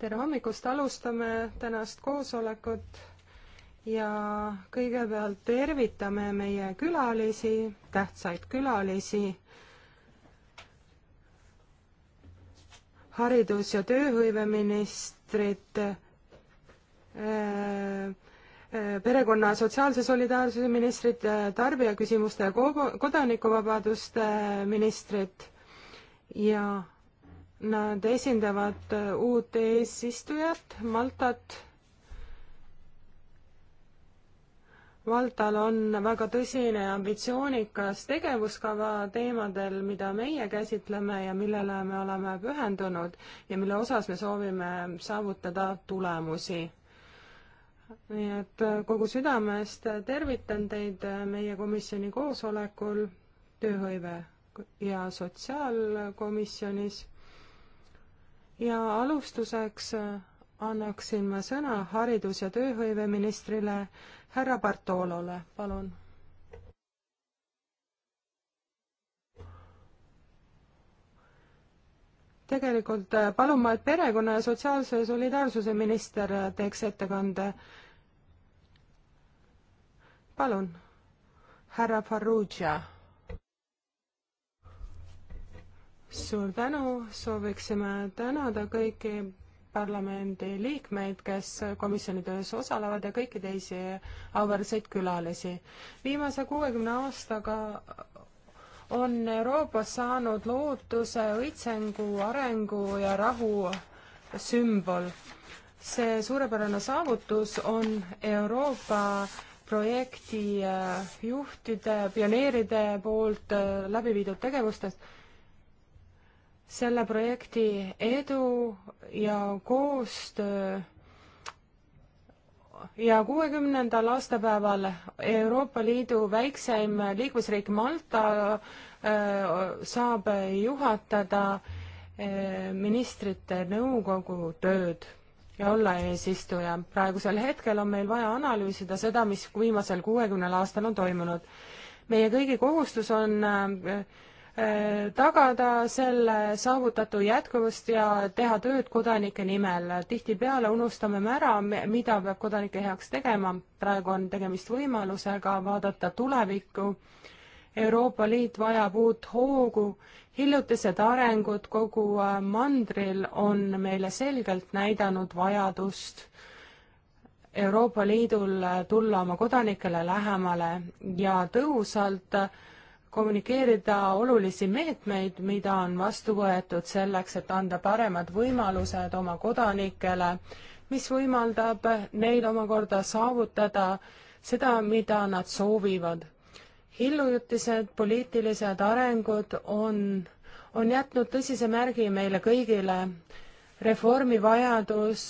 tere hommikust, alustame tänast koosolekut ja kõigepealt tervitame meie külalisi, tähtsaid külalisi. haridus- ja tööhõiveministrit äh, äh perekonna sotsiaalse solidaarsuse ministrit, äh, tarbijaküsimuste ja kodonikuvabaduste ministrit ja Nad esindavad äh, uut eesistujat, Maltat. Maltal on väga tõsine ja ambitsioonikas tegevuskava teemadel, mida meie käsitleme ja millele me oleme pühendunud ja mille osas me soovime saavutada tulemusi nii et äh, kogu südamest tervitan teid äh, meie komisjoni koosolekul tööhõive ja sotsiaalkomisjonis ja alustuseks äh, annaksin ma sõna haridus- ja tööhõiveministrile härra Bartolole, palun. tegelikult äh, palun ma, et perekonna ja sotsiaalse solidaarsuse minister äh, teeks ettekande. palun, härra Farrugia suur tänu, sooviksime tänada kõiki parlamendi liikmeid, kes komisjoni töös osalevad ja kõiki teisi auväärseid külalisi. viimase kuuekümne aastaga on Euroopas saanud lootuse, õitsengu, arengu ja rahu sümbol. see suurepärane saavutus on Euroopa projekti äh, juhtide, pioneeride poolt äh, läbi viidud tegevustest selle projekti edu ja koostöö ja kuuekümnendal aastapäeval Euroopa Liidu väikseim liikmesriik Malta äh, saab juhatada äh, ministrite nõukogu tööd ja olla eesistuja. praegusel hetkel on meil vaja analüüsida seda, mis viimasel kuuekümnel aastal on toimunud. meie kõigi kohustus on äh, Äh, tagada selle saavutatu jätkuvust ja teha tööd kodanike nimel. tihtipeale unustame me ära, mida peab kodanike heaks tegema. praegu on tegemist võimalusega vaadata tulevikku. Euroopa Liit vajab uut hoogu. hiljutised arengud kogu äh, mandril on meile selgelt näidanud vajadust Euroopa Liidul tulla oma kodanikele lähemale ja tõhusalt äh, kommunikeerida olulisi meetmeid, mida on vastu võetud selleks, et anda paremad võimalused oma kodanikele, mis võimaldab neil omakorda saavutada seda, mida nad soovivad. hiljutised poliitilised arengud on, on jätnud tõsise märgi meile kõigile. reformi vajadus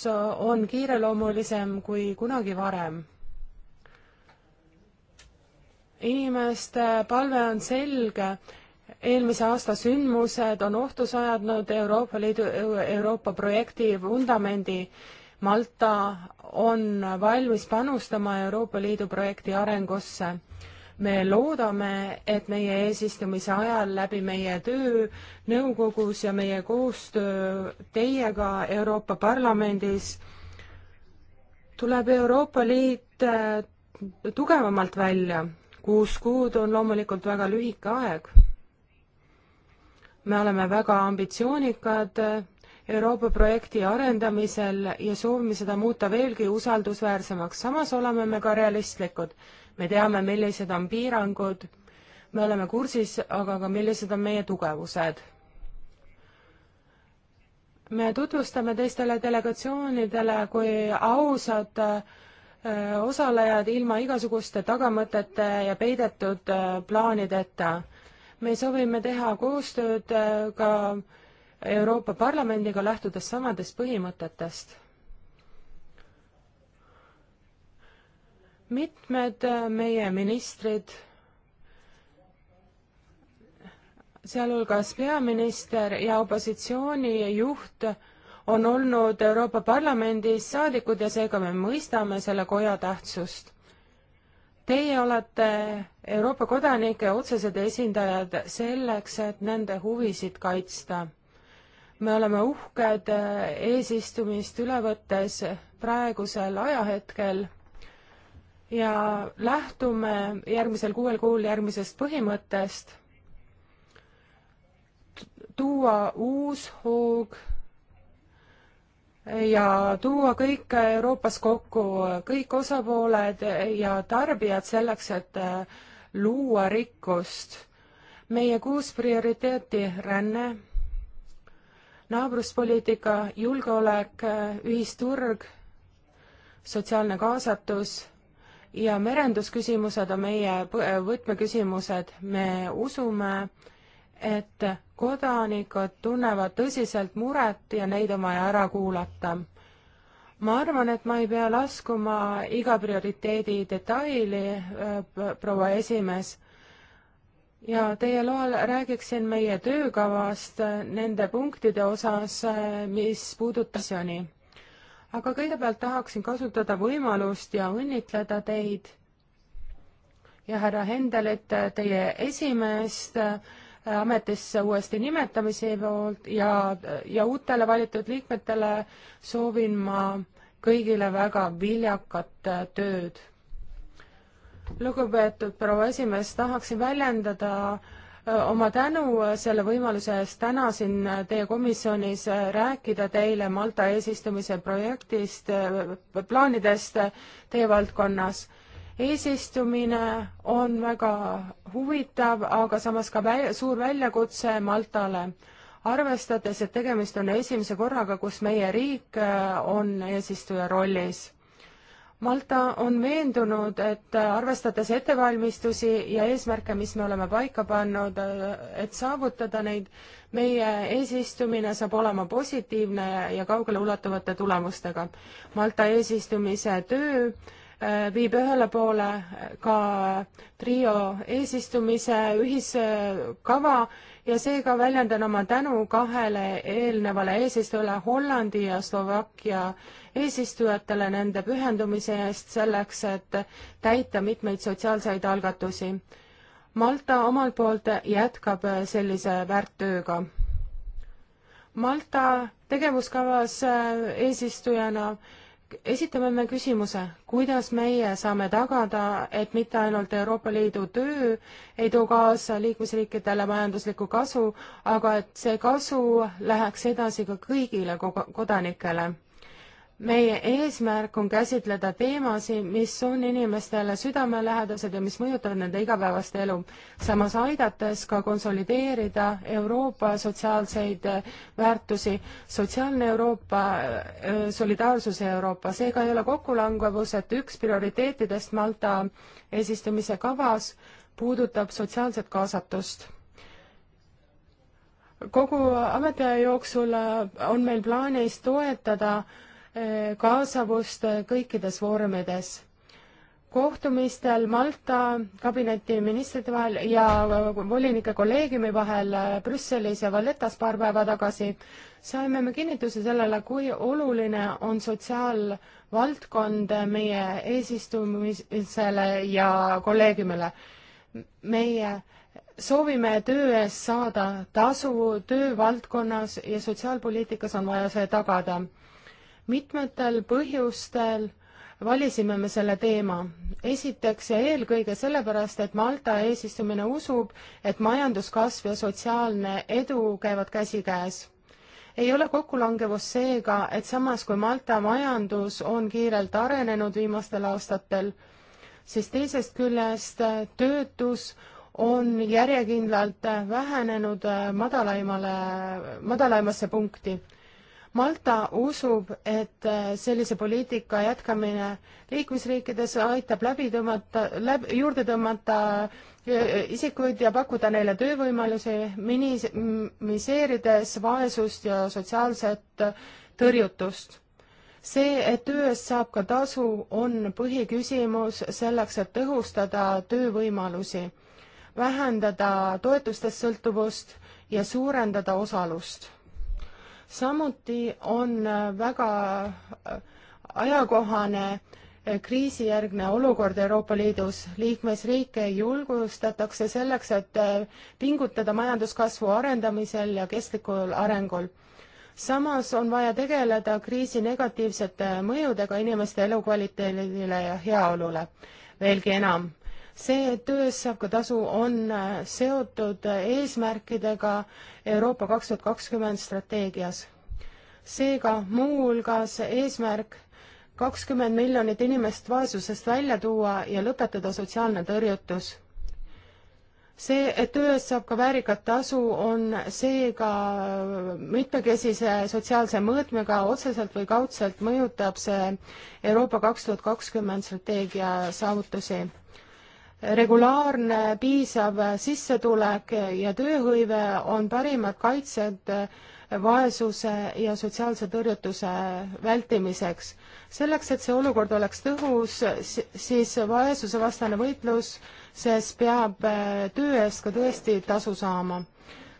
on kiireloomulisem kui kunagi varem inimeste palve on selge, eelmise aasta sündmused on ohtu sajanud Euroopa Liidu, Euroopa projekti vundamendi. Malta on valmis panustama Euroopa Liidu projekti arengusse. me loodame, et meie eesistumise ajal läbi meie töö nõukogus ja meie koostöö teiega Euroopa Parlamendis tuleb Euroopa Liit äh, tugevamalt välja kuus kuud on loomulikult väga lühike aeg. me oleme väga ambitsioonikad Euroopa projekti arendamisel ja soovime seda muuta veelgi usaldusväärsemaks, samas oleme me ka realistlikud. me teame, millised on piirangud, me oleme kursis, aga ka millised on meie tugevused me tutvustame teistele delegatsioonidele kui ausat osalejad ilma igasuguste tagamõtete ja peidetud plaanideta. me soovime teha koostööd ka Euroopa Parlamendiga, lähtudes samadest põhimõtetest mitmed meie ministrid, sealhulgas peaminister ja opositsiooni juht, on olnud Euroopa Parlamendis saadikud ja seega me mõistame selle koja tähtsust. Teie olete Euroopa kodanike otsesed esindajad selleks, et nende huvisid kaitsta. me oleme uhked eesistumist üle võttes praegusel ajahetkel ja lähtume järgmisel kuuel kuul järgmisest põhimõttest tuua uus hoog ja tuua kõik Euroopas kokku, kõik osapooled ja tarbijad selleks, et äh, luua rikkust. meie kuus prioriteeti, ränne, naabruspoliitika, julgeolek, äh, ühisturg, sotsiaalne kaasatus ja merendusküsimused on meie võtmeküsimused. me usume, et kodanikud tunnevad tõsiselt muret ja neid on vaja ära kuulata. ma arvan, et ma ei pea laskuma iga prioriteedi detaili, äh, proua esimees, ja teie loal räägiksin meie töökavast äh, nende punktide osas, äh, mis puudutasjoni. aga kõigepealt tahaksin kasutada võimalust ja õnnitleda teid ja härra Hendelit, teie esimeest äh, ametisse uuesti nimetamise poolt ja, ja uutele valitud liikmetele soovin ma kõigile väga viljakat äh, tööd. lugupeetud proua esimees, tahaksin väljendada äh, oma tänu äh, selle võimaluse eest täna siin teie komisjonis rääkida teile Malta eesistumise projektist, plaanidest teie valdkonnas eesistumine on väga huvitav, aga samas ka väl-, suur väljakutse Maltale. arvestades, et tegemist on esimese korraga, kus meie riik äh, on eesistuja rollis. Malta on veendunud, et äh, arvestades ettevalmistusi ja eesmärke, mis me oleme paika pannud, äh, et saavutada neid, meie eesistumine saab olema positiivne ja kaugeleulatuvate tulemustega. Malta eesistumise töö Äh, viib ühele poole ka trio eesistumise ühiskava ja seega väljendan oma tänu kahele eelnevale eesistujale, Hollandi ja Slovakkia eesistujatele nende pühendumise eest selleks, et täita mitmeid sotsiaalseid algatusi. Malta omalt poolt jätkab sellise väärttööga Malta tegevuskavas eesistujana esitame me küsimuse, kuidas meie saame tagada, et mitte ainult Euroopa Liidu töö ei too kaasa liikmesriikidele majanduslikku kasu, aga et see kasu läheks edasi ka kõigile kodanikele meie eesmärk on käsitleda teemasid, mis on inimestele südamelähedased ja mis mõjutavad nende igapäevast elu, samas aidates ka konsolideerida Euroopa sotsiaalseid eh, väärtusi, sotsiaalne Euroopa, eh, solidaarsuse Euroopa, seega ei ole kokkulangevus, et üks prioriteetidest Malta eesistumise kavas puudutab sotsiaalset kaasatust kogu ametiaja jooksul eh, on meil plaanis toetada äh, kaasavust kõikides vormides kohtumistel Malta kabineti ministrite vahel ja volinike kolleegiumi vahel Brüsselis ja Vallettas paar päeva tagasi saime me kinnituse sellele, kui oluline on sotsiaalvaldkond meie eesistumisele ja kolleegiumile. meie soovime töö eest saada tasu töövaldkonnas ja sotsiaalpoliitikas on vaja see tagada mitmetel põhjustel valisime me selle teema. esiteks ja eelkõige sellepärast, et Malta eesistumine usub, et majanduskasv ja sotsiaalne edu käivad käsikäes. ei ole kokkulangevust seega, et samas kui Malta majandus on kiirelt arenenud viimastel aastatel, siis teisest küljest töötus on järjekindlalt vähenenud madalaimale, madalaimasse punkti Malta usub, et äh, sellise poliitika jätkamine liikmesriikides aitab läbi tõmmata, läbi, juurde tõmmata äh, isikuid ja pakkuda neile töövõimalusi, minimiseerides vaesust ja sotsiaalset tõrjutust see, et töö eest saab ka tasu, on põhiküsimus selleks, et tõhustada töövõimalusi, vähendada toetustest sõltuvust ja suurendada osalust samuti on äh, väga äh, ajakohane äh, kriisijärgne olukord Euroopa Liidus. liikmesriike julgustatakse selleks, et pingutada majanduskasvu arendamisel ja kestlikul arengul. samas on vaja tegeleda kriisi negatiivsete mõjudega inimeste elukvaliteedile ja heaolule. veelgi enam see, et töö eest saab ka tasu, on äh, seotud äh, eesmärkidega Euroopa kaks tuhat kakskümmend strateegias. seega muuhulgas eesmärk kakskümmend miljonit inimest vaesusest välja tuua ja lõpetada sotsiaalne tõrjutus. see, et töö eest saab ka väärikat tasu, on seega äh, mitmekesise sotsiaalse mõõtmega otseselt või kaudselt mõjutab see Euroopa kaks tuhat kakskümmend strateegia saavutusi regulaarne piisav sissetulek ja tööhõive on parimad kaitsed vaesuse ja sotsiaalse tõrjutuse vältimiseks. selleks, et see olukord oleks tõhus, siis vaesusevastane võitlus, sest peab äh, töö eest ka tõesti tasu saama.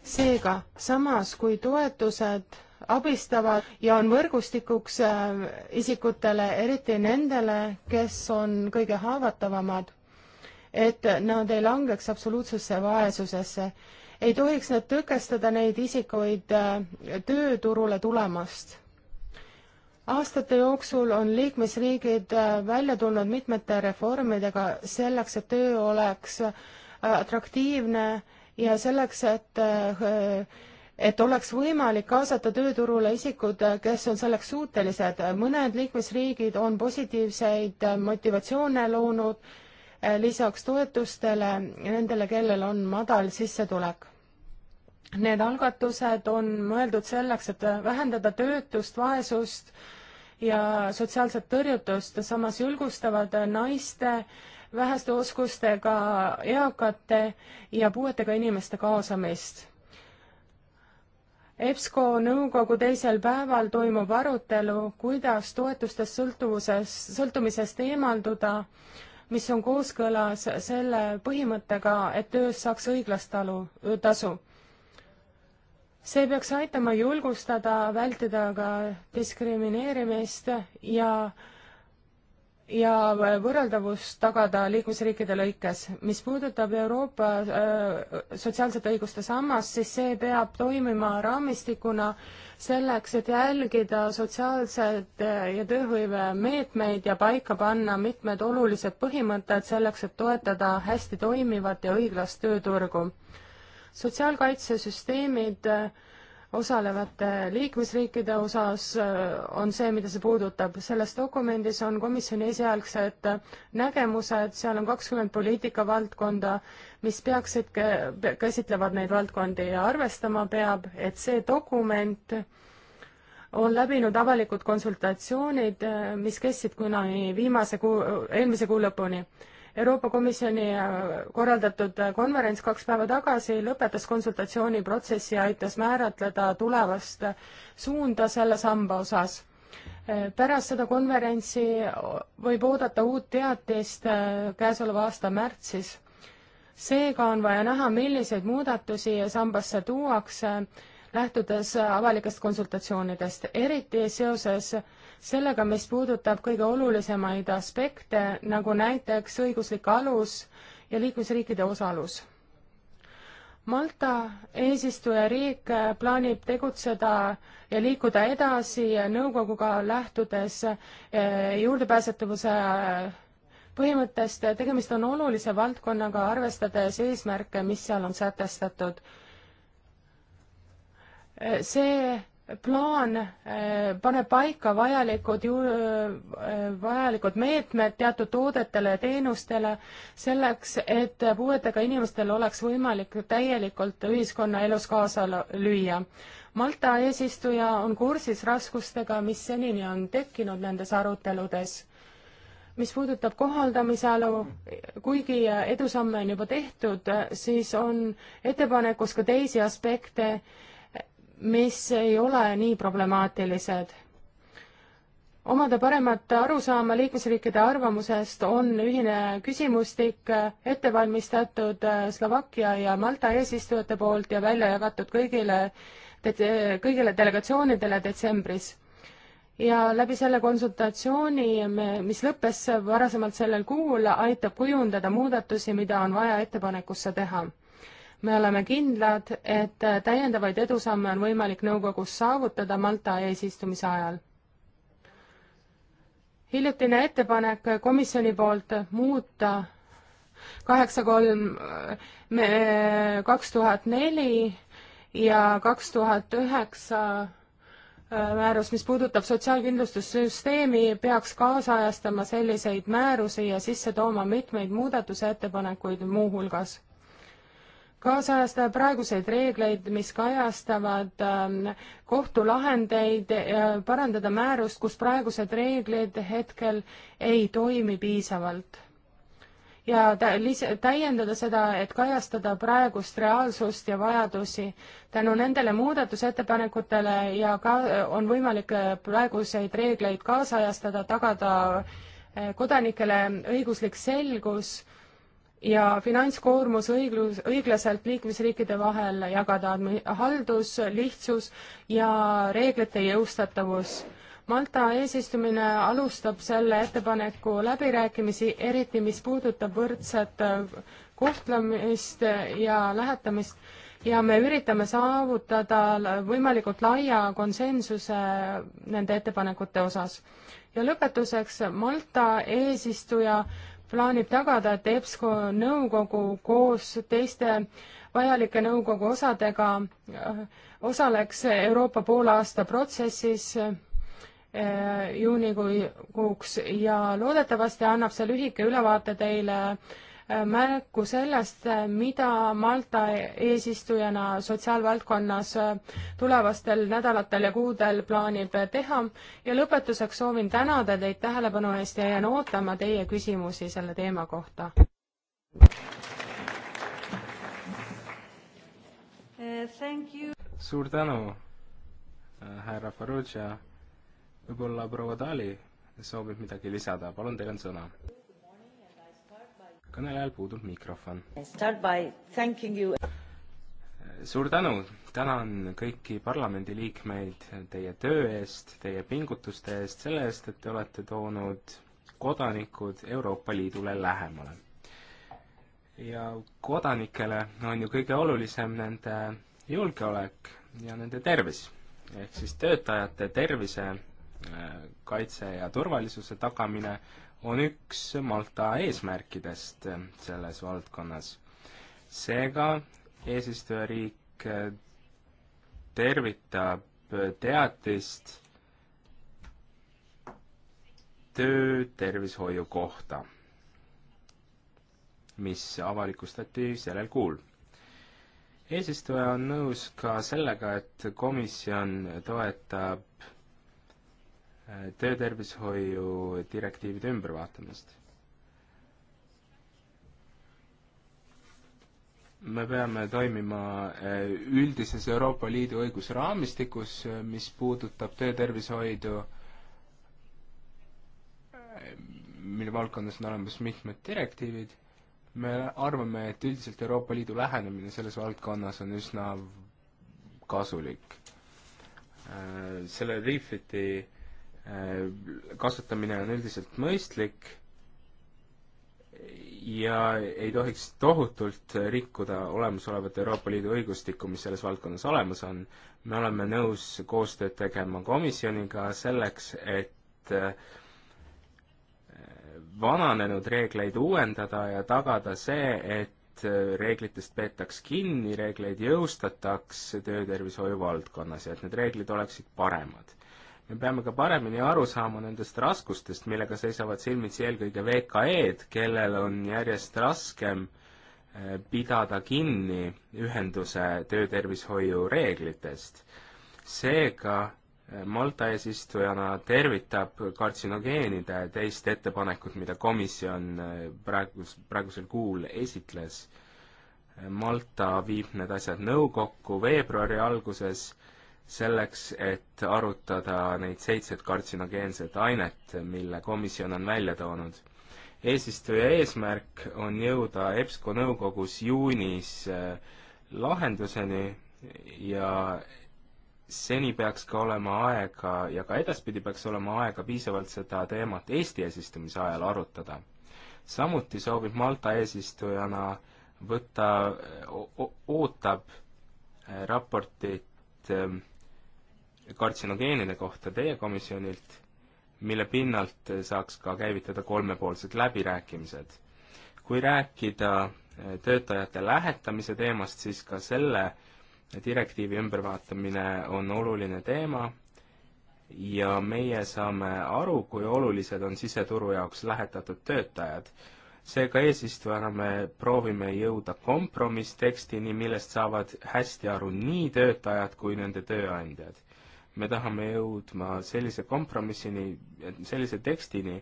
seega, samas kui toetused abistavad ja on võrgustikuks äh, isikutele, eriti nendele, kes on kõige haavatavamad et nad ei langeks absoluutsesse vaesusesse. ei tohiks need tõkestada neid isikuid äh, tööturule tulemast. aastate jooksul on liikmesriigid äh, välja tulnud mitmete reformidega selleks, et töö oleks äh, atraktiivne ja selleks, et et oleks võimalik kaasata tööturule isikud, kes on selleks suutelised. mõned liikmesriigid on positiivseid motivatsioone loonud Äh, lisaks toetustele nendele, kellel on madal sissetulek. Need algatused on mõeldud selleks, et vähendada töötust, vaesust ja sotsiaalset tõrjutust, samas julgustavad naiste väheste oskustega eakate ja puuetega inimeste kaasamist EBSCO nõukogu teisel päeval toimub arutelu, kuidas toetustest sõltuvuses, sõltumisest eemalduda mis on kooskõlas selle põhimõttega, et tööst saaks õiglast talu, tasu. see peaks aitama julgustada, vältida ka diskrimineerimist ja ja võrreldavust tagada liikmesriikide lõikes. mis puudutab Euroopa äh, sotsiaalsete õiguste sammast, siis see peab toimima raamistikuna äh, selleks, et jälgida sotsiaalsed äh, ja tööhõivemeetmeid ja paika panna mitmed olulised põhimõtted selleks, et toetada hästi toimivat ja õiglast tööturgu. sotsiaalkaitsesüsteemid äh, osalevate liikmesriikide osas äh, on see, mida see puudutab. selles dokumendis on komisjoni esialgsed nägemused, seal on kakskümmend poliitikavaldkonda, mis peaksid, käsitlevad neid valdkondi ja arvestama peab, et see dokument on läbinud avalikud konsultatsioonid, äh, mis kestsid kuni viimase kuu, eelmise kuu lõpuni Euroopa Komisjoni äh, korraldatud äh, konverents kaks päeva tagasi lõpetas konsultatsiooniprotsessi ja aitas määratleda tulevast äh, suunda selle samba osas. pärast seda konverentsi võib oodata uut teatist käesoleva aasta märtsis. seega on vaja näha, milliseid muudatusi sambasse tuuakse, lähtudes avalikest konsultatsioonidest, eriti seoses sellega, mis puudutab kõige olulisemaid aspekte, nagu näiteks õiguslik alus ja liikmesriikide osalus. Malta eesistujariik plaanib tegutseda ja liikuda edasi nõukoguga lähtudes eh, juurdepääsetavuse põhimõttest, tegemist on olulise valdkonnaga, arvestades eesmärke, mis seal on sätestatud. Eh, see plaan äh, paneb paika vajalikud ju-, äh, vajalikud meetmed teatud toodetele ja teenustele selleks, et puuetega inimestel oleks võimalik täielikult ühiskonnaelus kaasa lüüa. Malta eesistuja on kursis raskustega, mis senini on tekkinud nendes aruteludes mis puudutab kohaldamise alu, kuigi edusamme on juba tehtud, siis on ettepanekus ka teisi aspekte, mis ei ole nii problemaatilised omada paremat arusaama liikmesriikide arvamusest, on ühine küsimustik ette valmistatud Slovakkia ja Malta eesistujate poolt ja välja jagatud kõigile, kõigile delegatsioonidele detsembris. ja läbi selle konsultatsiooni, mis lõppes varasemalt sellel kuul, aitab kujundada muudatusi, mida on vaja ettepanekusse teha me oleme kindlad, et täiendavaid edusamme on võimalik nõukogus saavutada Malta eesistumise ajal. hiljutine ettepanek komisjoni poolt muuta kaheksa kolm kaks tuhat neli ja kaks tuhat üheksa äh, määrus, mis puudutab sotsiaalkindlustussüsteemi, peaks kaasajastama selliseid määrusi ja sisse tooma mitmeid muudatusettepanekuid muuhulgas kaasajastada praeguseid reegleid, mis kajastavad ähm, kohtulahendeid ja äh, parandada määrust, kus praegused reeglid hetkel ei toimi piisavalt. ja täiendada seda, et kajastada praegust reaalsust ja vajadusi. tänu nendele muudatusettepanekutele ja ka äh, on võimalik äh, praeguseid reegleid kaasajastada, tagada kodanikele õiguslik selgus ja finantskoormus õiglus, õiglaselt liikmesriikide vahel jagada, haldus, lihtsus ja reeglite jõustatavus. Malta eesistumine alustab selle ettepaneku läbirääkimisi, eriti mis puudutab võrdset äh, kohtlemist äh, ja lähetamist ja me üritame saavutada võimalikult laia konsensuse nende ettepanekute osas. ja lõpetuseks, Malta eesistuja äh, plaanib tagada, et EBSCO nõukogu koos teiste vajalike nõukogu osadega äh, osaleks Euroopa poolaasta protsessis äh, juunikuuks ja loodetavasti annab see lühike ülevaate teile Äh, märku sellest, äh, mida Malta eesistujana sotsiaalvaldkonnas äh, tulevastel nädalatel ja kuudel plaanib teha ja lõpetuseks soovin tänada teid tähelepanu eest ja jään ootama teie küsimusi selle teema kohta. Uh, suur tänu, härra Farrugia. võib-olla proua Dali soovib midagi lisada, palun, teil on sõna kõnelejal puudub mikrofon. suur tänu, tänan kõiki parlamendiliikmeid teie töö eest, teie pingutuste eest, selle eest, et te olete toonud kodanikud Euroopa Liidule lähemale. ja kodanikele on ju kõige olulisem nende julgeolek ja nende tervis, ehk siis töötajate tervise äh, kaitse ja turvalisuse tagamine on üks Malta eesmärkidest selles valdkonnas. seega eesistujariik tervitab teatist töötervishoiu kohta, mis avalikustati sellel kuul. eesistuja on nõus ka sellega, et komisjon toetab töötervishoiu direktiivide ümbervaatamist. me peame toimima äh, üldises Euroopa Liidu õigusraamistikus, äh, mis puudutab töötervishoidu, äh, mille valdkonnas on olemas mitmed direktiivid, me arvame, et üldiselt Euroopa Liidu lähenemine selles valdkonnas on üsna kasulik. Selle Refiti kasutamine on üldiselt mõistlik ja ei tohiks tohutult rikkuda olemasolevat Euroopa Liidu õigustikku, mis selles valdkonnas olemas on. me oleme nõus koostööd tegema komisjoniga selleks, et äh, vananenud reegleid uuendada ja tagada see, et äh, reeglitest peetaks kinni, reegleid jõustataks töötervishoiu valdkonnas ja et need reeglid oleksid paremad me peame ka paremini aru saama nendest raskustest, millega seisavad silmitsi eelkõige VKE-d, kellel on järjest raskem eh, pidada kinni ühenduse töötervishoiu reeglitest. seega eh, Malta eesistujana tervitab kartsinogeenide teist ettepanekut, mida komisjon eh, praegus, praegusel kuul esitles. Malta viib need asjad nõukokku veebruari alguses selleks, et arutada neid seitset kartsinogeenset ainet, mille komisjon on välja toonud. eesistuja eesmärk on jõuda EBSCO nõukogus juunis äh, lahenduseni ja seni peaks ka olema aega ja ka edaspidi peaks olema aega piisavalt seda teemat Eesti eesistumise ajal arutada. samuti soovib Malta eesistujana võtta, ootab äh, raportit ähm, kartsinogeenide kohta teie komisjonilt, mille pinnalt saaks ka käivitada kolmepoolsed läbirääkimised. kui rääkida eh, töötajate lähetamise teemast, siis ka selle direktiivi ümbervaatamine on oluline teema ja meie saame aru, kui olulised on siseturu jaoks lähetatud töötajad. seega eesistujana me proovime jõuda kompromisstekstini, millest saavad hästi aru nii töötajad kui nende tööandjad me tahame jõudma sellise kompromissini, sellise tekstini,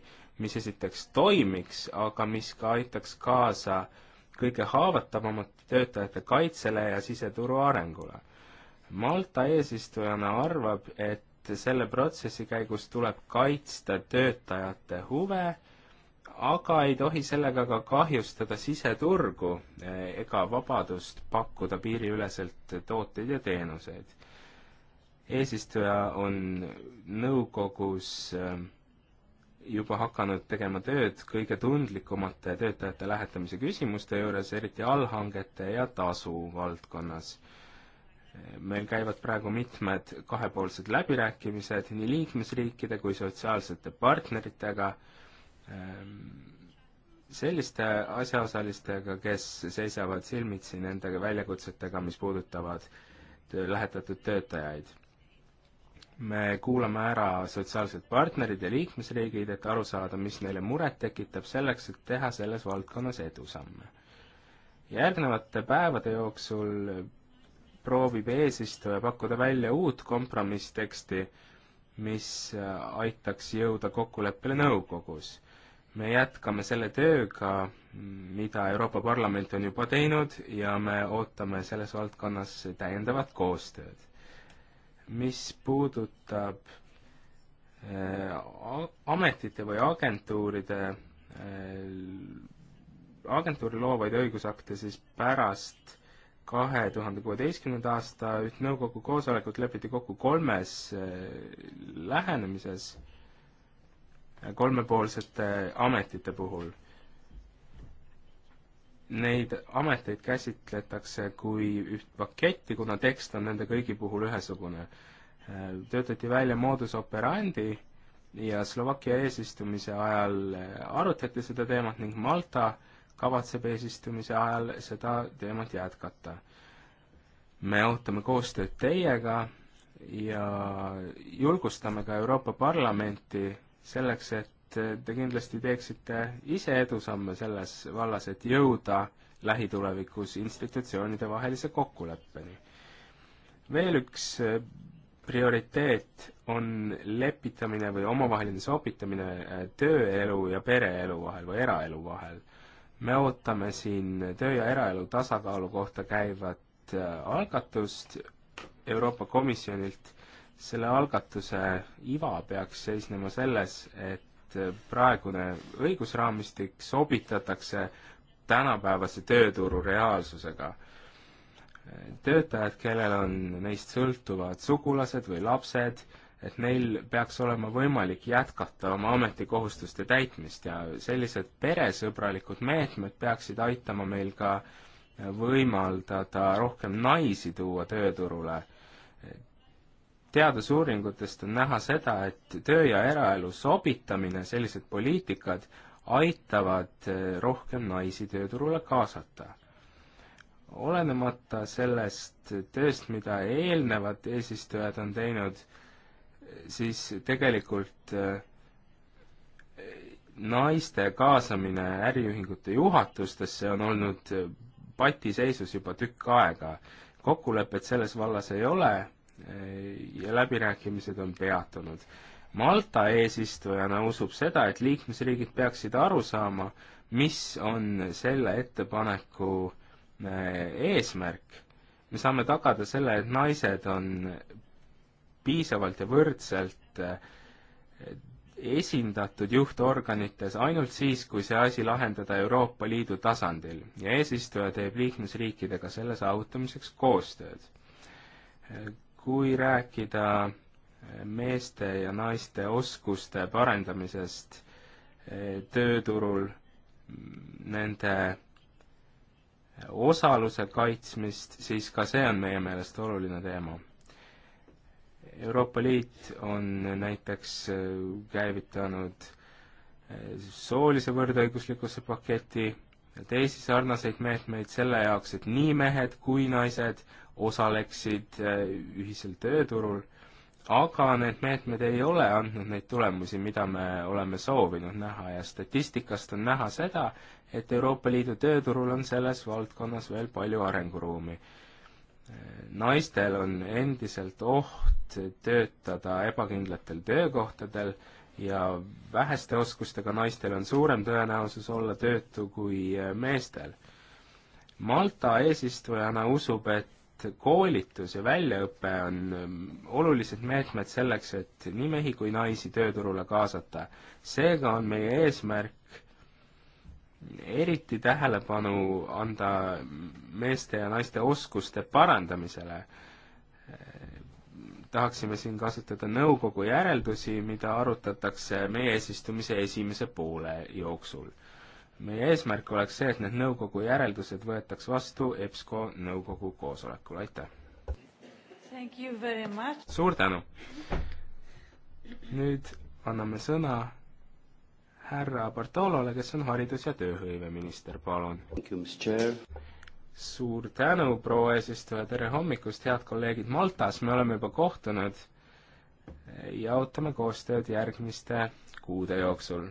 mis esiteks toimiks, aga mis ka aitaks kaasa kõige haavatavamate töötajate kaitsele ja siseturu arengule. Malta eesistujana arvab, et selle protsessi käigus tuleb kaitsta töötajate huve, aga ei tohi sellega ka kahjustada siseturgu eh, ega vabadust pakkuda piiriüleselt tooteid ja teenuseid eesistuja on nõukogus ähm, juba hakanud tegema tööd kõige tundlikumate töötajate lähetamise küsimuste juures, eriti allhangete ja tasu valdkonnas. meil käivad praegu mitmed kahepoolsed läbirääkimised nii liikmesriikide kui sotsiaalsete partneritega, ähm, selliste asjaosalistega, kes seisavad silmitsi nende väljakutsetega, mis puudutavad lähetatud töötajaid me kuulame ära sotsiaalsed partnerid ja liikmesriigid, et aru saada, mis neile muret tekitab, selleks, et teha selles valdkonnas edusamme. järgnevate päevade jooksul proovib eesistuja pakkuda välja uut kompromissteksti, mis aitaks jõuda kokkuleppele nõukogus. me jätkame selle tööga, mida Euroopa Parlament on juba teinud ja me ootame selles valdkonnas täiendavat koostööd mis puudutab äh, ametite või agentuuride, äh, agentuuri loovaid õigusakte, siis pärast kahe tuhande kuueteistkümnenda aasta üht nõukogu koosolekut lepiti kokku kolmes äh, lähenemises kolmepoolsete ametite puhul neid ameteid käsitletakse kui üht paketti, kuna tekst on nende kõigi puhul ühesugune. töötati välja moodus operandi ja Slovakkia eesistumise ajal arutati seda teemat ning Malta kavatseb eesistumise ajal seda teemat jätkata. me ootame koostööd teiega ja julgustame ka Euroopa Parlamenti selleks, et te kindlasti teeksite ise edusamme selles vallas, et jõuda lähitulevikus institutsioonide vahelise kokkuleppeni. veel üks eh, prioriteet on lepitamine või omavaheline sobitamine eh, tööelu ja pereelu vahel või eraelu vahel. me ootame siin töö ja eraelu tasakaalu kohta käivat eh, algatust Euroopa Komisjonilt. selle algatuse iva peaks seisnema selles, et et äh, praegune õigusraamistik sobitatakse tänapäevase tööturu reaalsusega. töötajad, kellel on neist sõltuvad sugulased või lapsed, et neil peaks olema võimalik jätkata oma ametikohustuste täitmist ja sellised peresõbralikud meetmed peaksid aitama meil ka võimaldada rohkem naisi tuua tööturule teadusuuringutest on näha seda, et töö ja eraelu sobitamine, sellised poliitikad, aitavad eh, rohkem naisi tööturule kaasata. olenemata sellest tööst, mida eelnevad eesistujad on teinud, siis tegelikult eh, naiste kaasamine äriühingute juhatustesse on olnud eh, patiseisus juba tükk aega. kokkulepet selles vallas ei ole Äh, ja läbirääkimised on peatunud. Malta eesistujana usub seda, et liikmesriigid peaksid aru saama, mis on selle ettepaneku äh, eesmärk. me saame tagada selle, et naised on piisavalt ja võrdselt äh, esindatud juhtorganites ainult siis, kui see asi lahendada Euroopa Liidu tasandil ja eesistuja teeb liikmesriikidega selle saavutamiseks koostööd kui rääkida eh, meeste ja naiste oskuste parendamisest eh, tööturul, mm, nende eh, osaluse kaitsmist, siis ka see on meie meelest oluline teema. Euroopa Liit on näiteks käivitanud soolise võrdõiguslikkuse paketi ja teisi sarnaseid meetmeid selle jaoks, et nii mehed kui naised osaleksid äh, ühisel tööturul, aga need meetmed ei ole andnud neid tulemusi, mida me oleme soovinud näha ja statistikast on näha seda, et Euroopa Liidu tööturul on selles valdkonnas veel palju arenguruumi. Äh, naistel on endiselt oht töötada ebakindlatel töökohtadel ja väheste oskustega naistel on suurem tõenäosus olla töötu kui äh, meestel Malta eesistujana usub, et et koolitus ja väljaõpe on ähm, olulised meetmed selleks, et nii mehi kui naisi tööturule kaasata. seega on meie eesmärk eriti tähelepanu anda meeste ja naiste oskuste parandamisele. tahaksime siin kasutada nõukogu järeldusi, mida arutatakse meie eesistumise esimese poole jooksul meie eesmärk oleks see, et need nõukogu järeldused võetaks vastu EBSCO nõukogu koosolekul, aitäh! suur tänu! nüüd anname sõna härra Bartolole, kes on haridus- ja tööhõiveminister, palun! suur tänu, proua eesistuja, tere hommikust, head kolleegid Maltas, me oleme juba kohtunud ja ootame koostööd järgmiste kuude jooksul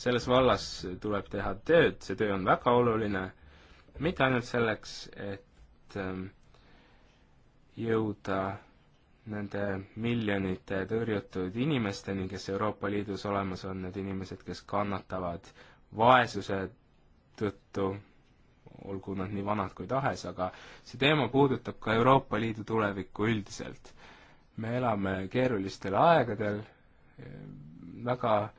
selles vallas tuleb teha tööd, see töö on väga oluline, mitte ainult selleks, et ähm, jõuda nende miljonite tõrjutud inimesteni, kes Euroopa Liidus olemas on, need inimesed, kes kannatavad vaesuse tõttu, olgu nad nii vanad kui tahes, aga see teema puudutab ka Euroopa Liidu tulevikku üldiselt. me elame keerulistel aegadel, väga äh,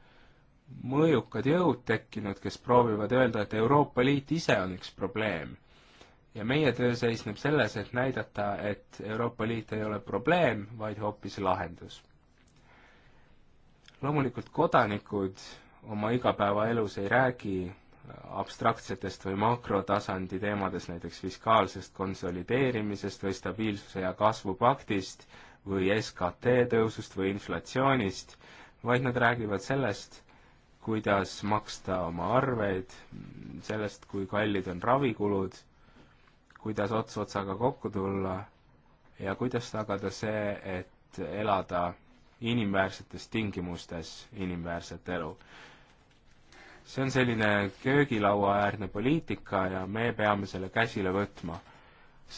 mõjukad jõud tekkinud, kes proovivad öelda, et Euroopa Liit ise on üks probleem. ja meie töö seisneb selles, et näidata, et Euroopa Liit ei ole probleem, vaid hoopis lahendus. loomulikult kodanikud oma igapäevaelus ei räägi abstraktsetest või makrotasandi teemades, näiteks fiskaalsest konsolideerimisest või stabiilsuse ja kasvu paktist või SKT tõusust või inflatsioonist, vaid nad räägivad sellest, kuidas maksta oma arveid, sellest, kui kallid on ravikulud, kuidas ots otsaga kokku tulla ja kuidas tagada see, et elada inimväärsetes tingimustes inimväärset elu. see on selline köögilauaäärne poliitika ja me peame selle käsile võtma.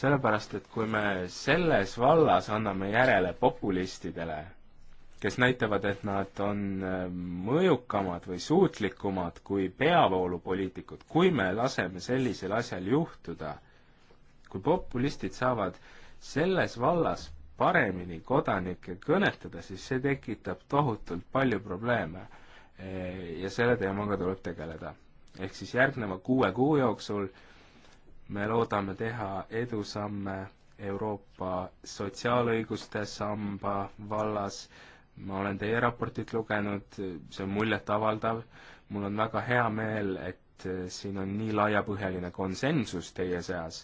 sellepärast, et kui me selles vallas anname järele populistidele, kes näitavad, et nad on äh, mõjukamad või suutlikumad kui peavoolupoliitikud. kui me laseme sellisel asjal juhtuda, kui populistid saavad selles vallas paremini kodanikke kõnetada, siis see tekitab tohutult palju probleeme. Äh, ja selle teemaga tuleb tegeleda. ehk siis järgneva kuue kuu jooksul me loodame teha edusamme Euroopa sotsiaalõiguste samba vallas ma olen teie raportit lugenud, see on muljetavaldav, mul on väga hea meel, et eh, siin on nii laiapõhjaline konsensus teie seas.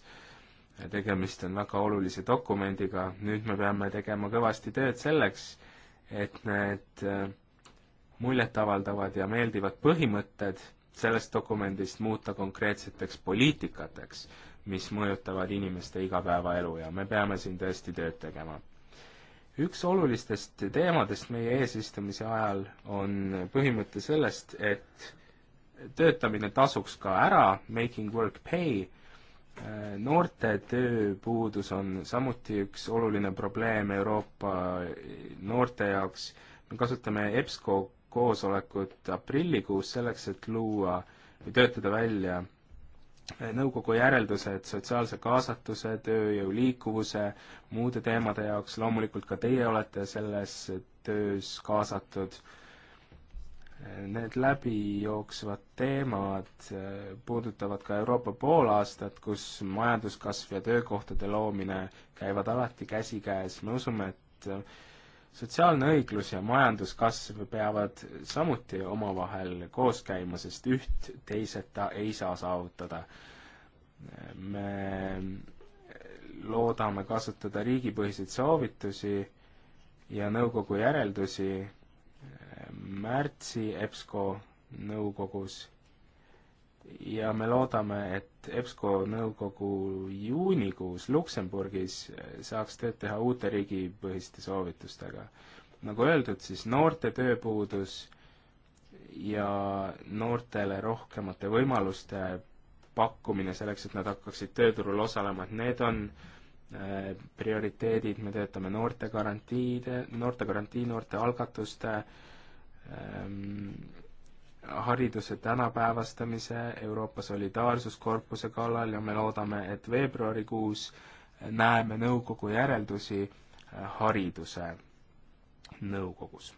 tegemist on väga olulise dokumendiga, nüüd me peame tegema kõvasti tööd selleks, et need eh, muljetavaldavad ja meeldivad põhimõtted sellest dokumendist muuta konkreetseteks poliitikateks, mis mõjutavad inimeste igapäevaelu ja me peame siin tõesti tööd tegema üks olulistest teemadest meie eesistumise ajal on põhimõte sellest, et töötamine tasuks ka ära, making work pay, noorte tööpuudus on samuti üks oluline probleem Euroopa noorte jaoks, me kasutame EBSCO koosolekut aprillikuus selleks, et luua või töötada välja nõukogu järeldused sotsiaalse kaasatuse, tööjõu liikuvuse, muude teemade jaoks, loomulikult ka teie olete selles töös kaasatud. Need läbijooksvad teemad eh, puudutavad ka Euroopa poolaastat, kus majanduskasv ja töökohtade loomine käivad alati käsikäes, me usume, et sotsiaalne õiglus ja majanduskasv peavad samuti omavahel koos käima, sest üht teiseta ei saa saavutada. me loodame kasutada riigipõhiseid soovitusi ja nõukogu järeldusi märtsi EBSCO nõukogus ja me loodame, et EBSCO nõukogu juunikuus Luksemburgis eh, saaks tööd teha uute riigipõhiste soovitustega. nagu öeldud, siis noorte tööpuudus ja noortele rohkemate võimaluste pakkumine selleks, et nad hakkaksid tööturul osalema, et need on äh, prioriteedid, me töötame noorte garantiide, noorte garantii, noorte algatuste ähm, hariduse tänapäevastamise Euroopa Solidaarsuskorpuse kallal ja me loodame, et veebruarikuus näeme nõukogu järeldusi äh, hariduse nõukogus.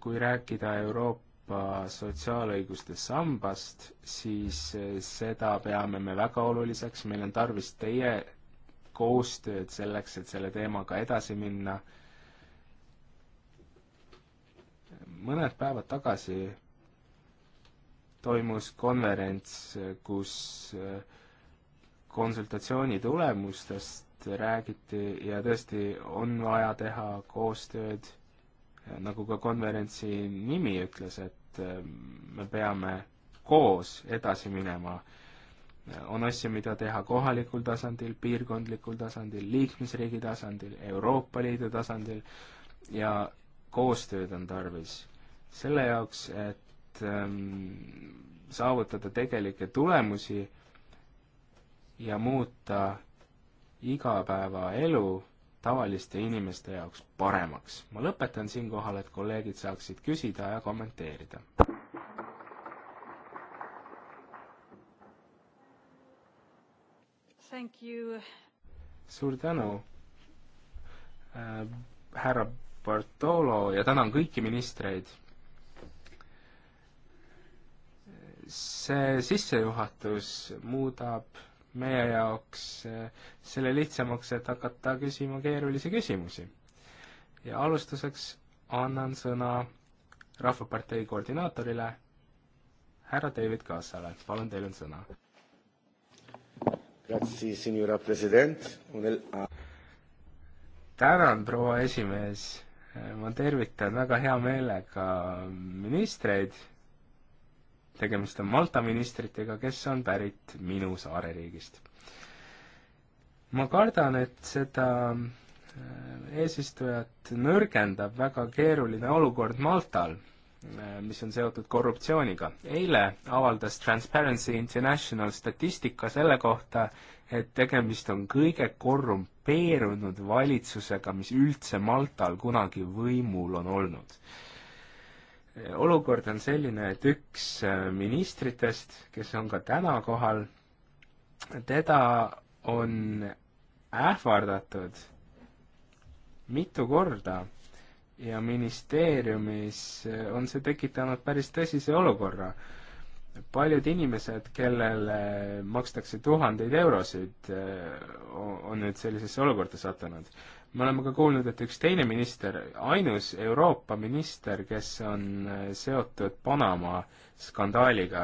kui rääkida Euroopa sotsiaalõiguste sambast, siis äh, seda peame me väga oluliseks, meil on tarvis teie koostööd selleks, et selle teemaga edasi minna mõned päevad tagasi toimus konverents, kus äh, konsultatsiooni tulemustest räägiti ja tõesti on vaja teha koostööd, nagu ka konverentsi nimi ütles, et äh, me peame koos edasi minema. on asju, mida teha kohalikul tasandil, piirkondlikul tasandil, liikmesriigi tasandil, Euroopa Liidu tasandil ja koostööd on tarvis selle jaoks, et ähm, saavutada tegelikke tulemusi ja muuta igapäevaelu tavaliste inimeste jaoks paremaks. ma lõpetan siinkohal, et kolleegid saaksid küsida ja kommenteerida. suur tänu äh,, härra Bartolo ja tänan kõiki ministreid see sissejuhatus muudab meie jaoks eh, selle lihtsamaks, et hakata küsima keerulisi küsimusi. ja alustuseks annan sõna Rahvapartei koordinaatorile, härra David Kaasale, palun, teil on sõna. tänan, proua esimees, ma tervitan väga hea meelega ministreid tegemist on Malta ministritega, kes on pärit minu saareriigist. ma kardan, et seda äh, eesistujat nõrgendab väga keeruline olukord Maltal, äh, mis on seotud korruptsiooniga. eile avaldas Transparency International statistika selle kohta, et tegemist on kõige korrumpeerunud valitsusega, mis üldse Maltal kunagi võimul on olnud olukord on selline, et üks äh, ministritest, kes on ka täna kohal, teda on ähvardatud mitu korda ja ministeeriumis äh, on see tekitanud päris tõsise olukorra. paljud inimesed, kellele makstakse tuhandeid eurosid, äh, on nüüd sellisesse olukorda sattunud me oleme ka kuulnud, et üks teine minister, ainus Euroopa minister, kes on äh, seotud Panama skandaaliga,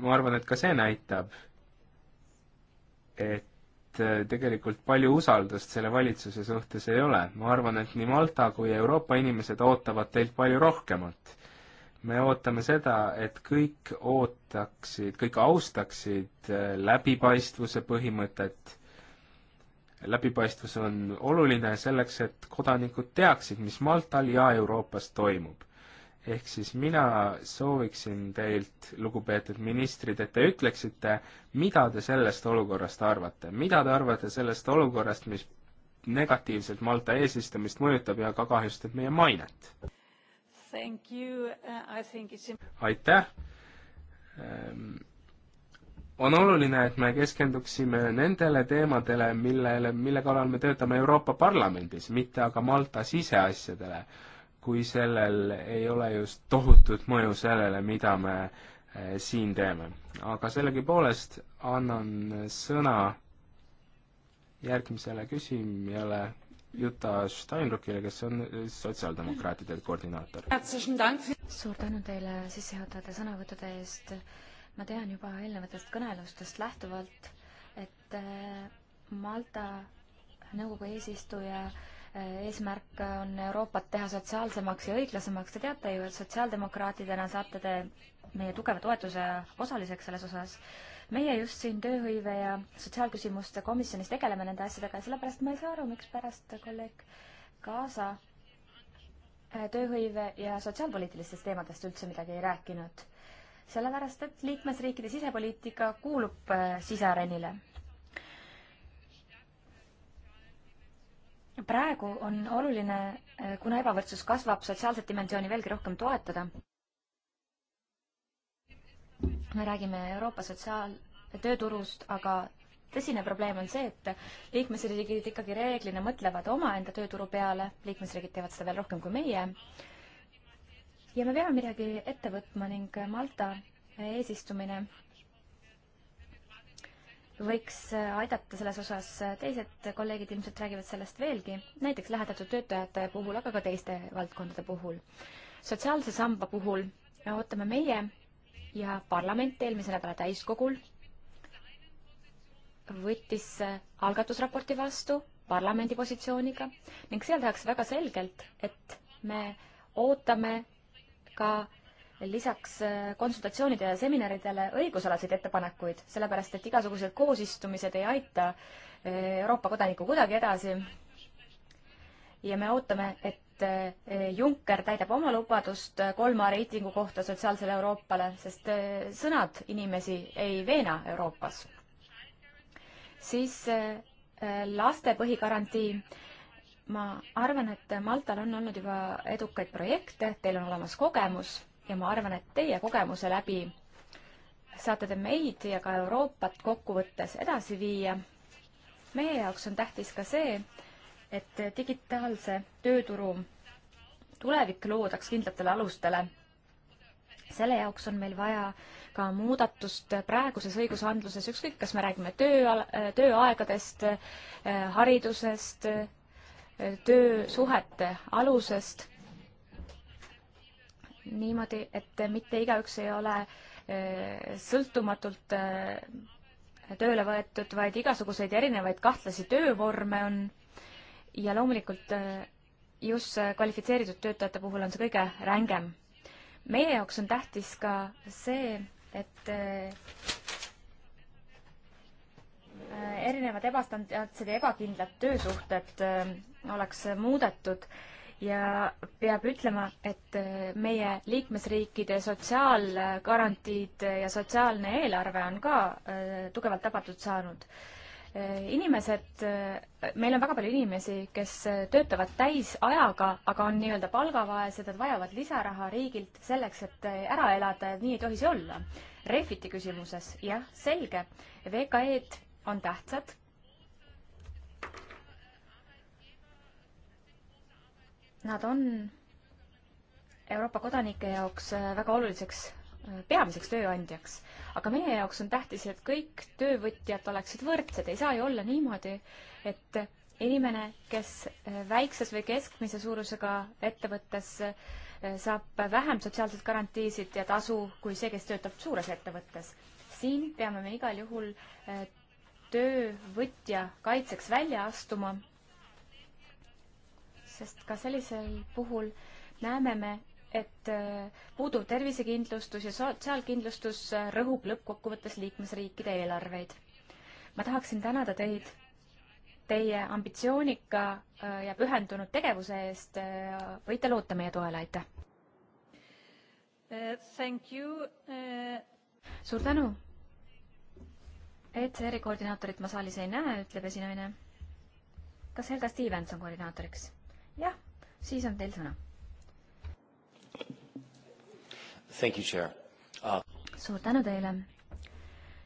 ma arvan, et ka see näitab, et äh, tegelikult palju usaldust selle valitsuse suhtes ei ole. ma arvan, et nii Malta kui Euroopa inimesed ootavad teilt palju rohkemat. me ootame seda, et kõik ootaksid, kõik austaksid äh, läbipaistvuse põhimõtet läbipaistvus on oluline selleks, et kodanikud teaksid, mis Maltal ja Euroopas toimub. ehk siis mina sooviksin teilt, lugupeetud ministrid, et te ütleksite, mida te sellest olukorrast arvate, mida te arvate sellest olukorrast, mis negatiivselt Malta eesistumist mõjutab ja ka kahjustab meie mainet? Uh, aitäh ähm on oluline, et me keskenduksime nendele teemadele, millele, mille kallal me töötame Euroopa Parlamendis, mitte aga Malta siseasjadele, kui sellel ei ole just tohutut mõju sellele, mida me eh, siin teeme. aga sellegipoolest annan sõna järgmisele küsijale, Juta Steinruckile, kes on sotsiaaldemokraatide koordinaator. suur tänu teile sissejuhatavate sõnavõttude eest ma tean juba eelnevatest kõnelustest lähtuvalt, et äh, Malta nõukogu eesistuja äh, eesmärk on Euroopat teha sotsiaalsemaks ja õiglasemaks. Te teate ju, et sotsiaaldemokraatidena saate te meie tugeva toetuse osaliseks selles osas. meie just siin tööhõive ja sotsiaalküsimuste komisjonis tegeleme nende asjadega ja sellepärast ma ei saa aru, mikspärast kolleeg Kaasa äh, tööhõive ja sotsiaalpoliitilistest teemadest üldse midagi ei rääkinud sellepärast et liikmesriikide sisepoliitika kuulub äh, siseränile. praegu on oluline, äh, kuna ebavõrdsus kasvab, sotsiaalset dimensiooni veelgi rohkem toetada. me räägime Euroopa sotsiaal-, tööturust, aga tõsine probleem on see, et liikmesriigid ikkagi reeglina mõtlevad omaenda tööturu peale, liikmesriigid teevad seda veel rohkem kui meie ja me peame midagi ette võtma ning Malta eesistumine võiks aidata selles osas, teised kolleegid ilmselt räägivad sellest veelgi, näiteks lähedatud töötajate puhul, aga ka teiste valdkondade puhul. sotsiaalse samba puhul ootame meie ja parlament eelmise nädala täiskogul võttis algatusraporti vastu parlamendi positsiooniga ning seal tehakse väga selgelt, et me ootame ka lisaks äh, konsultatsioonide ja seminaridele õigusalaseid ettepanekuid, sellepärast et igasugused koosistumised ei aita äh, Euroopa kodanikku kuidagi edasi. ja me ootame, et äh, Juncker täidab oma lubadust kolma reitingu kohta sotsiaalsele Euroopale, sest sõnad inimesi ei veena Euroopas. siis laste põhigarantii ma arvan, et Maltal on olnud juba edukaid projekte, teil on olemas kogemus ja ma arvan, et teie kogemuse läbi saate te meid ja ka Euroopat kokkuvõttes edasi viia. meie jaoks on tähtis ka see, et digitaalse tööturu tulevik loodaks kindlatele alustele. selle jaoks on meil vaja ka muudatust praeguses õigusandluses, ükskõik, kas me räägime töö, tööaegadest, haridusest, töösuhete alusest niimoodi, et mitte igaüks ei ole äh, sõltumatult äh, tööle võetud, vaid igasuguseid erinevaid kahtlasi töövorme on ja loomulikult äh, just kvalifitseeritud töötajate puhul on see kõige rängem. meie jaoks on tähtis ka see, et erinevad ebastandardsed ja ebakindlad töösuhted oleks muudetud ja peab ütlema, et meie liikmesriikide sotsiaalgarantiid ja sotsiaalne eelarve on ka äh, tugevalt tabatud saanud. Äh, inimesed, äh, meil on väga palju inimesi, kes töötavad täisajaga, aga on nii-öelda palgavaesed, nad vajavad lisaraha riigilt selleks, et ära elada ja nii ei tohi see olla. Refiti küsimuses, jah, selge, VKE-d on tähtsad Nad on Euroopa kodanike jaoks äh, väga oluliseks äh, peamiseks tööandjaks. aga meie jaoks on tähtis, et kõik töövõtjad oleksid võrdsed, ei saa ju olla niimoodi, et inimene, kes äh, väikses või keskmise suurusega ettevõttes saab vähem sotsiaalseid garantiisid ja tasu kui see, kes töötab suures ettevõttes. siin peame me igal juhul töövõtja kaitseks välja astuma sest ka sellisel puhul näeme me, et äh, puuduv tervisekindlustus ja sotsiaalkindlustus äh, rõhub lõppkokkuvõttes liikmesriikide eelarveid. ma tahaksin tänada teid teie ambitsioonika äh, ja pühendunud tegevuse eest. võite loota meie toele, aitäh! Uh, thank you uh.... suur tänu! ECR-i koordinaatorit ma saalis ei näe, ütleb esinaine. kas Helga Stevens on koordinaatoriks? jah, siis on teil sõna. Thank you, Chair uh.... suur tänu teile.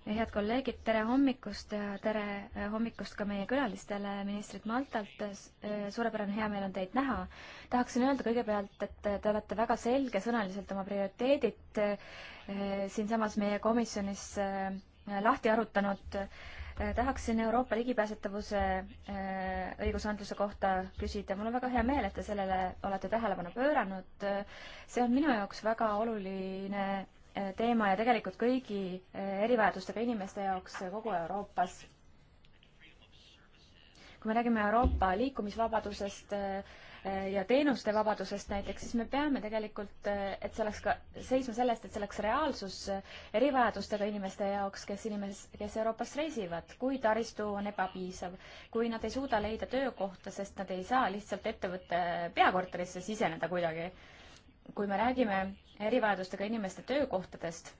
ja head kolleegid, tere hommikust ja tere eh, hommikust ka meie külalistele, ministrid Maltalt. Eh, suurepärane hea meel on teid näha. tahaksin öelda kõigepealt, et te olete väga selgesõnaliselt oma prioriteedid eh, siinsamas meie komisjonis lahti arutanud Äh, tahaksin Euroopa ligipääsetavuse äh, õigusandluse kohta küsida. mul on väga hea meel, et te sellele olete tähelepanu pööranud. see on minu jaoks väga oluline äh, teema ja tegelikult kõigi erivajadustega inimeste jaoks kogu Euroopas. kui me räägime Euroopa liikumisvabadusest, Eh, ja teenuste vabadusest näiteks, siis me peame tegelikult, eh, et see oleks ka, seisma selle eest, et see oleks reaalsus eh, erivajadustega inimeste jaoks, kes inimes-, kes Euroopas reisivad, kui taristu on ebapiisav, kui nad ei suuda leida töökohta, sest nad ei saa lihtsalt ettevõtte peakorterisse siseneda kuidagi. kui me räägime erivajadustega inimeste töökohtadest,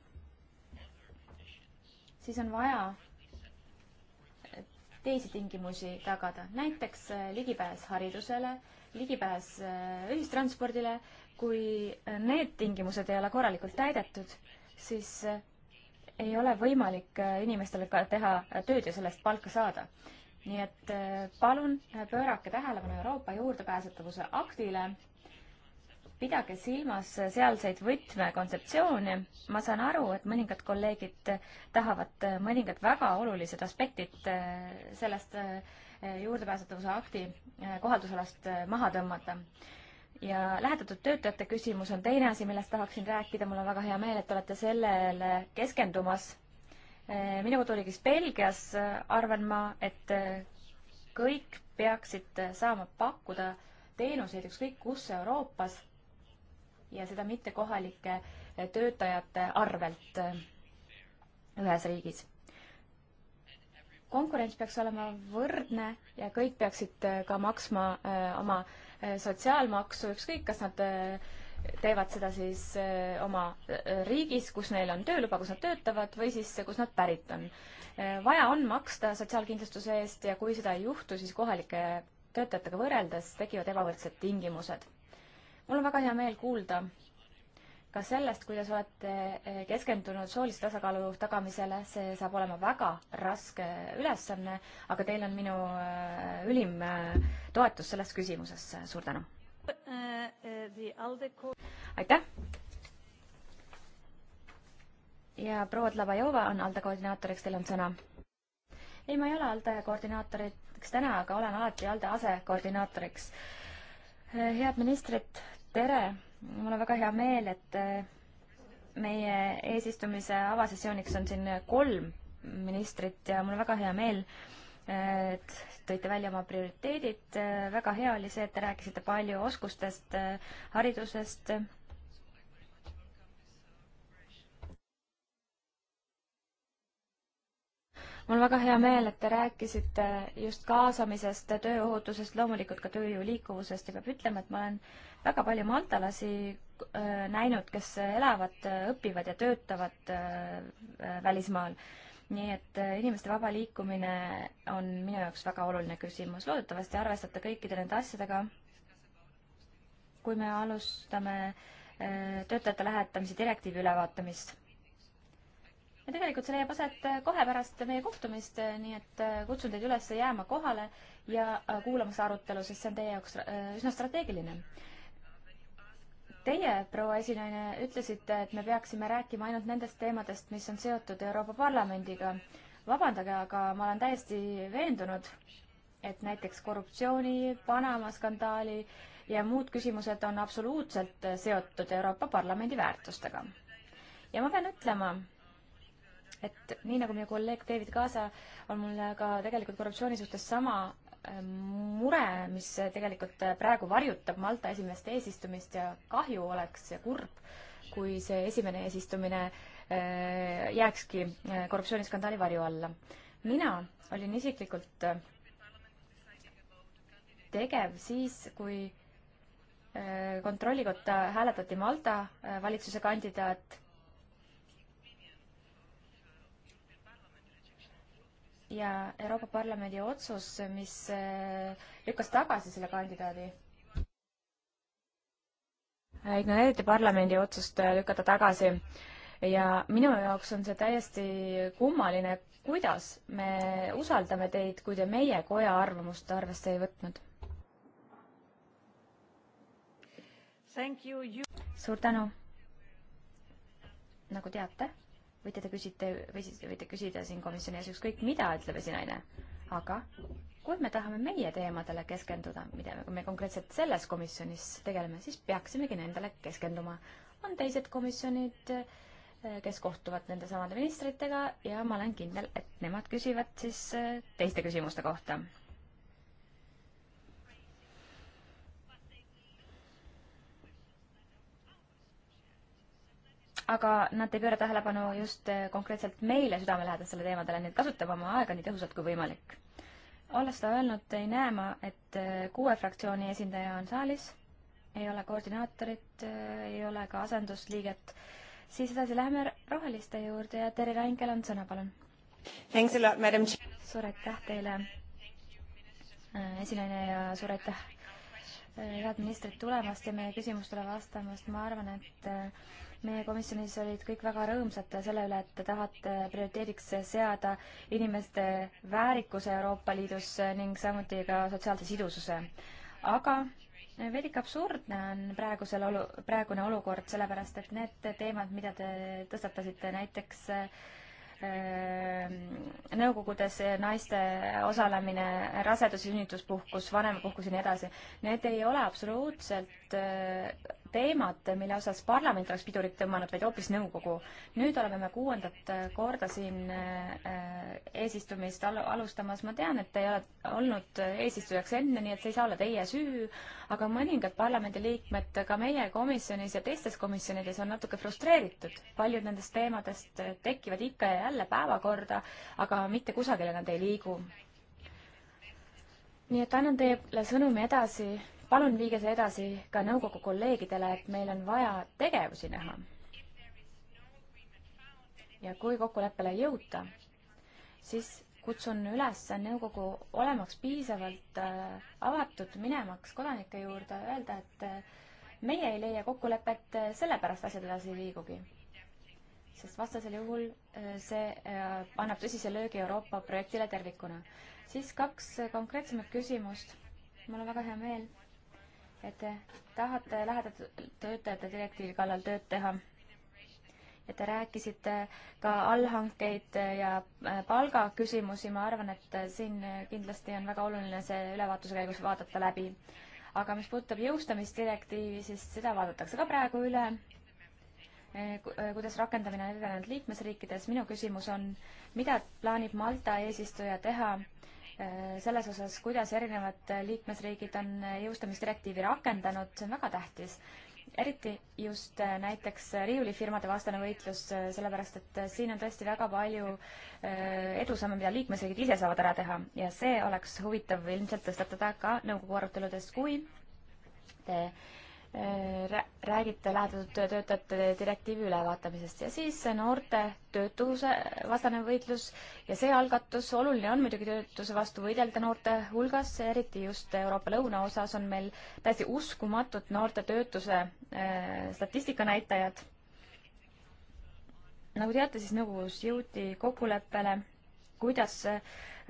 siis on vaja teisi tingimusi tagada, näiteks ligipääs haridusele äh,, ligipääs äh, ühistranspordile, kui äh, need tingimused ei ole korralikult täidetud, siis äh, ei ole võimalik inimestele ka teha tööd ja sellest palka saada. nii et palun pöörake tähelepanu Euroopa juurdepääsetavuse aktile, pidage silmas sealseid võtmekontseptsioone. ma saan aru, et mõningad kolleegid tahavad mõningad väga olulised aspektid sellest äh, Eh, juurdepääsetavuse akti eh, kohaldusalast eh, maha tõmmata ja lähetatud töötajate küsimus on teine asi, millest tahaksin rääkida, mul on väga hea meel, et te olete sellele keskendumas. minu koduriigis Belgias arvan ma, et kõik peaksid saama pakkuda teenuseid ükskõik kus Euroopas ja seda mitte kohalike töötajate arvelt ühes riigis konkurents peaks olema võrdne ja kõik peaksid äh, ka maksma äh, oma äh, sotsiaalmaksu, ükskõik, kas nad teevad seda siis oma riigis, kus neil on tööluba, kus nad töötavad või siis kus nad pärit on. vaja on maksta sotsiaalkindlustuse eest ja kui seda ei juhtu, siis kohalike töötajatega võrreldes tekivad ebavõrdsed tingimused. mul on väga hea meel kuulda, ka sellest, kuidas olete eh, keskendunud soolise tasakaalu tagamisele, see saab olema väga raske ülesanne, aga teil on minu eh, ülim eh, toetus selles küsimuses, suur tänu! aitäh! ja proua Dlabajova on ALDE koordinaatoriks, teil on sõna. ei, ma ei ole ALDE koordinaatoriks täna, aga olen alati ALDE asekoordinaatoriks. head ministrid, tere! mul on väga hea meel, et äh, meie eesistumise avasessiooniks on siin kolm ministrit ja mul on väga hea meel, äh, et tõite välja oma prioriteedid. Äh, väga hea oli see, et te rääkisite palju oskustest, haridusest. mul on väga hea meel, et te rääkisite just kaasamisest, tööohutusest, loomulikult ka tööjõu liikuvusest ja peab ütlema, et ma olen väga palju maltalasi äh, näinud, kes elavad, õpivad ja töötavad äh, välismaal. nii et äh, inimeste vaba liikumine on minu jaoks väga oluline küsimus. loodetavasti arvestate kõikide nende asjadega. kui me alustame töötajate lähetamise direktiivi ülevaatamist ja tegelikult see leiab aset kohe pärast meie kohtumist, nii et kutsun teid üles jääma kohale ja kuulama seda arutelu, sest see on teie jaoks üsna strateegiline. Teie, proua esinaine, ütlesite, et me peaksime rääkima ainult nendest teemadest, mis on seotud Euroopa Parlamendiga. vabandage, aga ma olen täiesti veendunud, et näiteks korruptsiooni, Panama skandaali ja muud küsimused on absoluutselt seotud Euroopa Parlamendi väärtustega. ja ma pean ütlema, et nii nagu minu kolleeg David Kaasa, on mul ka tegelikult korruptsiooni suhtes sama mure, mis tegelikult praegu varjutab Malta esimest eesistumist ja kahju oleks ja kurb, kui see esimene eesistumine äh, jääkski äh, korruptsiooniskandaali varju alla. mina olin isiklikult äh, tegev siis, kui kontrollikotta hääletati Malta valitsuse kandidaat ja Euroopa Parlamendi otsus, mis äh, lükkas tagasi selle kandidaadi. ignoreeriti parlamendi otsust äh, lükata tagasi ja minu jaoks on see täiesti kummaline, kuidas me usaldame teid, kui te meie koja arvamust arvesse ei võtnud. suur tänu. nagu teate võite te küsite, või siis võite küsida siin komisjoni ees ükskõik mida, ütleb esinaine. aga kui me tahame meie teemadele keskenduda, mida me konkreetselt selles komisjonis tegeleme, siis peaksimegi nendele keskenduma. on teised komisjonid, eh, kes kohtuvad nendesamade ministritega ja ma olen kindel, et nemad küsivad siis eh, teiste küsimuste kohta aga nad ei pööra tähelepanu just eh, konkreetselt meile südamelähedastele teemadele, nii et kasutame oma aega nii tõhusalt kui võimalik. olles seda öelnud, ei näe ma, et eh, kuue fraktsiooni esindaja on saalis, ei ole koordinaatorit, eh, ei ole ka asendusliiget, siis edasi läheme roheliste juurde ja Terri Rainkel on sõna, palun. suur aitäh teile, esinaine, ja suur aitäh Äh, head ministrit tulemast ja meie küsimustele vastamast, ma arvan, et äh, meie komisjonis olid kõik väga rõõmsad selle üle, et te tahate prioriteediks seada inimeste väärikuse Euroopa Liidus äh, ning samuti ka sotsiaalse sidususe. aga veidike absurdne on praegusel olu, praegune olukord, sellepärast et need teemad, mida te tõstatasite, näiteks äh, nõukogudes naiste osalemine rasedus- ja sünnituspuhkus, vanemapuhkus ja nii edasi, need ei ole absoluutselt Äh, teemat, mille osas parlament oleks pidurit tõmmanud, vaid hoopis nõukogu. nüüd oleme me kuuendat äh, korda siin äh, eesistumist al alustamas. ma tean, et te ei ole olnud eesistujaks enne, nii et see ei saa olla teie süü, aga mõningad parlamendiliikmed ka meie komisjonis ja teistes komisjonides on natuke frustreeritud. paljud nendest teemadest tekivad ikka ja jälle päevakorda, aga mitte kusagile nad ei liigu nii et annan teile sõnumi edasi, palun viige see edasi ka nõukogu kolleegidele, et meil on vaja tegevusi näha. ja kui kokkuleppele ei jõuta, siis kutsun üles nõukogu olemaks piisavalt äh, avatud, minemaks kodanike juurde, öelda, et äh, meie ei leia kokkulepet, äh, sellepärast asjad edasi ei liigugi. sest vastasel juhul see annab tõsise löögi Euroopa projektile tervikuna. siis kaks konkreetsemat küsimust. mul on väga hea meel et te tahate lähedatud töötajate direktiivi kallal tööd teha. ja te rääkisite ka allhankeid ja äh, palgaküsimusi, ma arvan, et siin kindlasti on väga oluline see ülevaatuse käigus vaadata läbi. aga mis puudutab jõustamisdirektiivi, siis seda vaadatakse ka praegu üle äh, äh, kuidas rakendamine on edenenud liikmesriikides. minu küsimus on, mida plaanib Malta eesistuja teha Äh, selles osas, kuidas erinevad liikmesriigid on jõustamisdirektiivi rakendanud, see on väga tähtis. eriti just äh, näiteks riiulifirmade vastane võitlus, äh, sellepärast et siin on tõesti väga palju edusamme, mida liikmesriigid ise saavad ära teha ja see oleks huvitav ilmselt tõstatada ka nõukogu aruteludes, kui te räägite lähedatud töötajate direktiivi ülevaatamisest ja siis noorte töötuse vastane võitlus ja see algatus, oluline on muidugi töötuse vastu võidelda noorte hulgas, eriti just Euroopa lõunaosas on meil täiesti uskumatud noorte töötuse äh, statistikanäitajad. nagu teate, siis nõukogus jõuti kokkuleppele, kuidas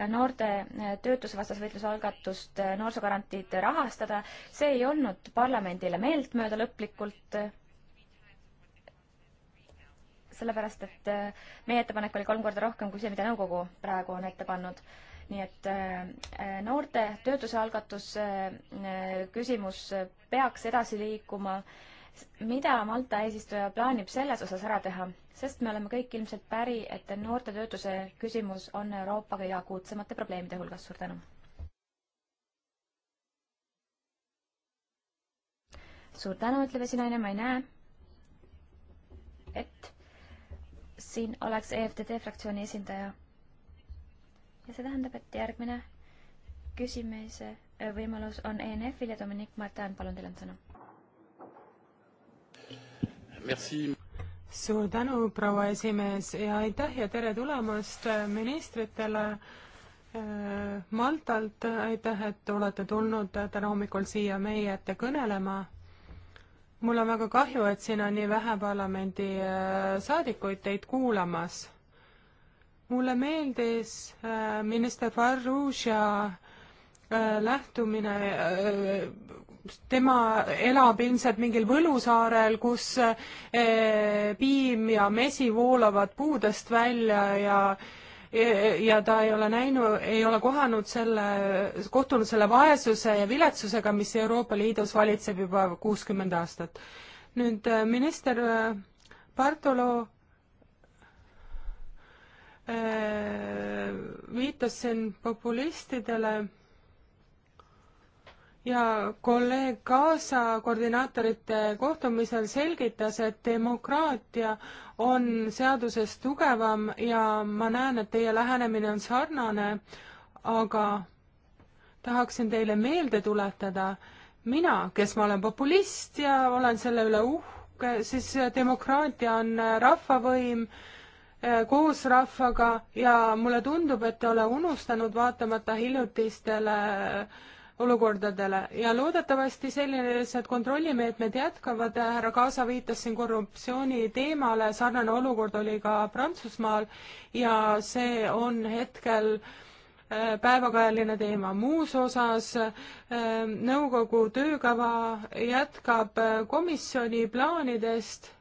noorte eh, töötusevastase võitluse algatust eh, noorsoogarantiid rahastada. see ei olnud parlamendile meeltmööda lõplikult eh, sellepärast, et meie ettepanek oli kolm korda rohkem kui see, mida nõukogu praegu on ette pannud. nii et noorte töötuse algatus, küsimus peaks edasi liikuma äh, mida Malta eesistuja plaanib selles osas ära teha, sest me oleme kõik ilmselt päri, et noorte töötuse küsimus on Euroopa kõige akuutsemate probleemide hulgas. suur tänu! suur tänu, ütleb esinaine, ma ei näe, et siin oleks EFTD fraktsiooni esindaja. ja see tähendab, et järgmine küsimise võimalus on ENF-il ja Dominic Martin, palun, teil on sõna suur tänu, proua esimees ja aitäh ja tere tulemast ministritele äh, Maltalt, aitäh, et olete tulnud täna hommikul siia meie ette kõnelema. mul on väga kahju, et siin on nii vähe parlamendi äh, saadikuid teid kuulamas. mulle meeldis äh, minister Farrugia lähtumine tema elab ilmselt mingil võlusaarel, kus eh, piim ja mesi voolavad puudest välja ja e, ja ta ei ole näinud, ei ole kohanud selle, kohtunud selle vaesuse ja viletsusega, mis Euroopa Liidus valitseb juba kuuskümmend aastat. nüüd eh, minister eh, Bartolo viitas siin populistidele ja kolleeg Kaasa koordinaatorite kohtumisel selgitas, et demokraatia on seaduses tugevam ja ma näen, et teie lähenemine on sarnane, aga tahaksin teile meelde tuletada, mina, kes ma olen populist ja olen selle üle uhke, siis demokraatia on rahvavõim eh, koos rahvaga ja mulle tundub, et te ole unustanud vaatamata hiljutistele äh, olukordadele ja loodetavasti sellised kontrollimeetmed jätkavad, härra Kaasa viitas siin korruptsiooni teemale, sarnane olukord oli ka Prantsusmaal ja see on hetkel äh, päevakajaline teema. muus osas äh, nõukogu töökava jätkab äh, komisjoni plaanidest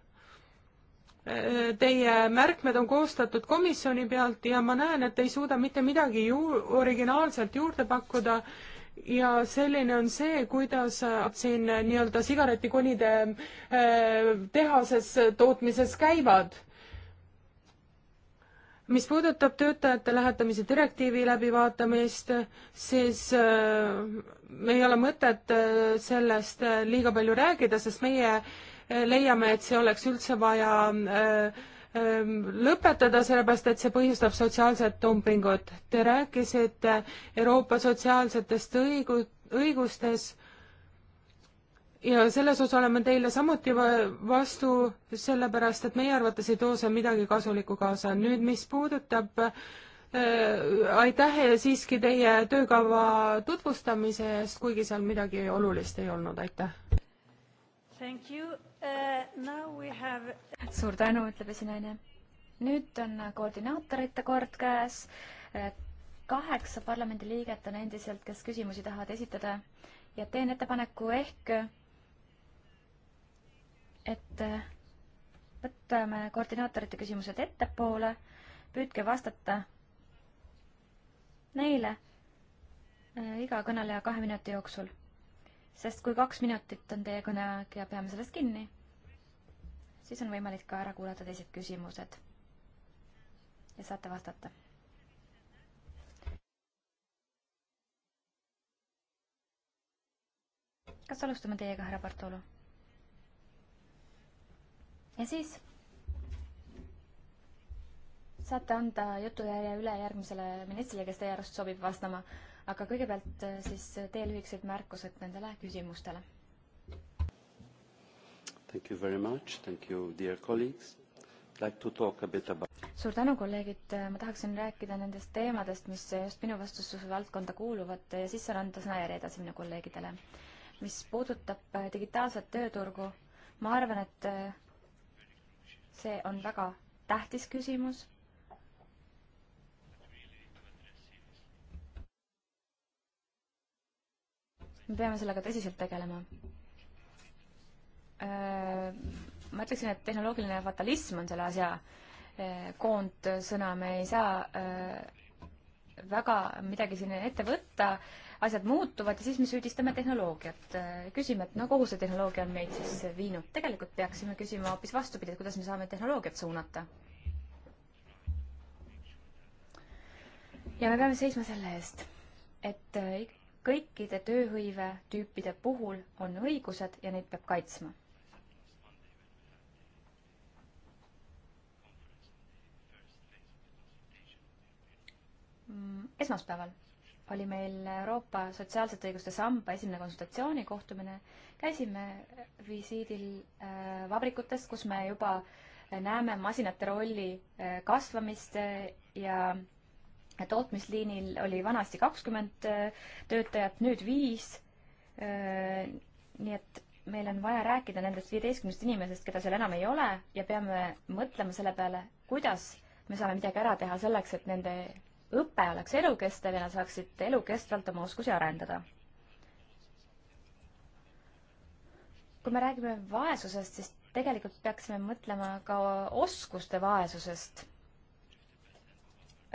teie märkmed on koostatud komisjoni pealt ja ma näen, et ei suuda mitte midagi ju originaalselt juurde pakkuda ja selline on see, kuidas siin nii-öelda sigaretikonide äh, tehases tootmises käivad. mis puudutab töötajate lähetamise direktiivi läbivaatamist, siis äh, ei ole mõtet äh, sellest liiga palju rääkida, sest meie leiame, et see oleks üldse vaja äh, Ehm, lõpetada, sellepärast et see põhjustab sotsiaalset dumpingut. Te rääkisite Euroopa sotsiaalsetest õigu-, õigustes ja selles osas oleme teile samuti vastu, sellepärast et meie arvates ei too see midagi kasulikku kaasa. nüüd, mis puudutab äh, aitäh siiski teie töökava tutvustamise eest, kuigi seal midagi olulist ei olnud, aitäh! Thank you uh,. Now we have. suur tänu, ütleb esinaine. nüüd on koordinaatorite kord käes. Uh, kaheksa parlamendiliiget on endiselt, kes küsimusi tahavad esitada ja teen ettepaneku ehk, et uh, võtame koordinaatorite küsimused ettepoole, püüdke vastata neile uh, iga kõneleja kahe minuti jooksul sest kui kaks minutit on teie kõneaeg ja peame sellest kinni, siis on võimalik ka ära kuulata teised küsimused ja saate vastata kas alustame teiega, härra Bartolo? ja siis saate anda jutujärje üle järgmisele ministrile, kes teie arust sobib vastama aga kõigepealt äh, siis äh, teie lühikesed märkused nendele küsimustele. Thank you very much, thank you, dear colleagues. Like to talk a bit about suur tänu, kolleegid, äh, ma tahaksin rääkida nendest teemadest, mis just minu vastutuse valdkonda kuuluvad ja siis saan anda sõnajärje edasi minu kolleegidele. mis puudutab digitaalset tööturgu, ma arvan, et see on väga tähtis küsimus me peame sellega tõsiselt tegelema. Äh, ma ütleksin, et tehnoloogiline fatalism on selle asja äh, koondsõna, me ei saa äh, väga midagi siin ette võtta, asjad muutuvad ja siis me süüdistame tehnoloogiat. küsime, et no kuhu see tehnoloogia on meid siis viinud. tegelikult peaksime küsima hoopis vastupidi, et kuidas me saame tehnoloogiat suunata. ja me peame seisma selle eest, et kõikide tööhõive tüüpide puhul on õigused ja neid peab kaitsma. Mm, esmaspäeval oli meil Euroopa sotsiaalsete õiguste samba esimene konsultatsiooni kohtumine. käisime visiidil äh, vabrikutes, kus me juba äh, näeme masinate rolli äh, kasvamist ja tootmisliinil oli vanasti kakskümmend äh, töötajat, nüüd viis. Äh, nii et meil on vaja rääkida nendest viieteistkümnest inimesest, keda seal enam ei ole ja peame mõtlema selle peale, kuidas me saame midagi ära teha selleks, et nende õpe oleks elukestev ja nad saaksid elukestvalt oma oskusi arendada. kui me räägime vaesusest, siis tegelikult peaksime mõtlema ka oskuste vaesusest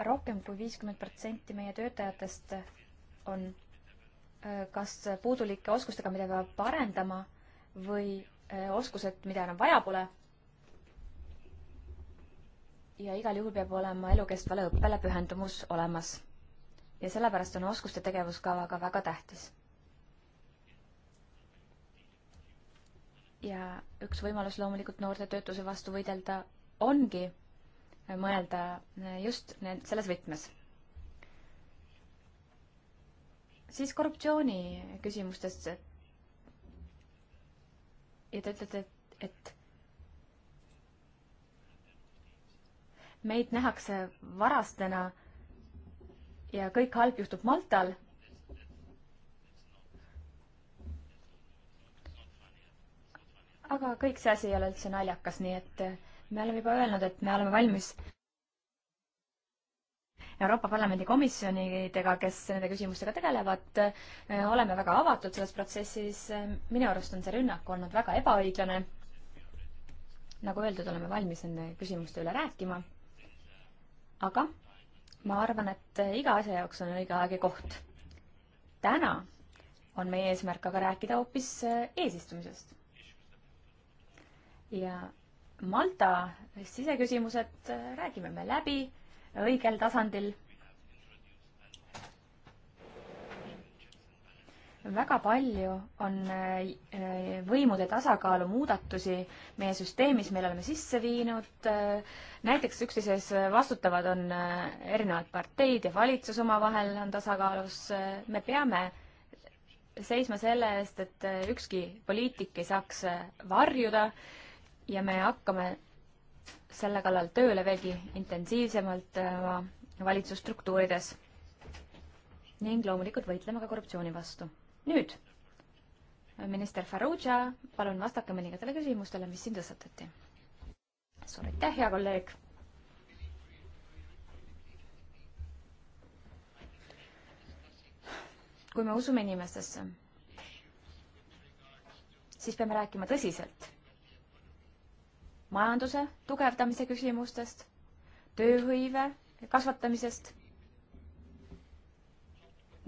rohkem kui viiskümmend protsenti meie töötajatest on kas puudulike oskustega, mida peab parendama või oskused, mida enam vaja pole. ja igal juhul peab olema elukestvale õppele pühendumus olemas. ja sellepärast on oskuste tegevuskava ka väga tähtis. ja üks võimalus loomulikult noorte töötuse vastu võidelda ongi mõelda eh, just need, selles võtmes. siis korruptsiooni küsimustest. ja te ütlete, et, et meid nähakse varastena ja kõik halb juhtub Maltal. aga kõik see asi ei ole üldse naljakas, nii et eh, me oleme juba öelnud, et me oleme valmis Euroopa Parlamendi komisjonidega, kes nende küsimustega tegelevad, oleme väga avatud selles protsessis. minu arust on see rünnak olnud väga ebaõiglane. nagu öeldud, oleme valmis nende küsimuste üle rääkima. aga ma arvan, et iga asja jaoks on õige aeg ja koht. täna on meie eesmärk aga rääkida hoopis eesistumisest. ja Malta siseküsimused räägime me läbi õigel tasandil. väga palju on äh, võimude tasakaalu muudatusi meie süsteemis, mille oleme sisse viinud. näiteks üksteises vastutavad on äh, erinevad parteid ja valitsus omavahel on tasakaalus. me peame seisma selle eest, et äh, ükski poliitik ei saaks varjuda ja me hakkame selle kallal tööle veelgi intensiivsemalt äh, oma valitsusstruktuurides ning loomulikult võitlema ka korruptsiooni vastu. nüüd minister Farrugia, palun vastake mõningatele küsimustele, mis siin tõstatati. suur aitäh, hea kolleeg. kui me usume inimestesse, siis peame rääkima tõsiselt majanduse tugevdamise küsimustest, tööhõive kasvatamisest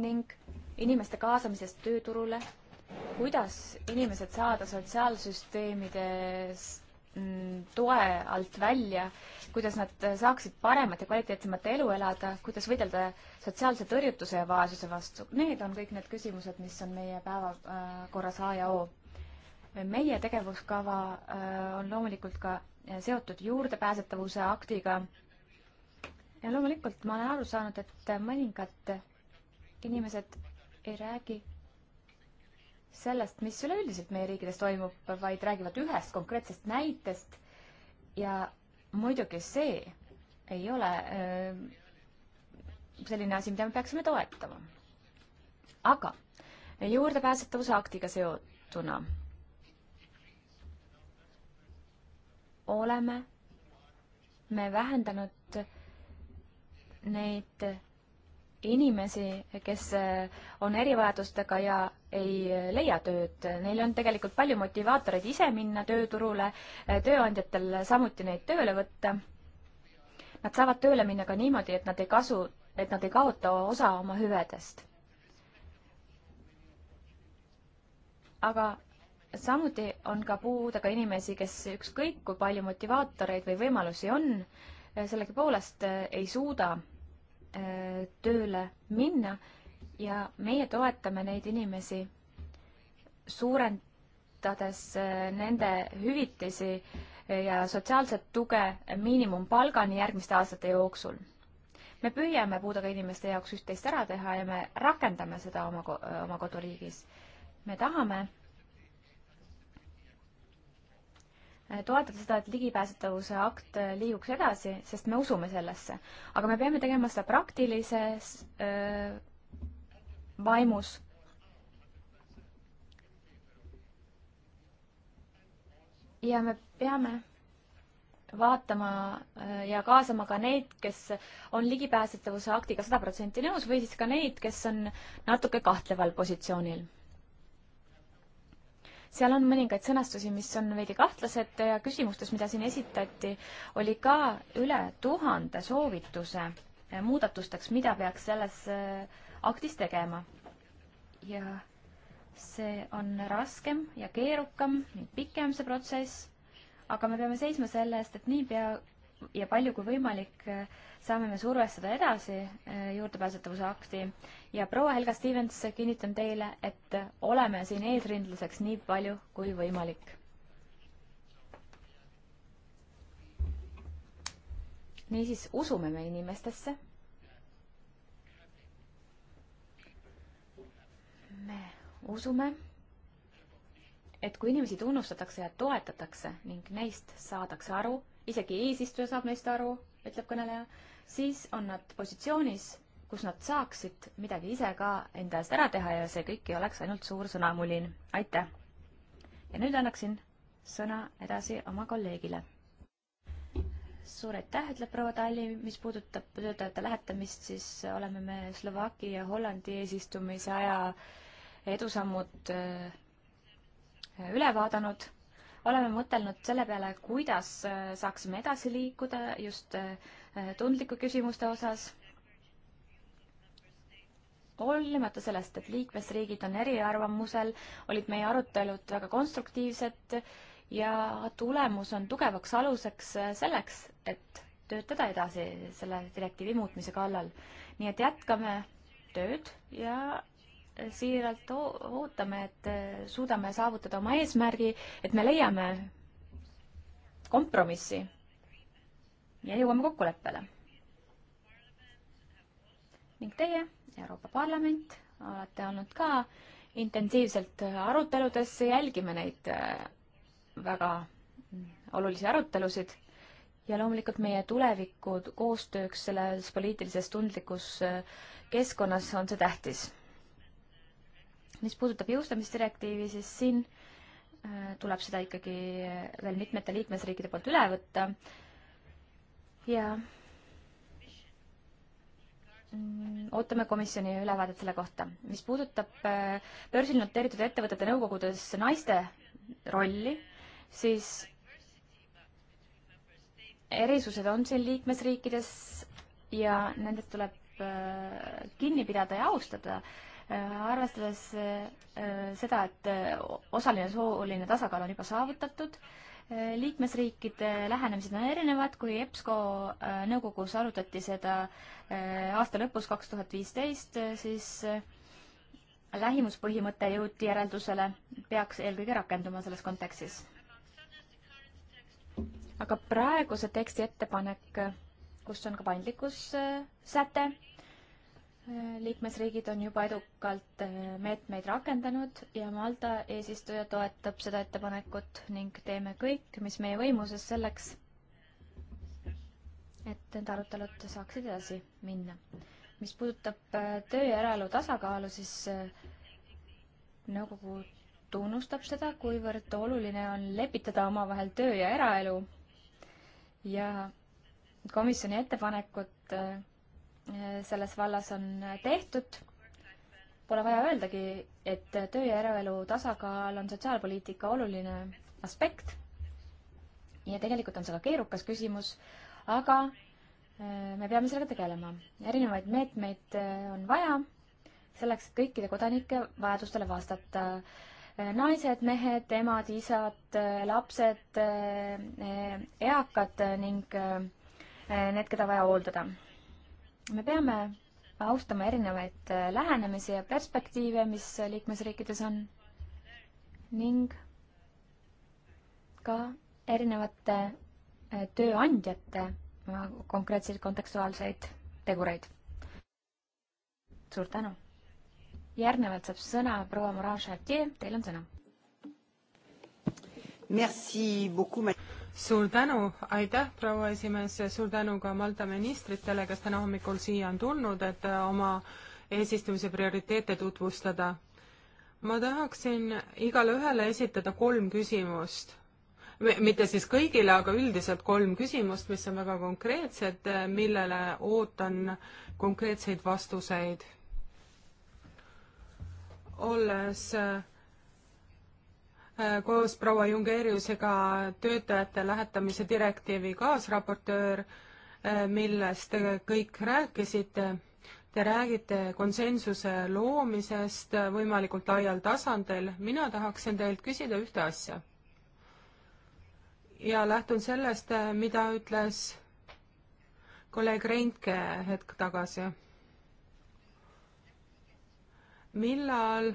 ning inimeste kaasamisest tööturule, kuidas inimesed saada sotsiaalsüsteemides mm, toe alt välja, kuidas nad saaksid paremat ja kvaliteetsemat elu elada, kuidas võidelda sotsiaalse tõrjutuse ja vaesuse vastu. Need on kõik need küsimused, mis on meie päevakorras A ja O meie tegevuskava äh, on loomulikult ka seotud juurdepääsetavuse aktiga. ja loomulikult ma olen aru saanud, et mõningad inimesed ei räägi sellest, mis üleüldiselt meie riikides toimub, vaid räägivad ühest konkreetsest näitest. ja muidugi see ei ole öö, äh, selline asi, mida me peaksime toetama. aga juurdepääsetavuse aktiga seotuna oleme me vähendanud neid inimesi, kes eh, on erivajadustega ja ei leia tööd, neil on tegelikult palju motivaatoreid ise minna tööturule, eh, tööandjatel samuti neid tööle võtta. Nad saavad tööle minna ka niimoodi, et nad ei kasu, et nad ei kaota osa oma hüvedest. aga samuti on ka puudega inimesi, kes ükskõik kui palju motivaatoreid või võimalusi on, äh, sellegipoolest äh, ei suuda äh, tööle minna ja meie toetame neid inimesi suurendades nende hüvitisi ja sotsiaalset tuge miinimumpalgani järgmiste aastate jooksul. me püüame puudega inimeste jaoks üht-teist ära teha ja me rakendame seda oma, oma koduriigis. me tahame toetada seda, et ligipääsetavuse akt äh, liiguks edasi, sest me usume sellesse. aga me peame tegema seda praktilises äh, vaimus. ja me peame vaatama äh, ja kaasama ka neid, kes on ligipääsetavuse aktiga sada protsenti nõus või siis ka neid, kes on natuke kahtleval positsioonil seal on mõningaid sõnastusi, mis on veidi kahtlased ja küsimustes, mida siin esitati, oli ka üle tuhande soovituse muudatusteks, mida peaks selles äh, aktis tegema. ja see on raskem ja keerukam ning pikem see protsess, aga me peame seisma selle eest, et niipea ja palju kui võimalik eh, saame me survestada edasi eh, juurdepääsetavuse akti ja proua Helga Stevens, kinnitan teile, et oleme siin eesrindluseks nii palju kui võimalik. niisiis usume me inimestesse. me usume, et kui inimesi tunnustatakse ja toetatakse ning neist saadakse aru isegi eesistuja saab neist aru, ütleb kõneleja, siis on nad positsioonis, kus nad saaksid midagi ise ka enda eest ära teha ja see kõik ei oleks ainult suur sõnamulin. aitäh! ja nüüd annaksin sõna edasi oma kolleegile. suur aitäh, ütleb proua Talli, mis puudutab töötajate lähetamist, siis oleme me Slovakkia ja Hollandi eesistumise aja edusammud äh, üle vaadanud oleme mõtelnud selle peale, kuidas äh, saaksime edasi liikuda just äh, tundlike küsimuste osas. hoolimata sellest, et liikmesriigid on eriarvamusel, olid meie arutelud väga konstruktiivsed ja tulemus on tugevaks aluseks äh, selleks, et töötada edasi selle direktiivi muutmise kallal. nii et jätkame tööd ja siiralt ootame, et eh, suudame saavutada oma eesmärgi, et me leiame kompromissi ja jõuame kokkuleppele. ning teie, Euroopa Parlament, olete olnud ka intensiivselt aruteludes, jälgime neid eh, väga olulisi arutelusid ja loomulikult meie tuleviku koostööks selles poliitilises tundlikus eh, keskkonnas on see tähtis mis puudutab jõustamisdirektiivi, siis siin äh, tuleb seda ikkagi veel mitmete liikmesriikide poolt üle võtta ja mm, ootame komisjoni ülevaadet selle kohta. mis puudutab äh, börsil noteeritud ettevõtete nõukogudes naiste rolli, siis erisused on siin liikmesriikides ja nendest tuleb äh, kinni pidada ja austada äh, Äh, arvestades äh, seda, et äh, osaline sooline tasakaal on juba saavutatud, liikmesriikide lähenemised on erinevad, kui EBSCO nõukogus arutati seda aasta lõpus, kaks tuhat viisteist, siis lähimuspõhimõte jõuti järeldusele, peaks eelkõige rakenduma selles kontekstis. aga praeguse teksti ettepanek, kus on ka paindlikkussäte äh,, liikmesriigid on juba edukalt äh, meetmeid rakendanud ja Malta eesistuja toetab seda ettepanekut ning teeme kõik, mis meie võimuses selleks, et need arutelud saaksid edasi minna. mis puudutab äh, töö ja eraelu tasakaalu, siis äh, nõukogu tunnustab seda, kuivõrd oluline on lepitada omavahel töö ja eraelu ja komisjoni ettepanekut selles vallas on tehtud. Pole vaja öeldagi, et töö ja eraelu tasakaal on sotsiaalpoliitika oluline aspekt. ja tegelikult on see ka keerukas küsimus, aga äh, me peame sellega tegelema. erinevaid meetmeid äh, on vaja selleks, et kõikide kodanike vajadustele vastata äh, naised, mehed, emad, isad, lapsed, eakad ning need, keda vaja hooldada me peame austama erinevaid äh, lähenemisi ja perspektiive, mis liikmesriikides on ning ka erinevate äh, tööandjate äh, konkreetseid kontekstuaalseid tegureid. suur tänu. järgnevalt saab sõna proua Moraal Chartier, teil on sõna suur tänu, aitäh, proua esimees, suur tänu ka Malta ministritele, kes täna hommikul siia on tulnud, et äh, oma eesistumise prioriteete tutvustada. ma tahaksin igale ühele esitada kolm küsimust. mitte siis kõigile, aga üldiselt kolm küsimust, mis on väga konkreetsed, äh, millele ootan konkreetseid vastuseid. olles äh, Äh, koos proua Jungeriusega töötajate lähetamise direktiivi kaasraportöör, äh, millest te kõik rääkisite. Te räägite konsensuse loomisest võimalikult laial tasandil. mina tahaksin teilt küsida ühte asja. ja lähtun sellest, äh, mida ütles kolleeg Reintke hetk tagasi. millal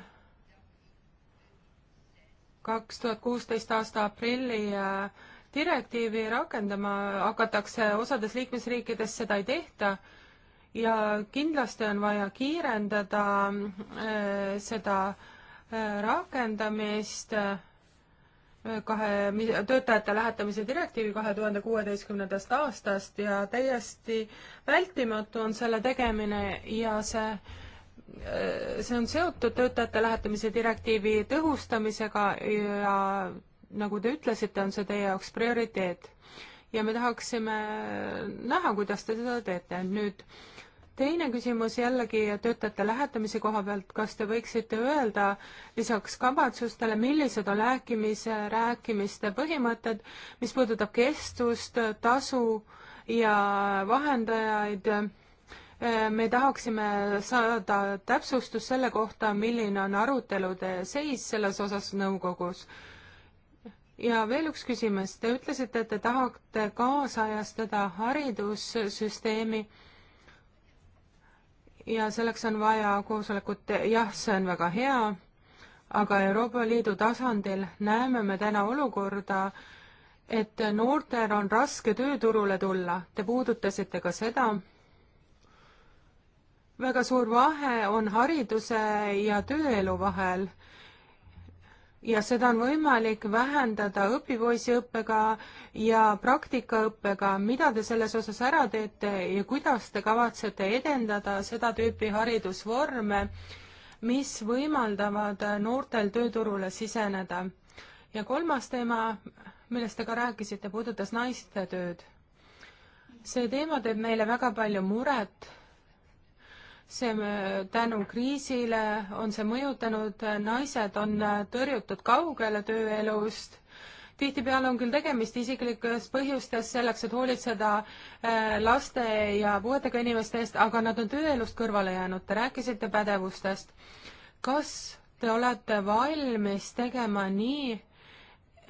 kaks tuhat kuusteist aasta aprilli äh, direktiivi rakendama hakatakse, osades liikmesriikides seda ei tehta ja kindlasti on vaja kiirendada äh, seda äh, rakendamist kahe, töötajate lähetamise direktiivi kahe tuhande kuueteistkümnendast aastast ja täiesti vältimatu on selle tegemine ja see Äh, see on seotud töötajate lähetamise direktiivi tõhustamisega ja nagu te ütlesite, on see teie jaoks prioriteet. ja me tahaksime näha, kuidas te seda teete. nüüd teine küsimus jällegi töötajate lähetamise koha pealt, kas te võiksite öelda lisaks kavatsustele, millised on rääkimise, rääkimiste põhimõtted, mis puudutab kestust, tasu ja vahendajaid me tahaksime saada täpsustus selle kohta, milline on arutelude seis selles osas nõukogus. ja veel üks küsimus, te ütlesite, et te tahate kaasajastada haridussüsteemi ja selleks on vaja koosolekut, jah, see on väga hea, aga Euroopa Liidu tasandil näeme me täna olukorda, et noortel on raske tööturule tulla, te puudutasite ka seda, väga suur vahe on hariduse ja tööelu vahel ja seda on võimalik vähendada õpipoisiõppega ja praktikaõppega. mida te selles osas ära teete ja kuidas te kavatsete edendada seda tüüpi haridusvorme, mis võimaldavad noortel tööturule siseneda? ja kolmas teema, millest te ka rääkisite, puudutas naiste tööd. see teema teeb meile väga palju muret see tänu kriisile on see mõjutanud, naised on äh, tõrjutud kaugele tööelust, tihtipeale on küll tegemist isiklikes põhjustes selleks, et hoolitseda äh, laste ja puuetega inimeste eest, aga nad on tööelust kõrvale jäänud, te rääkisite pädevustest. kas te olete valmis tegema nii,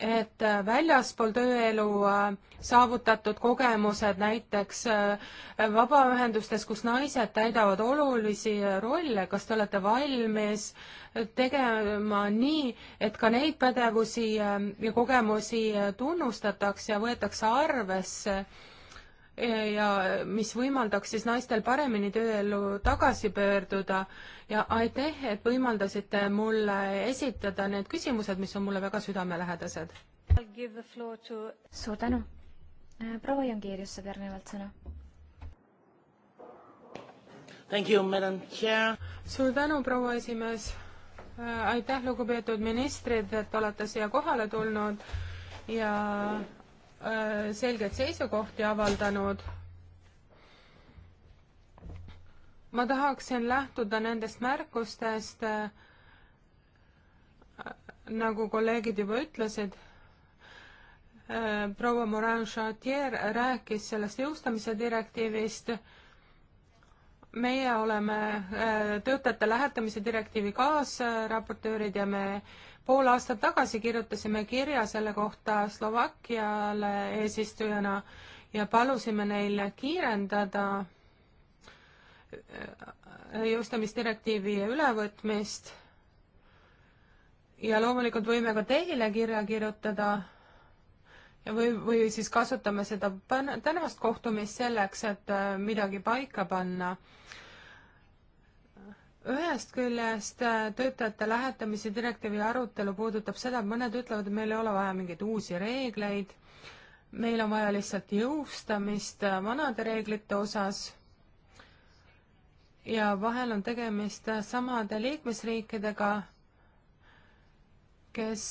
et äh, väljaspool tööelu äh, saavutatud kogemused näiteks äh, vabaühendustes, kus naised täidavad olulisi rolle, kas te olete valmis tegema nii, et ka neid pädevusi ja kogemusi tunnustataks ja võetakse arvesse ja mis võimaldaks siis naistel paremini tööellu tagasi pöörduda ja aitäh, et võimaldasite mulle esitada need küsimused, mis on mulle väga südamelähedased. To... suur tänu. proua Jongeerius saab järgnevalt sõna. suur tänu, proua esimees. Äh, aitäh, lugupeetud ministrid, et olete siia kohale tulnud ja mm Äh, selgeid seisukohti avaldanud. ma tahaksin lähtuda nendest märkustest, äh, nagu kolleegid juba ütlesid, äh, proua Morin Chartier rääkis sellest jõustamise direktiivist, meie oleme töötajate lähetamise direktiivi kaasraportöörid ja me pool aastat tagasi kirjutasime kirja selle kohta Slovakkiale eesistujana ja palusime neil kiirendada äh, jõustamisdirektiivi ülevõtmist. ja loomulikult võime ka teile kirja kirjutada ja või, või siis kasutame seda tänast kohtumist selleks, et äh, midagi paika panna ühest küljest äh, töötajate lähetamise direktiivi arutelu puudutab seda, et mõned ütlevad, et meil ei ole vaja mingeid uusi reegleid, meil on vaja lihtsalt jõustamist äh, vanade reeglite osas ja vahel on tegemist äh, samade liikmesriikidega, kes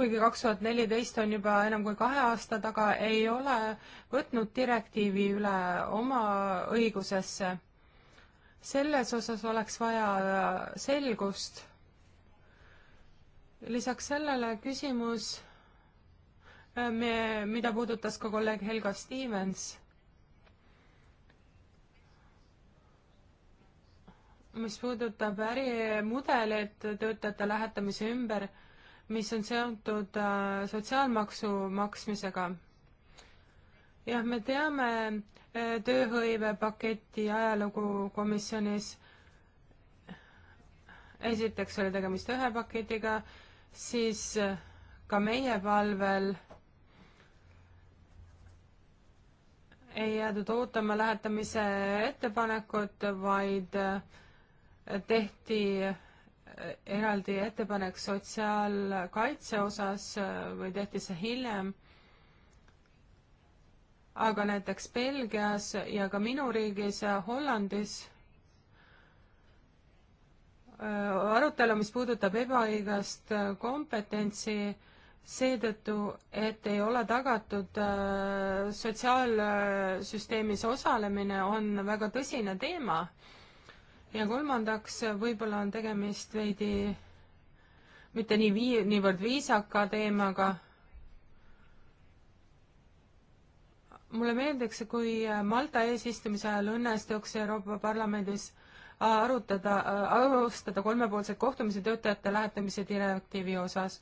kuigi kaks tuhat neliteist on juba enam kui kahe aasta taga, ei ole võtnud direktiivi üle oma õigusesse selles osas oleks vaja äh, selgust. lisaks sellele küsimus, äh, mida puudutas ka kolleeg Helga Stevens mis puudutab ärimudelit töötajate lähetamise ümber, mis on seotud äh, sotsiaalmaksu maksmisega. jah, me teame, tööhõivepaketi ajalugu komisjonis. esiteks oli tegemist ühe paketiga, siis ka meie palvel ei jäädud ootama lähetamise ettepanekut, vaid tehti eraldi ettepanek sotsiaalkaitse osas või tehti see hiljem aga näiteks Belgias ja ka minu riigis Hollandis äh, arutelu, mis puudutab ebaõigast äh, kompetentsi seetõttu, et ei ole tagatud äh, sotsiaalsüsteemis osalemine, on väga tõsine teema. ja kolmandaks, võib-olla on tegemist veidi mitte nii vii-, niivõrd viisaka teemaga mulle meeldiks, kui äh, Malta eesistumise ajal õnnestuks Euroopa Parlamendis äh, arutada, äh, alustada kolmepoolseid kohtumisi töötajate lähetamise direktiivi osas.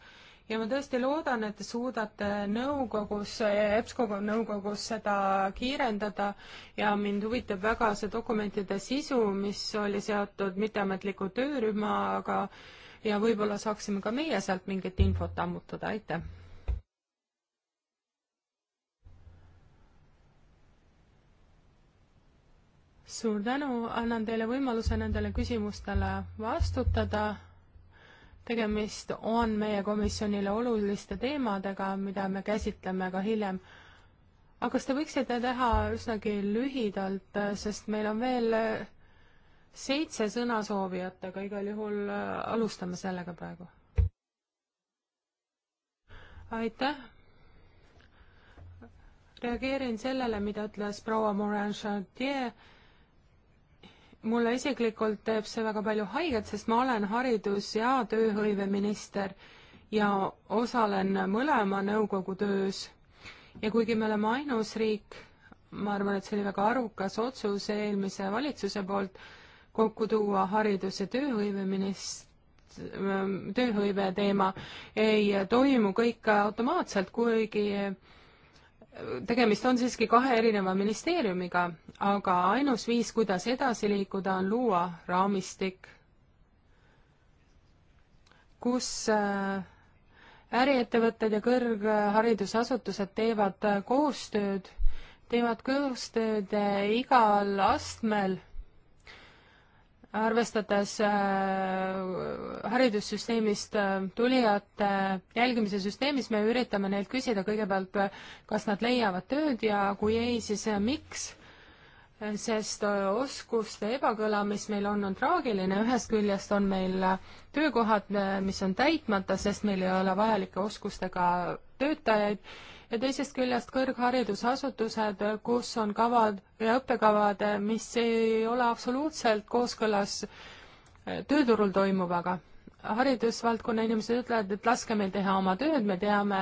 ja ma tõesti loodan, et te suudate nõukogus, EBSCO nõukogus seda kiirendada ja mind huvitab väga see dokumentide sisu, mis oli seotud mitteametliku töörühmaga ja võib-olla saaksime ka meie sealt mingit infot ammutada, aitäh! suur tänu, annan teile võimaluse nendele küsimustele vastutada. tegemist on meie komisjonile oluliste teemadega, mida me käsitleme ka hiljem. aga kas te võiksite teha üsnagi lühidalt, sest meil on veel seitse sõnasoovijat, aga igal juhul äh, alustame sellega praegu. aitäh. reageerin sellele, mida ütles proua Morin Chartier mulle isiklikult teeb see väga palju haiget, sest ma olen haridus- ja tööhõiveminister ja osalen mõlema nõukogu töös. ja kuigi me oleme ainus riik, ma arvan, et see oli väga arukas otsus eelmise valitsuse poolt, kokku tuua haridus- ja tööhõiveminist-, ähm, tööhõive teema, ei toimu kõik automaatselt, kuigi tegemist on siiski kahe erineva ministeeriumiga, aga ainus viis, kuidas edasi liikuda, on luua raamistik, kus äh, äriettevõtted ja kõrgharidusasutused teevad äh, koostööd, teevad koostööd äh, igal astmel arvestades äh, haridussüsteemist äh, tulijate jälgimise süsteemis, me üritame neilt küsida kõigepealt, kas nad leiavad tööd ja kui ei, siis äh, miks sest oskuste ebakõla, mis meil on, on traagiline, ühest küljest on meil töökohad, mis on täitmata, sest meil ei ole vajalike oskustega töötajaid ja teisest küljest kõrgharidusasutused, kus on kavad ja õppekavad, mis ei ole absoluutselt kooskõlas eh, tööturul toimuvaga. haridusvaldkonna inimesed ütlevad, et laske meil teha oma tööd, me teame,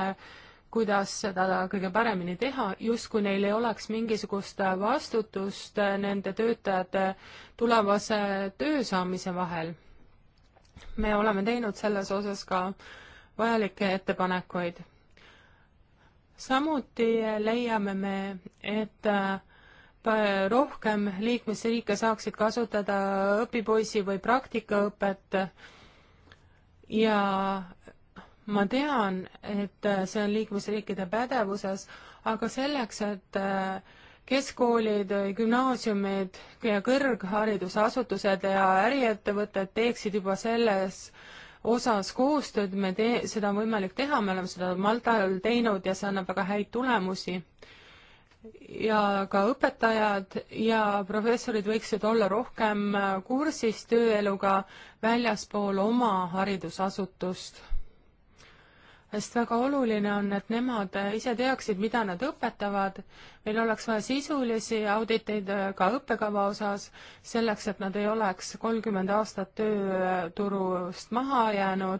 kuidas seda kõige paremini teha, justkui neil ei oleks mingisugust vastutust eh, nende töötajate tulevase töö saamise vahel. me oleme teinud selles osas ka vajalikke ettepanekuid samuti leiame me, et äh, rohkem liikmesriike saaksid kasutada õpipoisi või praktikaõpet ja ma tean, et äh, see on liikmesriikide pädevuses, aga selleks, et äh, keskkoolid, gümnaasiumid ja kõrgharidusasutused ja äriettevõtted teeksid juba selles osas koostööd me tee-, seda on võimalik teha, me oleme seda Maltal teinud ja see annab väga häid tulemusi. ja ka õpetajad ja professorid võiksid olla rohkem kursis tööeluga väljaspool oma haridusasutust sest väga oluline on, et nemad ise teaksid, mida nad õpetavad. meil oleks vaja sisulisi auditeid ka õppekava osas, selleks et nad ei oleks kolmkümmend aastat tööturust maha jäänud.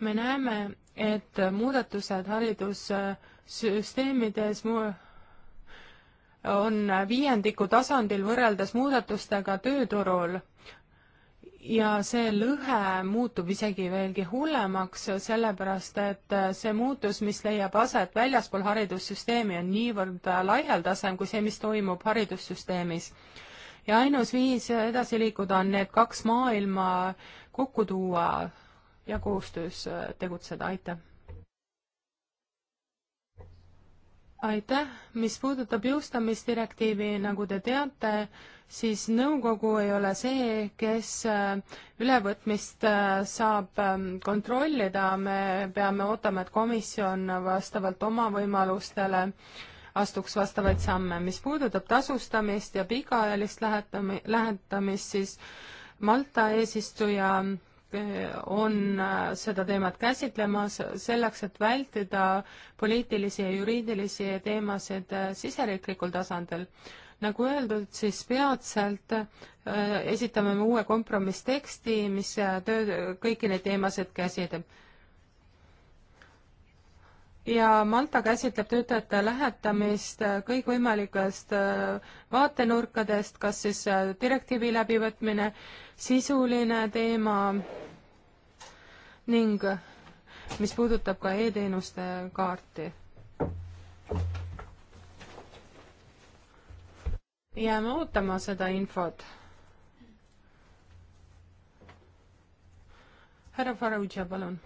me näeme, et muudatused haridussüsteemides on viiendiku tasandil võrreldes muudatustega tööturul ja see lõhe muutub isegi veelgi hullemaks, sellepärast et see muutus, mis leiab aset väljaspool haridussüsteemi, on niivõrd laialdasem kui see, mis toimub haridussüsteemis. ja ainus viis edasi liikuda on need kaks maailma kokku tuua ja koostöös tegutseda, aitäh! aitäh, mis puudutab jõustamisdirektiivi, nagu te teate, siis nõukogu ei ole see, kes äh, ülevõtmist äh, saab ähm, kontrollida, me peame ootama, et komisjon vastavalt oma võimalustele astuks vastavaid samme. mis puudutab tasustamist ja pikaajalist lähetami-, lähetamist, siis Malta eesistuja on äh, seda teemat käsitlemas selleks, et vältida poliitilisi ja juriidilisi teemasid äh, siseriiklikul tasandil. nagu öeldud, siis peatselt äh, esitame me uue kompromissteksti, mis töö, kõiki neid teemasid käsitleb ja Malta käsitleb töötajate lähetamist kõikvõimalikest äh, vaatenurkadest, kas siis äh, direktiivi läbivõtmine, sisuline teema ning mis puudutab ka e-teenuste kaarti. jääme ootama seda infot. härra Farrugia, palun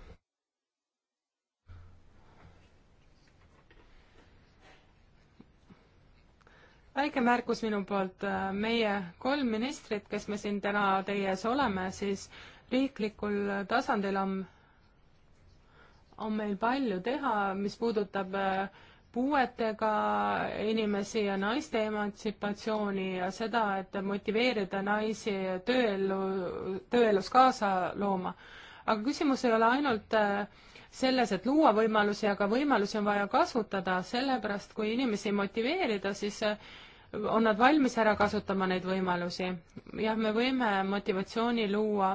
väike märkus minu poolt, meie kolm ministrit, kes me siin täna teie ees oleme, siis riiklikul tasandil on, on meil palju teha, mis puudutab äh, puuetega inimesi ja naiste emantsipatsiooni ja seda, et motiveerida naisi tööellu, tööelus kaasa looma aga küsimus ei ole ainult äh, selles, et luua võimalusi, aga võimalusi on vaja kasutada, sellepärast kui inimesi motiveerida, siis äh, on nad valmis ära kasutama neid võimalusi. jah, me võime motivatsiooni luua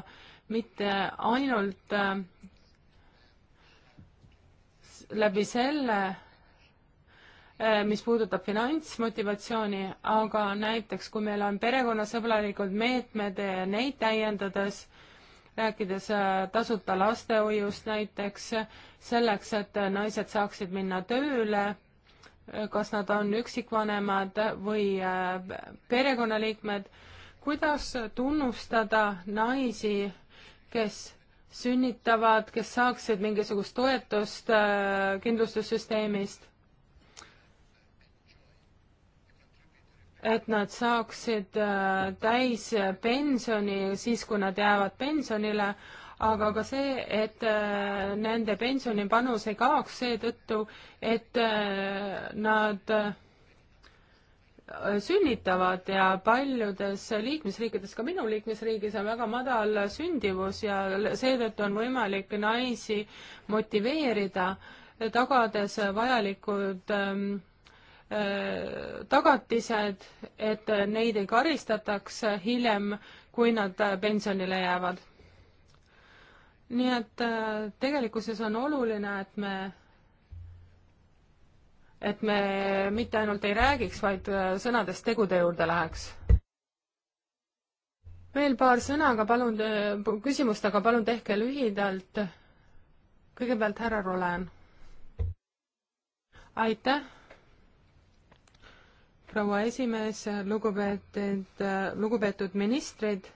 mitte ainult äh, läbi selle, mis puudutab finantsmotivatsiooni, aga näiteks kui meil on perekonnasõbralikud meetmed, neid täiendades rääkides äh, tasuta lastehoiust näiteks, selleks, et naised saaksid minna tööle, äh, kas nad on üksikvanemad või äh, perekonnaliikmed, kuidas tunnustada naisi, kes sünnitavad, kes saaksid mingisugust toetust kindlustussüsteemist et nad saaksid äh, täispensioni siis, kui nad jäävad pensionile, aga ka see, et äh, nende pensionipanus ei kaoks seetõttu, et äh, nad sünnitavad ja paljudes liikmesriikides, ka minu liikmesriigis on väga madal sündivus ja seetõttu on võimalik naisi motiveerida, tagades vajalikud ähm, tagatised, et neid ei karistataks hiljem, kui nad pensionile jäävad. nii et äh, tegelikkuses on oluline, et me et me mitte ainult ei räägiks, vaid äh, sõnadest tegude juurde läheks. veel paar sõna, aga palun, äh, küsimust, aga palun tehke lühidalt. kõigepealt härra Rolen. aitäh proua esimees, lugupeetud, lugupeetud ministrid,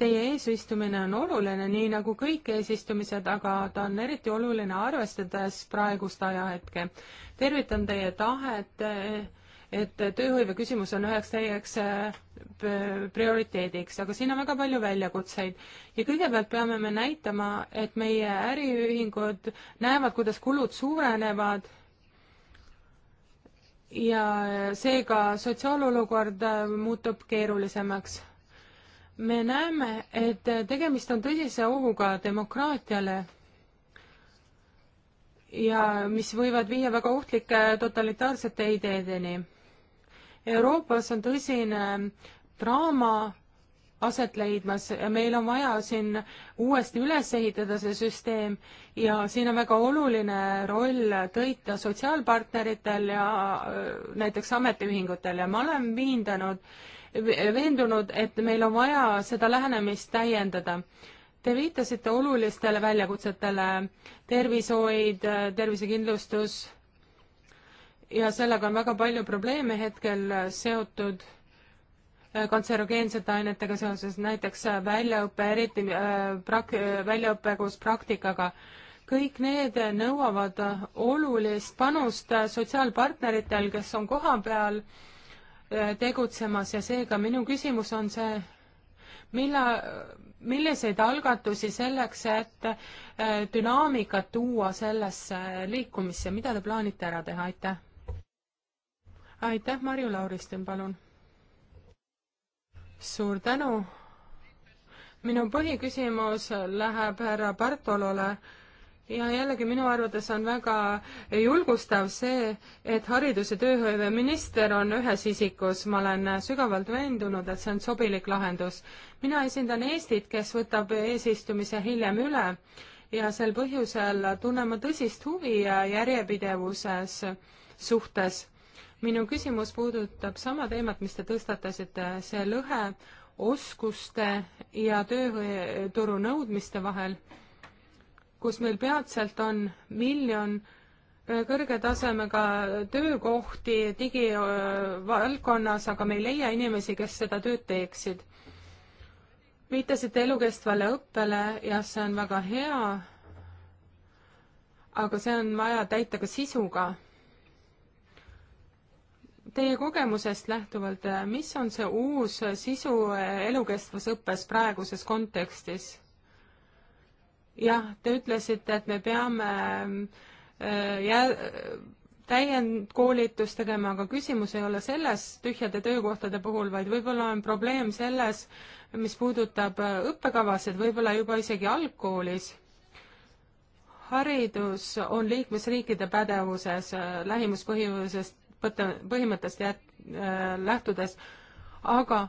teie eesistumine on oluline, nii nagu kõik eesistumised, aga ta on eriti oluline arvestades praegust ajahetke. tervitan teie tahet, et tööhõive küsimus on üheks täieks äh, prioriteediks, aga siin on väga palju väljakutseid. ja kõigepealt peame me näitama, et meie äriühingud näevad, kuidas kulud suurenevad ja seega sotsiaalolukord äh, muutub keerulisemaks. me näeme, et äh, tegemist on tõsise ohuga demokraatiale ja mis võivad viia väga ohtlike totalitaarsete ideedeni. Euroopas on tõsine äh, draama aset leidmas ja meil on vaja siin uuesti üles ehitada see süsteem ja siin on väga oluline roll tõita sotsiaalpartneritel ja äh, näiteks ametiühingutel ja ma olen viindanud, veendunud, et meil on vaja seda lähenemist täiendada. Te viitasite olulistele väljakutsetele, tervishoid, tervisekindlustus ja sellega on väga palju probleeme hetkel seotud Äh, kantserogeensete ainetega seoses, näiteks äh, väljaõpe, eriti äh, prak-, väljaõpe koos praktikaga. kõik need nõuavad olulist panust sotsiaalpartneritel, kes on kohapeal tegutsemas ja seega minu küsimus on see, millal, milliseid algatusi selleks, et dünaamikat tuua sellesse liikumisse, mida te plaanite ära teha, aitäh! aitäh, Marju Lauristin, palun! suur tänu. minu põhiküsimus läheb härra Bartolole ja jällegi minu arvates on väga julgustav see, et haridus- ja tööhõiveminister on ühes isikus, ma olen sügavalt veendunud, et see on sobilik lahendus. mina esindan Eestit, kes võtab eesistumise hiljem üle ja sel põhjusel tunnen ma tõsist huvi järjepidevuses suhtes minu küsimus puudutab sama teemat, mis te tõstatasite, see lõhe oskuste ja tööturu nõudmiste vahel, kus meil peatselt on miljon kõrge tasemega töökohti digivaldkonnas, aga me ei leia inimesi, kes seda tööd teeksid. viitasite elukestvale õppele, jah, see on väga hea, aga see on vaja täita ka sisuga Teie kogemusest lähtuvalt, mis on see uus sisu elukestvas õppes praeguses kontekstis? jah, te ütlesite, et me peame äh, jää-, täiendkoolitust tegema, aga küsimus ei ole selles tühjade töökohtade puhul, vaid võib-olla on probleem selles, mis puudutab äh, õppekavasid, võib-olla juba isegi algkoolis haridus on liikmesriikide pädevuses äh, lähimuspõhjusest põhimõtte, põhimõttest jät-, äh, lähtudes, aga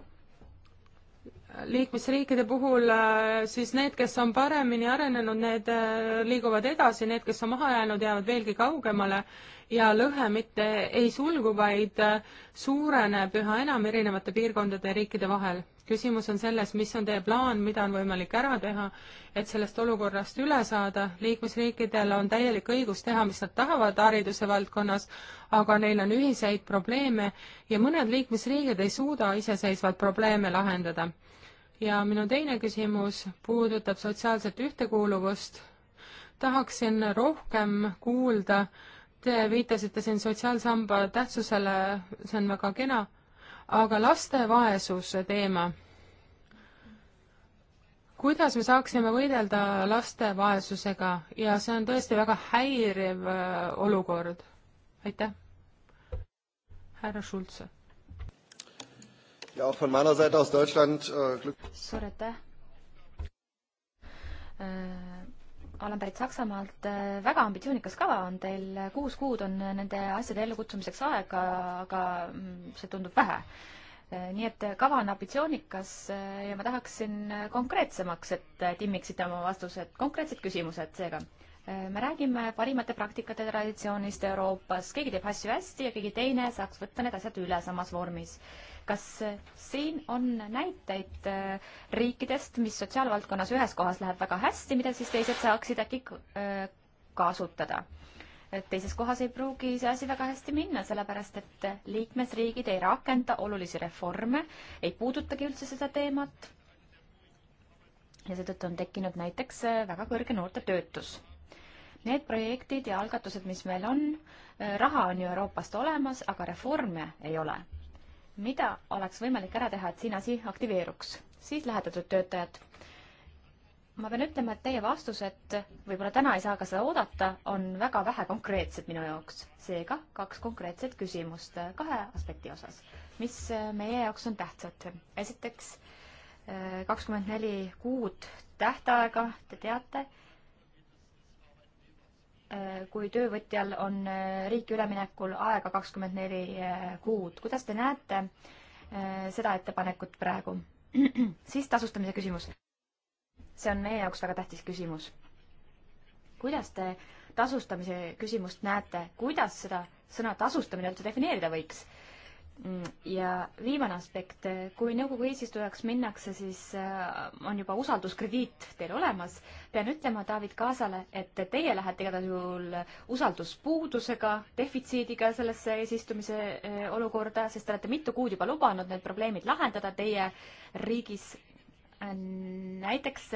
liikmesriikide puhul äh, siis need, kes on paremini arenenud, need äh, liiguvad edasi, need, kes on maha jäänud, jäävad veelgi kaugemale ja lõhe mitte ei sulgu, vaid suureneb üha enam erinevate piirkondade ja riikide vahel küsimus on selles, mis on teie plaan, mida on võimalik ära teha, et sellest olukorrast üle saada, liikmesriikidel on täielik õigus teha, mis nad tahavad hariduse valdkonnas, aga neil on ühiseid probleeme ja mõned liikmesriigid ei suuda iseseisvalt probleeme lahendada. ja minu teine küsimus puudutab sotsiaalset ühtekuuluvust. tahaksin rohkem kuulda, te viitasite siin sotsiaalsamba tähtsusele, see on väga kena aga laste vaesuse teema. kuidas me saaksime võidelda laste vaesusega ja see on tõesti väga häiriv äh, olukord. aitäh. härra Schulze. Ja, auch von meiner Seite aus Deutschland äh, Glück. Suur aitäh äh,! olen pärit Saksamaalt, väga ambitsioonikas kava on teil, kuus kuud on nende asjade ellukutsumiseks aega, aga mm, see tundub vähe. nii et kava on ambitsioonikas ja ma tahaksin konkreetsemaks, et timmiksite oma vastused, konkreetsed küsimused seega me räägime parimate praktikate traditsioonist Euroopas, keegi teeb asju hästi ja keegi teine saaks võtta need asjad üle samas vormis. kas siin on näiteid äh, riikidest, mis sotsiaalvaldkonnas ühes kohas läheb väga hästi, mida siis teised saaksid äkki äh, kasutada? et teises kohas ei pruugi see asi väga hästi minna, sellepärast et liikmesriigid ei rakenda olulisi reforme, ei puudutagi üldse seda teemat. ja seetõttu on tekkinud näiteks äh, väga kõrge noorte töötus Need projektid ja algatused, mis meil on, äh, raha on ju Euroopast olemas, aga reforme ei ole. mida oleks võimalik ära teha, et siin asi aktiveeruks? siis lähetatud töötajad. ma pean ütlema, et teie vastused, võib-olla täna ei saa ka seda oodata, on väga vähe konkreetsed minu jaoks. seega kaks konkreetset küsimust äh, kahe aspekti osas, mis äh, meie jaoks on tähtsad. esiteks kakskümmend neli kuud tähtaega, te teate Äh, kui töövõtjal on äh, riiki üleminekul aega kakskümmend neli äh, kuud. kuidas te näete seda ettepanekut praegu? siis tasustamise küsimus. see on meie jaoks väga tähtis küsimus. kuidas te tasustamise küsimust näete, kuidas seda sõna tasustamine üldse defineerida võiks? Mm, ja viimane aspekt, kui nõukogu eesistujaks minnakse, siis äh, on juba usalduskrediit teil olemas. pean ütlema David Kaasale, et teie lähete igatahes juhul usalduspuudusega, defitsiidiga sellesse eesistumise äh, olukorda, sest te olete mitu kuud juba lubanud need probleemid lahendada teie riigis. Äh, näiteks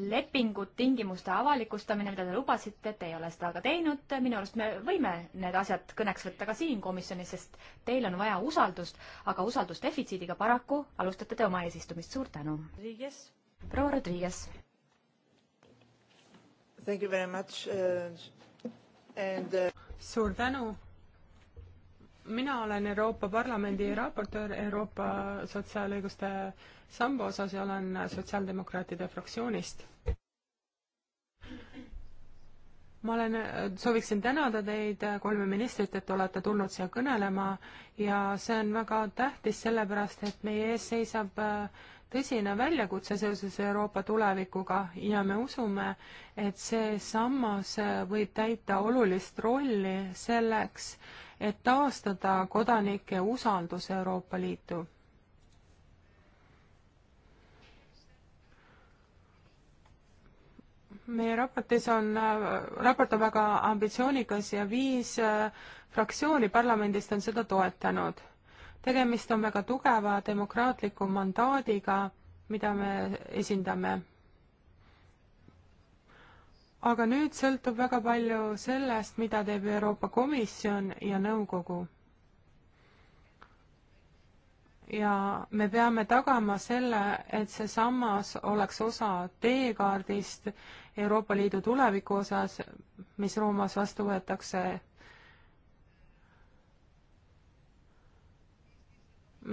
lepingut, tingimuste avalikustamine, mida te lubasite, te ei ole seda ka teinud, minu arust me võime need asjad kõneks võtta ka siin komisjonis, sest teil on vaja usaldust, aga usaldusdefitsiidiga paraku alustate te oma eesistumist, suur tänu. proua Rodriguez. Uh, uh... suur tänu mina olen Euroopa Parlamendi raportöör Euroopa sotsiaalõiguste samba osas ja olen Sotsiaaldemokraatide fraktsioonist. ma olen, sooviksin tänada teid, kolme ministrit, et olete tulnud siia kõnelema ja see on väga tähtis, sellepärast et meie ees seisab äh, tõsine väljakutse seoses Euroopa tulevikuga ja me usume, et see sammas äh, võib täita olulist rolli selleks, et taastada kodanike usaldus Euroopa Liitu. meie raportis on, raport on väga ambitsioonikas ja viis äh, fraktsiooni parlamendist on seda toetanud. tegemist on väga tugeva demokraatliku mandaadiga, mida me esindame aga nüüd sõltub väga palju sellest, mida teeb Euroopa Komisjon ja nõukogu. ja me peame tagama selle, et see sammas oleks osa teekaardist Euroopa Liidu tuleviku osas, mis Roomas vastu võetakse.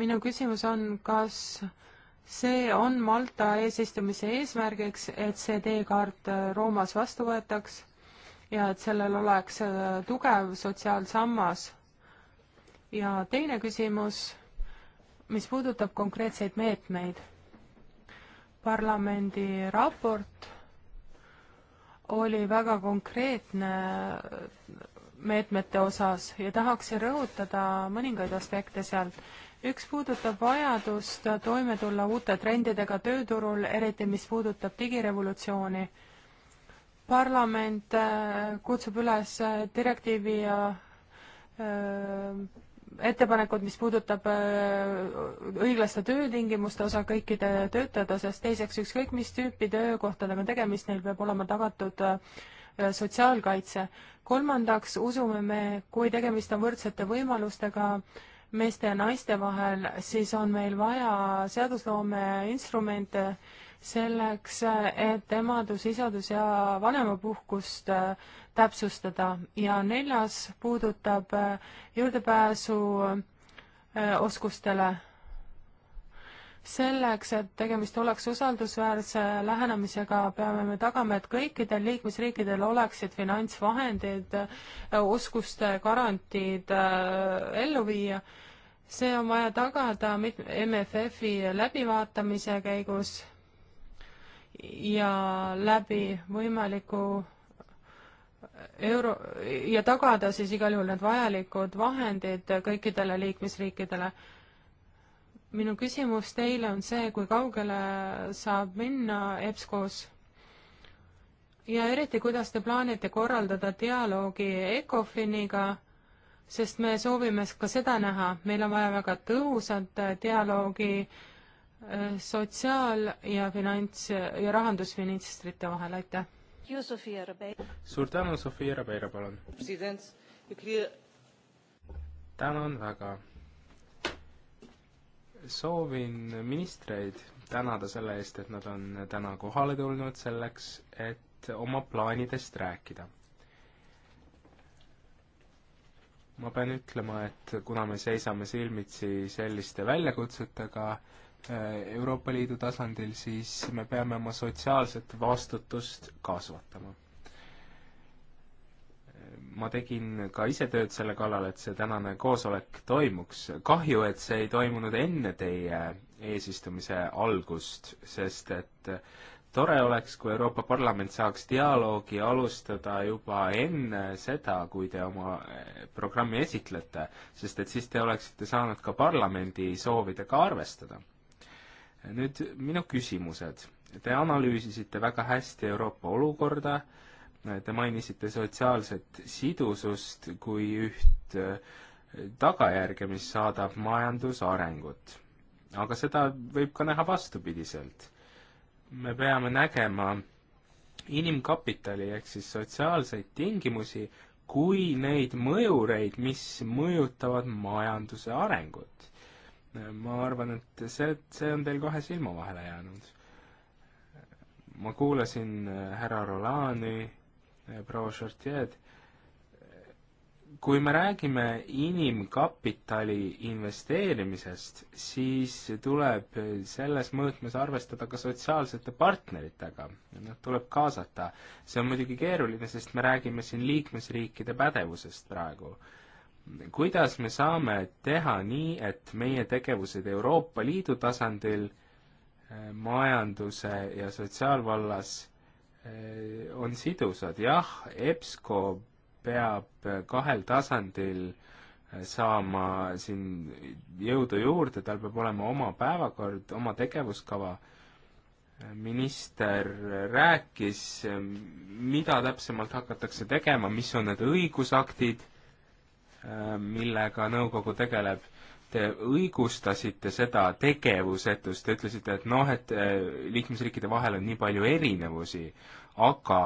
minu küsimus on, kas see on Malta eesistumise eesmärgiks, et see teekaart äh, Roomas vastu võetaks ja et sellel oleks äh, tugev sotsiaalsammas. ja teine küsimus, mis puudutab konkreetseid meetmeid. parlamendi raport oli väga konkreetne äh, meetmete osas ja tahaksin rõhutada mõningaid aspekte sealt üks puudutab vajadust toime tulla uute trendidega tööturul, eriti mis puudutab digirevolutsiooni. parlament äh, kutsub üles äh, direktiivi ja äh, ettepanekud, mis puudutab õiglaste töötingimuste osa kõikide töötajate osas, teiseks ükskõik mis tüüpi töökohtadega on tegemist, neil peab olema tagatud sotsiaalkaitse. kolmandaks usume me, kui tegemist on võrdsete võimalustega, meeste ja naiste vahel, siis on meil vaja seadusloome instrumente selleks, et emadus, isadus ja vanemapuhkust äh, täpsustada ja neljas puudutab äh, juurdepääsu äh, oskustele selleks, et tegemist oleks usaldusväärse lähenemisega, peame me tagama, et kõikidel liikmesriikidel oleksid finantsvahendid, oskuste garantiid äh, ellu viia. see on vaja tagada MFF-i läbivaatamise käigus ja läbi võimaliku euro ja tagada siis igal juhul need vajalikud vahendid kõikidele liikmesriikidele minu küsimus teile on see, kui kaugele saab minna EBSCO-s ja eriti, kuidas te plaanite korraldada dialoogi ECOFIN-iga, sest me soovime ka seda näha, meil on vaja väga tõhusat dialoogi äh, sotsiaal- ja finants- ja rahandusministrite vahel, aitäh! suur tänu, Sofia Rabeira, palun! tänan väga soovin ministreid tänada selle eest, et nad on täna kohale tulnud selleks, et oma plaanidest rääkida. ma pean ütlema, et kuna me seisame silmitsi selliste väljakutsetega eh, Euroopa Liidu tasandil, siis me peame oma sotsiaalset vastutust kasvatama ma tegin ka ise tööd selle kallal, et see tänane koosolek toimuks. kahju, et see ei toimunud enne teie eesistumise algust, sest et tore oleks, kui Euroopa Parlament saaks dialoogi alustada juba enne seda, kui te oma eh, programmi esitlete, sest et siis te oleksite saanud ka parlamendi soovidega arvestada. nüüd minu küsimused. Te analüüsisite väga hästi Euroopa olukorda Te mainisite sotsiaalset sidusust kui üht eh, tagajärge, mis saadab majandusarengut. aga seda võib ka näha vastupidiselt. me peame nägema inimkapitali ehk siis sotsiaalseid tingimusi kui neid mõjureid, mis mõjutavad majanduse arengut. ma arvan, et see, see on teil kahe silma vahele jäänud. ma kuulasin eh, härra Rolani Eh, proua Chartier, kui me räägime inimkapitali investeerimisest, siis tuleb selles mõõtmes arvestada ka sotsiaalsete partneritega. Nad tuleb kaasata. see on muidugi keeruline, sest me räägime siin liikmesriikide pädevusest praegu. kuidas me saame teha nii, et meie tegevused Euroopa Liidu tasandil eh, majanduse ja sotsiaalvallas Äh, on sidusad, jah, EBSCO peab äh, kahel tasandil äh, saama siin jõudu juurde, tal peab olema oma päevakord, oma tegevuskava. minister rääkis, mida täpsemalt hakatakse tegema, mis on need õigusaktid, millega nõukogu tegeleb te õigustasite seda tegevusetust, te ütlesite, et noh, et äh, liikmesriikide vahel on nii palju erinevusi, aga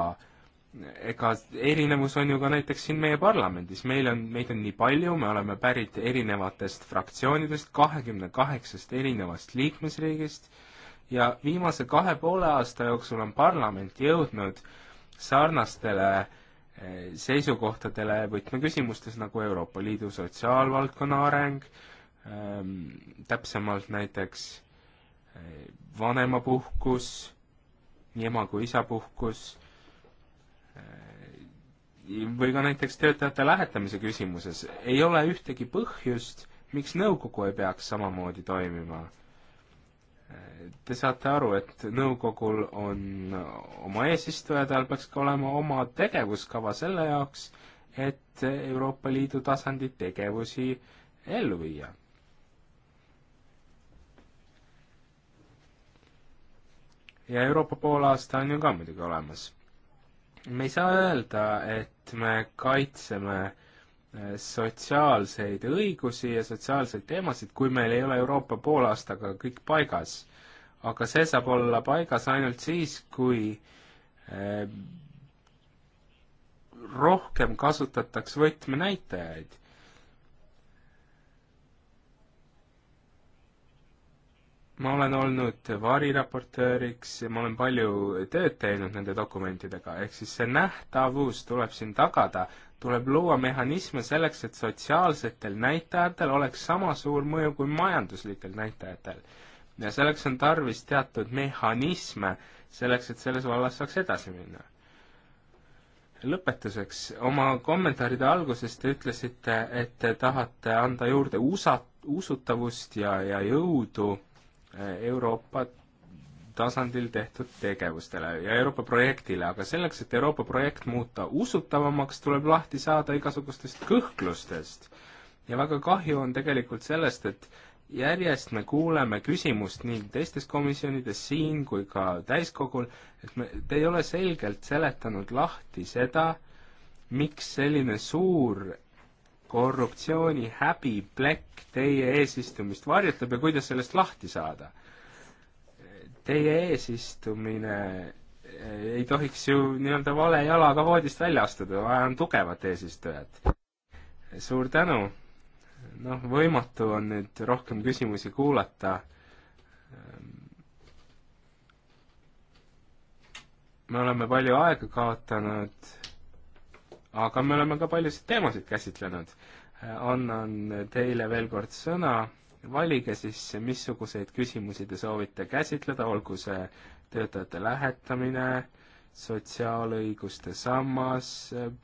ega erinevus on ju ka näiteks siin meie parlamendis, meil on, meid on nii palju, me oleme pärit erinevatest fraktsioonidest, kahekümne kaheksast erinevast liikmesriigist ja viimase kahe poole aasta jooksul on parlament jõudnud sarnastele äh, seisukohtadele võtmeküsimustes nagu Euroopa Liidu sotsiaalvaldkonna areng, Ehm, täpsemalt näiteks eh, vanemapuhkus, nii ema kui isa puhkus, eh, või ka näiteks töötajate lähetamise küsimuses, ei ole ühtegi põhjust, miks nõukogu ei peaks samamoodi toimima. Eh, te saate aru, et nõukogul on oma eesistuja, tal peaks ka olema oma tegevuskava selle jaoks, et Euroopa Liidu tasandi tegevusi ellu viia ja Euroopa poolaasta on ju ka muidugi olemas. me ei saa öelda, et me kaitseme eh, sotsiaalseid õigusi ja sotsiaalseid teemasid, kui meil ei ole Euroopa poolaastaga kõik paigas. aga see saab olla paigas ainult siis, kui eh, rohkem kasutataks võtmenäitajaid ma olen olnud variraportööriks ja ma olen palju tööd teinud nende dokumentidega, ehk siis see nähtavus tuleb siin tagada, tuleb luua mehhanisme selleks, et sotsiaalsetel näitajatel oleks sama suur mõju kui majanduslikel näitajatel. ja selleks on tarvis teatud mehhanisme, selleks et selles vallas saaks edasi minna. lõpetuseks, oma kommentaaride alguses te ütlesite, et te tahate anda juurde usa-, usutavust ja, ja jõudu Euroopa tasandil tehtud tegevustele ja Euroopa projektile, aga selleks, et Euroopa projekt muuta usutavamaks, tuleb lahti saada igasugustest kõhklustest. ja väga kahju on tegelikult sellest, et järjest me kuuleme küsimust nii teistes komisjonides siin kui ka täiskogul, et me, te ei ole selgelt seletanud lahti seda, miks selline suur korruptsiooni häbiplekk teie eesistumist varjutab ja kuidas sellest lahti saada? Teie eesistumine eh, ei tohiks ju nii-öelda vale jalaga voodist välja astuda, vaja on tugevat eesistujat. suur tänu! noh, võimatu on nüüd rohkem küsimusi kuulata ehm, me oleme palju aega kaotanud, aga me oleme ka paljusid teemasid käsitlenud. Äh, annan teile veel kord sõna, valige siis, missuguseid küsimusi te soovite käsitleda, olgu see töötajate lähetamine, sotsiaalõiguste sammas,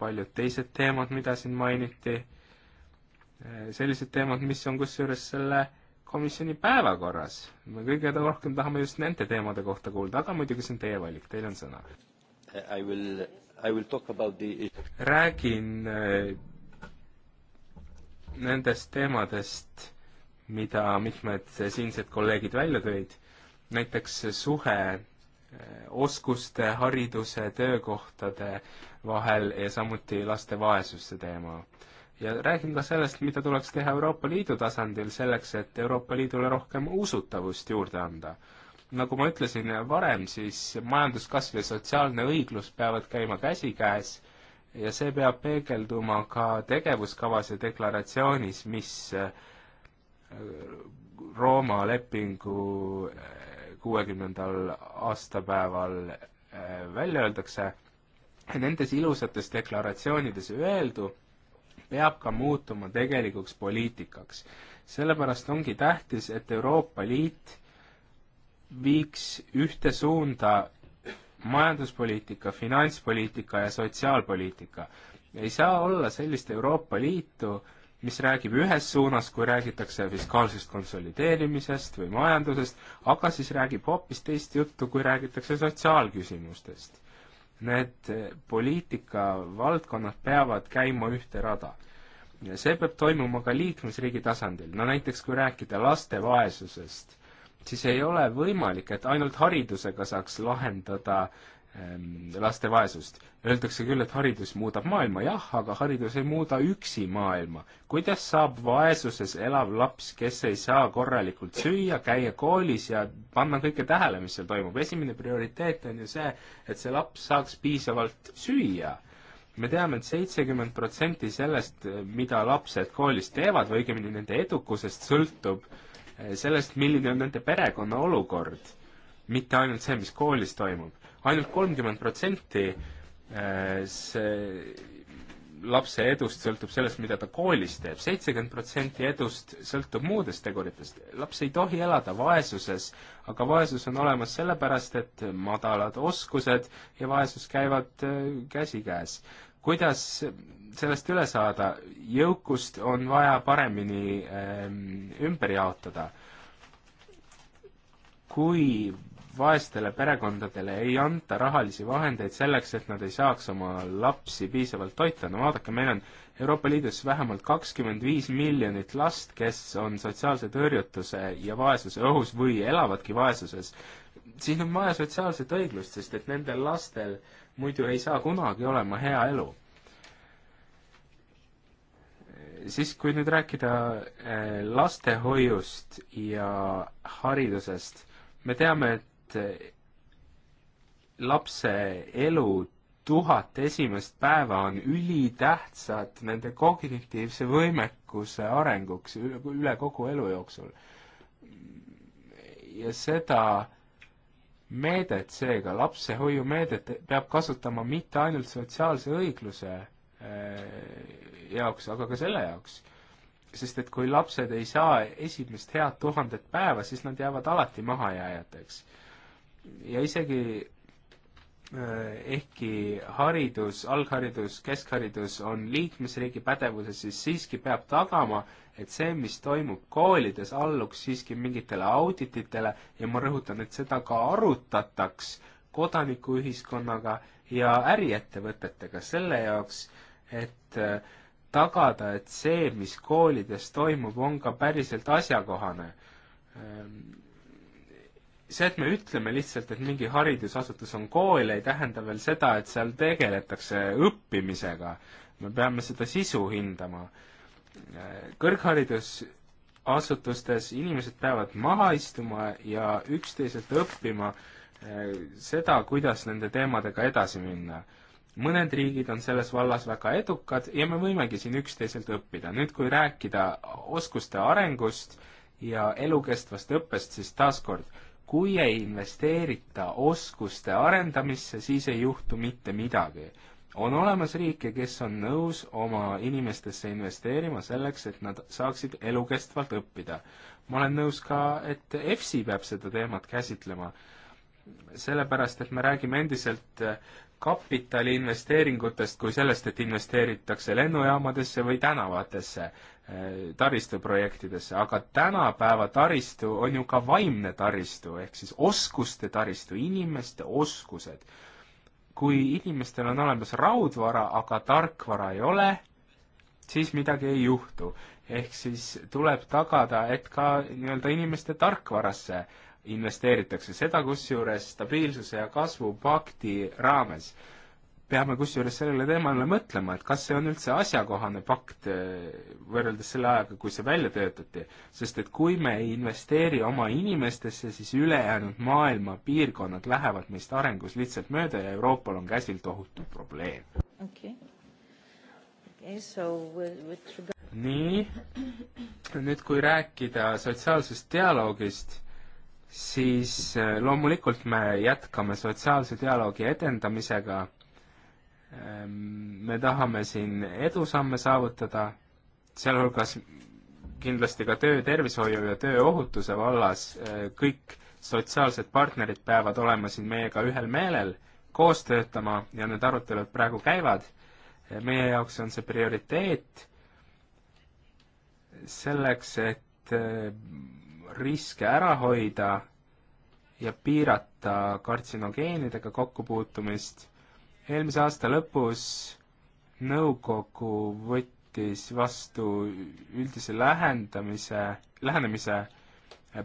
paljud teised teemad, mida siin mainiti, äh, sellised teemad, mis on kusjuures selle komisjoni päevakorras. me kõige rohkem tahame just nende teemade kohta kuulda, aga muidugi see on teie valik, teil on sõna. The... räägin äh, nendest teemadest, mida mitmed siinsed kolleegid välja tõid, näiteks suhe eh, oskuste, hariduse, töökohtade vahel ja samuti laste vaesuse teema. ja räägin ka sellest, mida tuleks teha Euroopa Liidu tasandil selleks, et Euroopa Liidule rohkem usutavust juurde anda. nagu ma ütlesin varem, siis majanduskasv ja sotsiaalne õiglus peavad käima käsikäes ja see peab peegelduma ka tegevuskavas ja deklaratsioonis, mis äh, Rooma lepingu äh, kuuekümnendal aastapäeval äh, välja öeldakse. Nendes ilusates deklaratsioonides öeldu peab ka muutuma tegelikuks poliitikaks. sellepärast ongi tähtis, et Euroopa Liit viiks ühte suunda majanduspoliitika, finantspoliitika ja sotsiaalpoliitika. ei saa olla sellist Euroopa Liitu, mis räägib ühes suunas, kui räägitakse fiskaalsest konsolideerimisest või majandusest, aga siis räägib hoopis teist juttu, kui räägitakse sotsiaalküsimustest. Need eh, poliitikavaldkonnad peavad käima ühte rada. ja see peab toimuma ka liikmesriigi tasandil, no näiteks kui rääkida laste vaesusest siis ei ole võimalik, et ainult haridusega saaks lahendada ehm, laste vaesust. Öeldakse küll, et haridus muudab maailma, jah, aga haridus ei muuda üksi maailma. kuidas saab vaesuses elav laps, kes ei saa korralikult süüa, käia koolis ja panna kõike tähele, mis seal toimub? esimene prioriteet on ju see, et see laps saaks piisavalt süüa. me teame et, et seitsekümmend protsenti sellest, mida lapsed koolis teevad või õigemini nende edukusest, sõltub äh, sellest, milline on nende perekonna olukord, mitte ainult see, mis koolis toimub ainult. ainult kolmkümmend protsenti äh, see lapse edust sõltub sellest, mida ta koolis teeb, seitsekümmend protsenti edust sõltub muudest teguritest. laps ei tohi elada vaesuses, aga vaesus on olemas sellepärast, et madalad oskused ja vaesus käivad äh, käsikäes kuidas sellest üle saada, jõukust on vaja paremini ehm, ümber jaotada. kui vaestele perekondadele ei anta rahalisi vahendeid selleks, et nad ei saaks oma lapsi piisavalt toita, no vaadake, meil on Euroopa Liidus vähemalt kakskümmend viis miljonit last, kes on sotsiaalse tõrjutuse ja vaesuse ohus või elavadki vaesuses, siin on vaja sotsiaalset õiglust, sest et nendel lastel äh, muidu ei saa kunagi olema hea elu. siis, kui nüüd rääkida eh, lastehoiust ja haridusest, me teame, et eh, lapse elu tuhat esimest päeva on ülitähtsad nende kognitiivse võimekuse arenguks üle kogu elu jooksul. ja seda meedet seega, lapsehoiumeedet peab kasutama mitte ainult sotsiaalse õigluse äh, jaoks, aga ka selle jaoks. sest et kui lapsed ei saa esimest head tuhandet päeva, siis nad jäävad alati mahajääjateks. ja isegi Äh, ehkki haridus, algharidus, keskharidus on liikmesriigi pädevuses, siis siiski peab tagama, et see, mis toimub koolides, alluks siiski mingitele audititele ja ma rõhutan, et seda ka arutataks kodanikuühiskonnaga ja äriettevõtetega selle jaoks, et äh, tagada, et see, mis koolides toimub, on ka päriselt asjakohane äh, see, et me ütleme lihtsalt, et mingi haridusasutus on kool, ei tähenda veel seda, et seal tegeletakse õppimisega. me peame seda sisu hindama. kõrgharidusasutustes inimesed peavad maha istuma ja üksteiselt õppima eh, seda, kuidas nende teemadega edasi minna. mõned riigid on selles vallas väga edukad ja me võimegi siin üksteiselt õppida. nüüd, kui rääkida oskuste arengust ja elukestvast õppest, siis taaskord kui ei investeerita oskuste arendamisse, siis ei juhtu mitte midagi. on olemas riike, kes on nõus oma inimestesse investeerima selleks, et nad saaksid elukestvalt õppida. ma olen nõus ka, et EFSI peab seda teemat käsitlema, sellepärast et me räägime endiselt äh, kapitaliinvesteeringutest kui sellest, et investeeritakse lennujaamadesse või tänavatesse Eh, taristuprojektidesse, aga tänapäeva taristu on ju ka vaimne taristu, ehk siis oskuste taristu, inimeste oskused. kui inimestel on olemas raudvara, aga tarkvara ei ole, siis midagi ei juhtu. ehk siis tuleb tagada, et ka nii-öelda inimeste tarkvarasse investeeritakse, seda kusjuures stabiilsuse ja kasvu pakti raames peame kusjuures sellele teemale mõtlema, et kas see on üldse asjakohane pakt eh, võrreldes selle ajaga, kui see välja töötati. sest et kui me ei investeeri oma inimestesse, siis ülejäänud maailma piirkonnad lähevad meist arengus lihtsalt mööda ja Euroopal on käsil tohutu probleem okay.. Okay, with... nii, nüüd kui rääkida sotsiaalsest dialoogist siis eh, loomulikult me jätkame sotsiaalse dialoogi edendamisega Ehm, me tahame siin edusamme saavutada, sealhulgas kindlasti ka töötervishoiu ja tööohutuse vallas, eh, kõik sotsiaalsed partnerid peavad olema siin meiega ühel meelel, koos töötama ja need arutelud praegu käivad. Eh, meie jaoks on see prioriteet selleks, et eh, riske ära hoida ja piirata kartsinogeenidega kokkupuutumist eelmise aasta lõpus nõukogu võttis vastu üldise lähendamise, lähenemise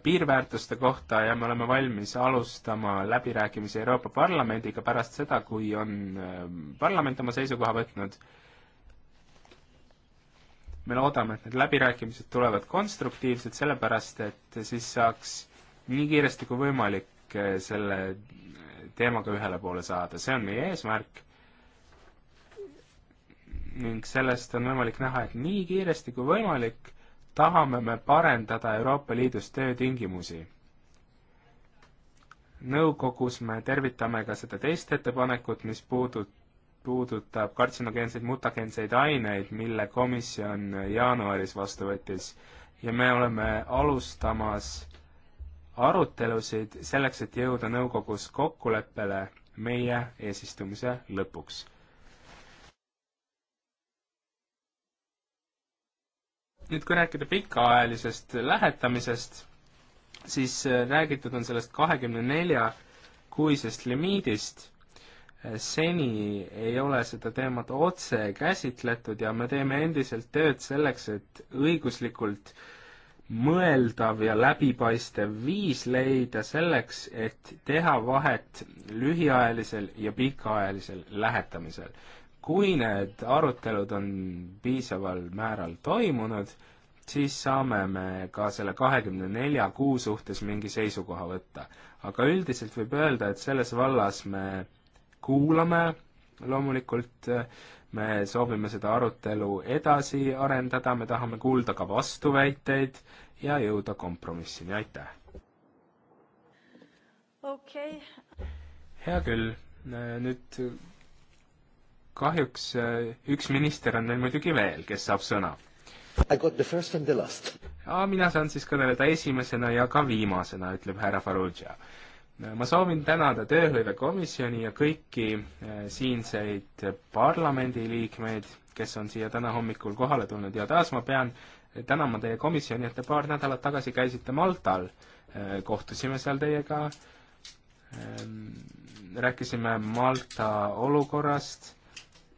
piirväärtuste kohta ja me oleme valmis alustama läbirääkimisi Euroopa Parlamendiga pärast seda, kui on äh, parlament oma seisukoha võtnud. me loodame, et need läbirääkimised tulevad konstruktiivsed, sellepärast et siis saaks nii kiiresti kui võimalik äh, selle teemaga ühele poole saada, see on meie eesmärk. ning sellest on võimalik näha, et nii kiiresti kui võimalik tahame me parendada Euroopa Liidus töötingimusi. nõukogus me tervitame ka seda teist ettepanekut, mis puudut-, puudutab kartsinogeenseid, mutageenseid aineid, mille komisjon jaanuaris vastu võttis ja me oleme alustamas arutelusid selleks, et jõuda nõukogus kokkuleppele meie eesistumise lõpuks nüüd kui rääkida pikaajalisest lähetamisest, siis äh, räägitud on sellest kahekümne nelja kuisest limiidist. Äh, seni ei ole seda teemat otse käsitletud ja me teeme endiselt tööd selleks, et õiguslikult mõeldav ja läbipaistev viis leida selleks, et teha vahet lühiajalisel ja pikaajalisel lähetamisel. kui need arutelud on piisaval määral toimunud, siis saame me ka selle kahekümne nelja kuu suhtes mingi seisukoha võtta. aga üldiselt võib öelda, et selles vallas me kuulame loomulikult äh, me soovime seda arutelu edasi arendada, me tahame kuulda ka vastuväiteid ja jõuda kompromissini, aitäh! okei okay.. hea küll, äh, nüüd kahjuks äh, üks minister on meil muidugi veel, kes saab sõna. I got the first and the last. mina saan siis kõneleda esimesena ja ka viimasena, ütleb härra Farrugia ma soovin tänada Tööhõivekomisjoni ja kõiki eh, siinseid parlamendiliikmeid, kes on siia täna hommikul kohale tulnud ja taas ma pean tänama teie komisjoni, et te paar nädalat tagasi käisite Maltal, eh, kohtusime seal teiega, ehm, rääkisime Malta olukorrast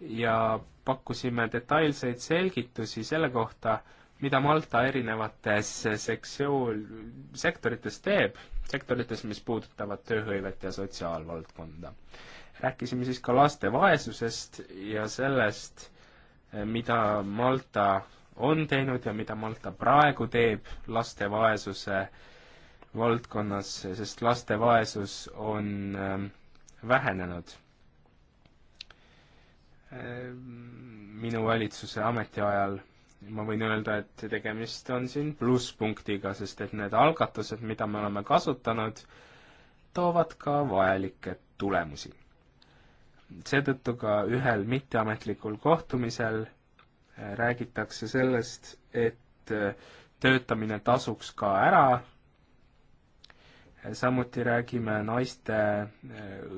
ja pakkusime detailseid selgitusi selle kohta, mida Malta erinevates sektsioon, sektorites teeb sektorites, mis puudutavad tööhõivet ja sotsiaalvaldkonda. rääkisime siis ka laste vaesusest ja sellest, eh, mida Malta on teinud ja mida Malta praegu teeb laste vaesuse valdkonnas, sest laste vaesus on eh, vähenenud. Eh, minu valitsuse ametiajal ma võin öelda, et tegemist on siin plusspunktiga, sest et need algatused, mida me oleme kasutanud, toovad ka vajalikke tulemusi. seetõttu ka ühel mitteametlikul kohtumisel eh, räägitakse sellest, et eh, töötamine tasuks ka ära, eh, samuti räägime naiste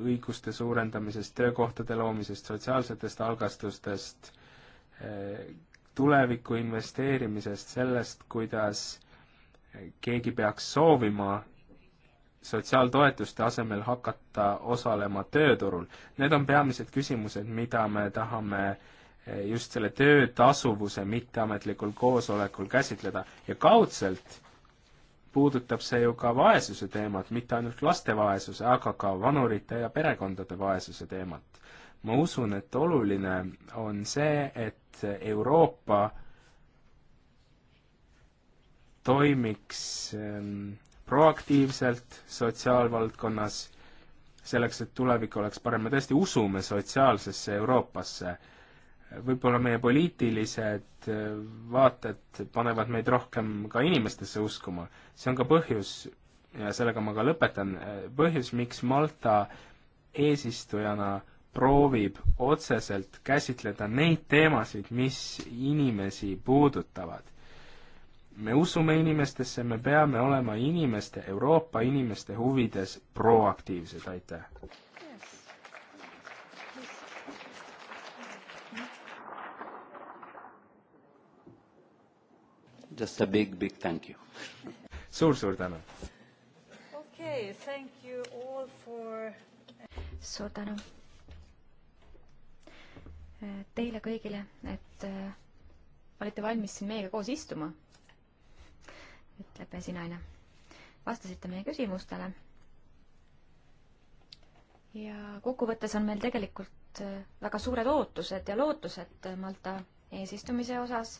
õiguste suurendamisest, töökohtade loomisest, sotsiaalsetest algastustest, tulevikku investeerimisest, sellest, kuidas keegi peaks soovima sotsiaaltoetuste asemel hakata osalema tööturul. Need on peamised küsimused, mida me tahame just selle töötasuvuse mitteametlikul koosolekul käsitleda ja kaudselt puudutab see ju ka vaesuse teemat, mitte ainult laste vaesuse, aga ka vanurite ja perekondade vaesuse teemat. ma usun, et oluline on see, et et Euroopa toimiks ehm, proaktiivselt sotsiaalvaldkonnas, selleks, et tulevik oleks parem, me tõesti usume sotsiaalsesse Euroopasse. võib-olla meie poliitilised ehm, vaated panevad meid rohkem ka inimestesse uskuma. see on ka põhjus, ja sellega ma ka lõpetan, ehm, põhjus, miks Malta eesistujana proovib otseselt käsitleda neid teemasid, mis inimesi puudutavad. me usume inimestesse, me peame olema inimeste, Euroopa inimeste huvides proaktiivsed, aitäh! Just a big, big thank you suur,. suur-suur tänu! okei okay,, thank you all for suur tänu! teile kõigile, et äh, olite valmis siin meiega koos istuma, ütleb esinaine. vastasite meie küsimustele. ja kokkuvõttes on meil tegelikult äh, väga suured ootused ja lootused Malta eesistumise osas,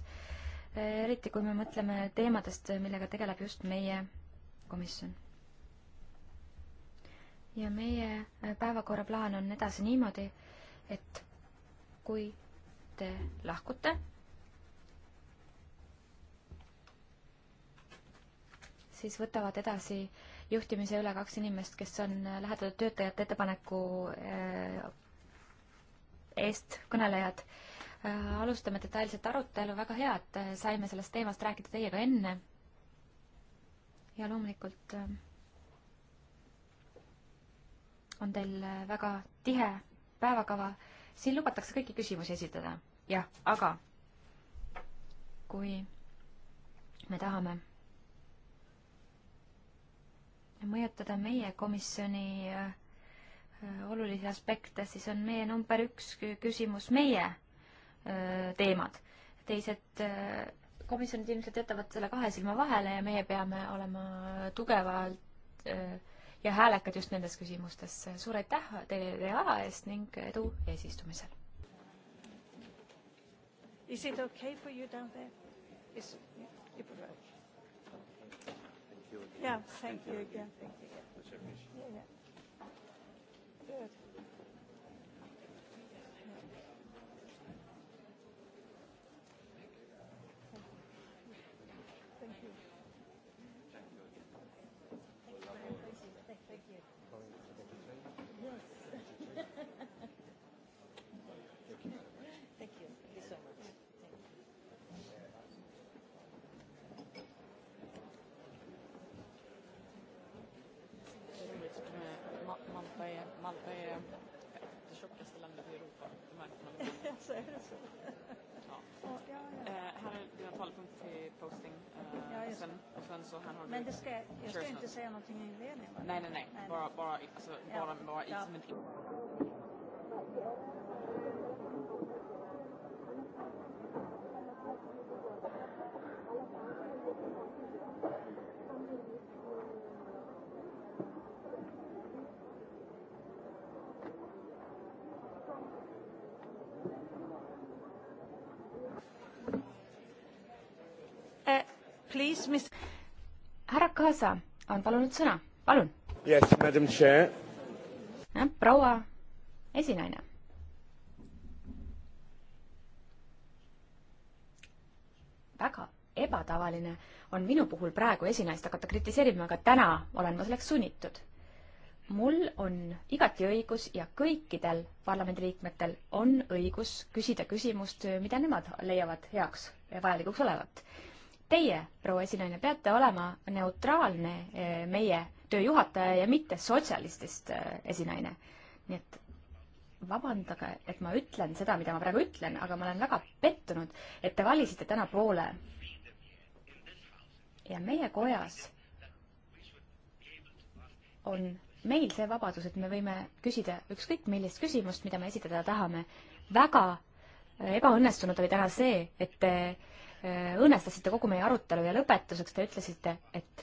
äh, eriti kui me mõtleme teemadest, millega tegeleb just meie komisjon. ja meie päevakorraplaan on edasi niimoodi, et kui te lahkute, siis võtavad edasi juhtimise üle kaks inimest, kes on lähedatud töötajate ettepaneku äh, eest kõnelejad. Äh, alustame detailset arutelu, väga hea, et saime sellest teemast rääkida teiega enne. ja loomulikult äh, on teil väga tihe päevakava siin lubatakse kõiki küsimusi esitada, jah, aga kui me tahame mõjutada meie komisjoni äh, olulisi aspekte, siis on meie number üks küsimus meie äh, teemad. teised äh, komisjonid ilmselt jätavad selle kahe silma vahele ja meie peame olema tugevalt ja häälekad just nendes küsimustes. suur aitäh teile teie aja eest ning edu eesistumisel! Is it okay for you down there? Is it, yeah, thank you again. Yeah, thank you again. Thank you. sen så han har Men det ska, jag ska inte säga någonting i inledningen? Va? Nej, nej, nej. nej. Bara, bara, alltså, ja. bara, bara ja. som en... Eh, please, Mr härra Kaasa on palunud sõna, palun. Yes, madam chair. proua esinaine. väga ebatavaline on minu puhul praegu esinaist hakata kritiseerima, aga täna olen ma selleks sunnitud mul on igati õigus ja kõikidel parlamendiliikmetel on õigus küsida küsimust, mida nemad leiavad heaks ja vajalikuks olevat. Teie, proua esinaine, peate olema neutraalne eh, meie töö juhataja ja mitte sotsialistist eh, esinaine. nii et vabandage, et ma ütlen seda, mida ma praegu ütlen, aga ma olen väga pettunud, et te valisite täna poole. ja meie kojas on meil see vabadus, et me võime küsida ükskõik millist küsimust, mida me esitada tahame. väga eh, ebaõnnestunud oli täna see, et te Äh, õõnestasite kogu meie arutelu ja lõpetuseks te ütlesite, et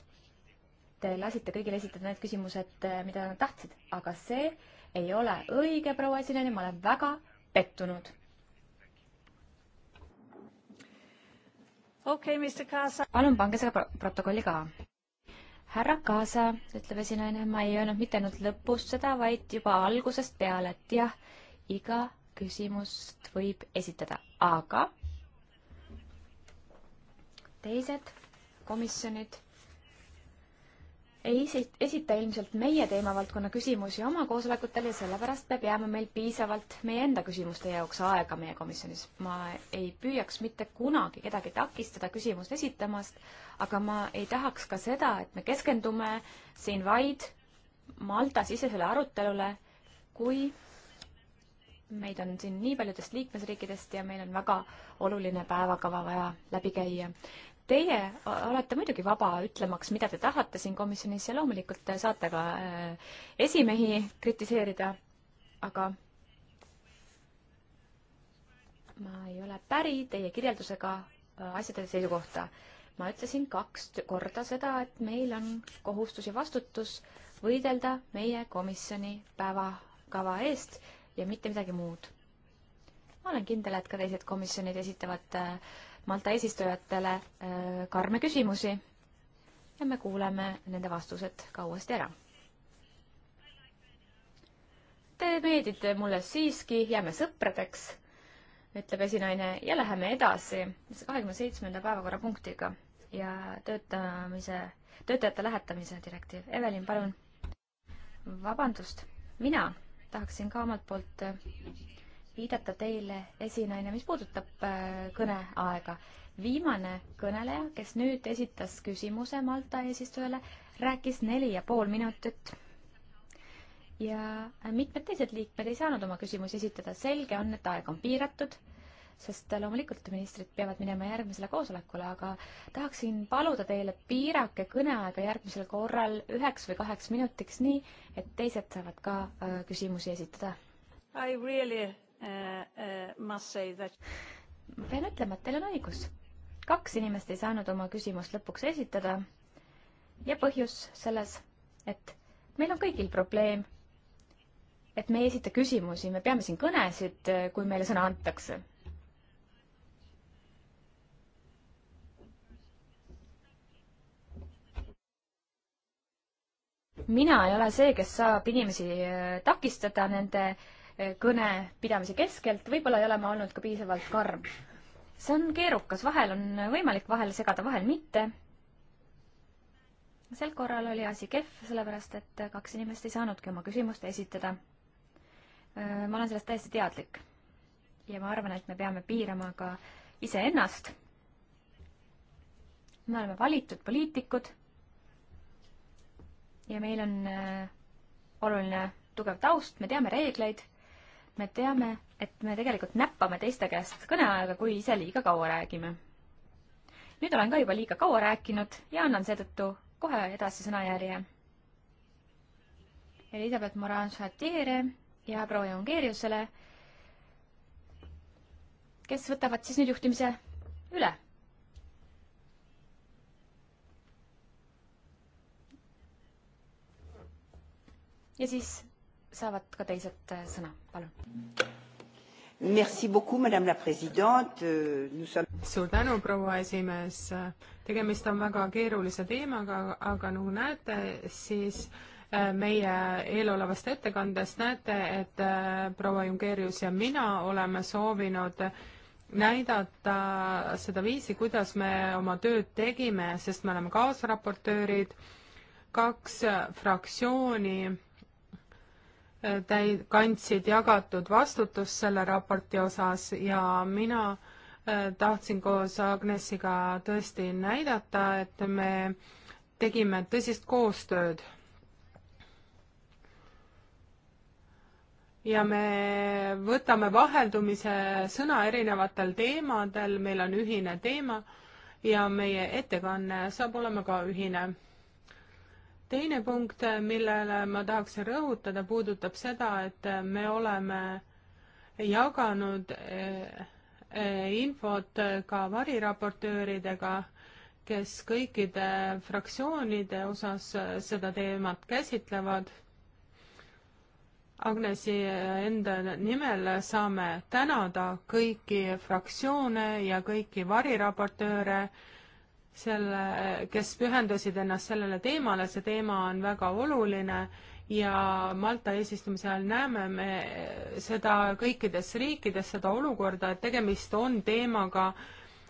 te lasite kõigil esitada need küsimused, äh, mida nad tahtsid, aga see ei ole õige, proua esineja, ma olen väga pettunud. okei okay,, Mr Kaasa. palun pange selle protokolli ka. härra Kaasa, ütleb esinaine, ma ei öelnud mitte ainult lõpus seda, vaid juba algusest peale, et jah, iga küsimust võib esitada, aga teised komisjonid ei esita ilmselt meie teemavaldkonna küsimusi oma koosolekutel ja sellepärast peab jääma meil piisavalt meie enda küsimuste jaoks aega meie komisjonis. ma ei püüaks mitte kunagi kedagi takistada küsimust esitamast, aga ma ei tahaks ka seda, et me keskendume siin vaid Malta-sisesele arutelule, kui meid on siin nii paljudest liikmesriikidest ja meil on väga oluline päevakava vaja läbi käia. Teie olete muidugi vaba ütlemaks, mida te tahate siin komisjonis ja loomulikult saate ka äh, esimehi kritiseerida, aga ma ei ole päri teie kirjeldusega äh, asjade seisukohta. ma ütlesin kaks korda seda, et meil on kohustus ja vastutus võidelda meie komisjoni päevakava eest ja mitte midagi muud. ma olen kindel, et ka teised komisjonid esitavad äh, Malta eesistujatele äh, karme küsimusi ja me kuuleme nende vastused ka uuesti ära. Te meeldite mulle siiski, jääme sõpradeks, ütleb esinaine ja läheme edasi kahekümne seitsmenda päevakorrapunktiga ja töötamise, töötajate lähetamise direktiiv. Evelin, palun. vabandust, mina tahaksin ka omalt poolt äh, viidata teile, esinaine, mis puudutab äh, kõneaega. viimane kõneleja, kes nüüd esitas küsimuse Malta eesistujale, rääkis neli ja pool minutit. ja mitmed teised liikmed ei saanud oma küsimusi esitada, selge on, et aeg on piiratud sest loomulikult ministrid peavad minema järgmisele koosolekule, aga tahaksin paluda teile, piirake kõneaega järgmisel korral üheks või kaheks minutiks, nii et teised saavad ka äh, küsimusi esitada. I really uh, uh, must say that ma pean ütlema, et teil on õigus. kaks inimest ei saanud oma küsimust lõpuks esitada ja põhjus selles, et meil on kõigil probleem, et me ei esita küsimusi, me peame siin kõnesid, äh, kui meile sõna antakse mina ei ole see, kes saab inimesi äh, takistada nende äh, kõne pidamise keskelt, võib-olla ei ole ma olnud ka piisavalt karm. see on keerukas, vahel on võimalik vahel segada, vahel mitte. sel korral oli asi kehv, sellepärast et äh, kaks inimest ei saanudki oma küsimust esitada. ma olen sellest täiesti teadlik. ja ma arvan, et me peame piirama ka iseennast. me oleme valitud poliitikud ja meil on äh, oluline tugev taust, me teame reegleid, me teame, et me tegelikult näppame teiste käest kõneaega, kui ise liiga kaua räägime. nüüd olen ka juba liiga kaua rääkinud ja annan seetõttu kohe edasi sõnajärje. Elizabeth Morange-Hattiere ja proua Jongeeriusele, kes võtavad siis nüüd juhtimise üle ja siis saavad ka teised äh, sõna, palun. Merci beaucoup, madame la présidente. Euh, nous sommes... suur tänu, proua esimees. tegemist on väga keerulise teemaga, aga nagu näete, siis äh, meie eelolevast ettekandest näete, et äh, proua Jungerius ja mina oleme soovinud näidata seda viisi, kuidas me oma tööd tegime, sest me oleme kaasraportöörid, kaks fraktsiooni täi-, kandsid jagatud vastutust selle raporti osas ja mina äh, tahtsin koos Agnesiga tõesti näidata, et me tegime tõsist koostööd ja me võtame vaheldumise sõna erinevatel teemadel, meil on ühine teema ja meie ettekanne saab olema ka ühine teine punkt, millele ma tahaksin rõhutada, puudutab seda, et me oleme jaganud eh, eh, infot ka variraportööridega, kes kõikide fraktsioonide osas seda teemat käsitlevad. Agnesi enda nimel saame tänada kõiki fraktsioone ja kõiki variraportööre selle, kes pühendasid ennast sellele teemale, see teema on väga oluline ja Malta eesistumise ajal näeme me seda kõikides riikides, seda olukorda, et tegemist on teemaga,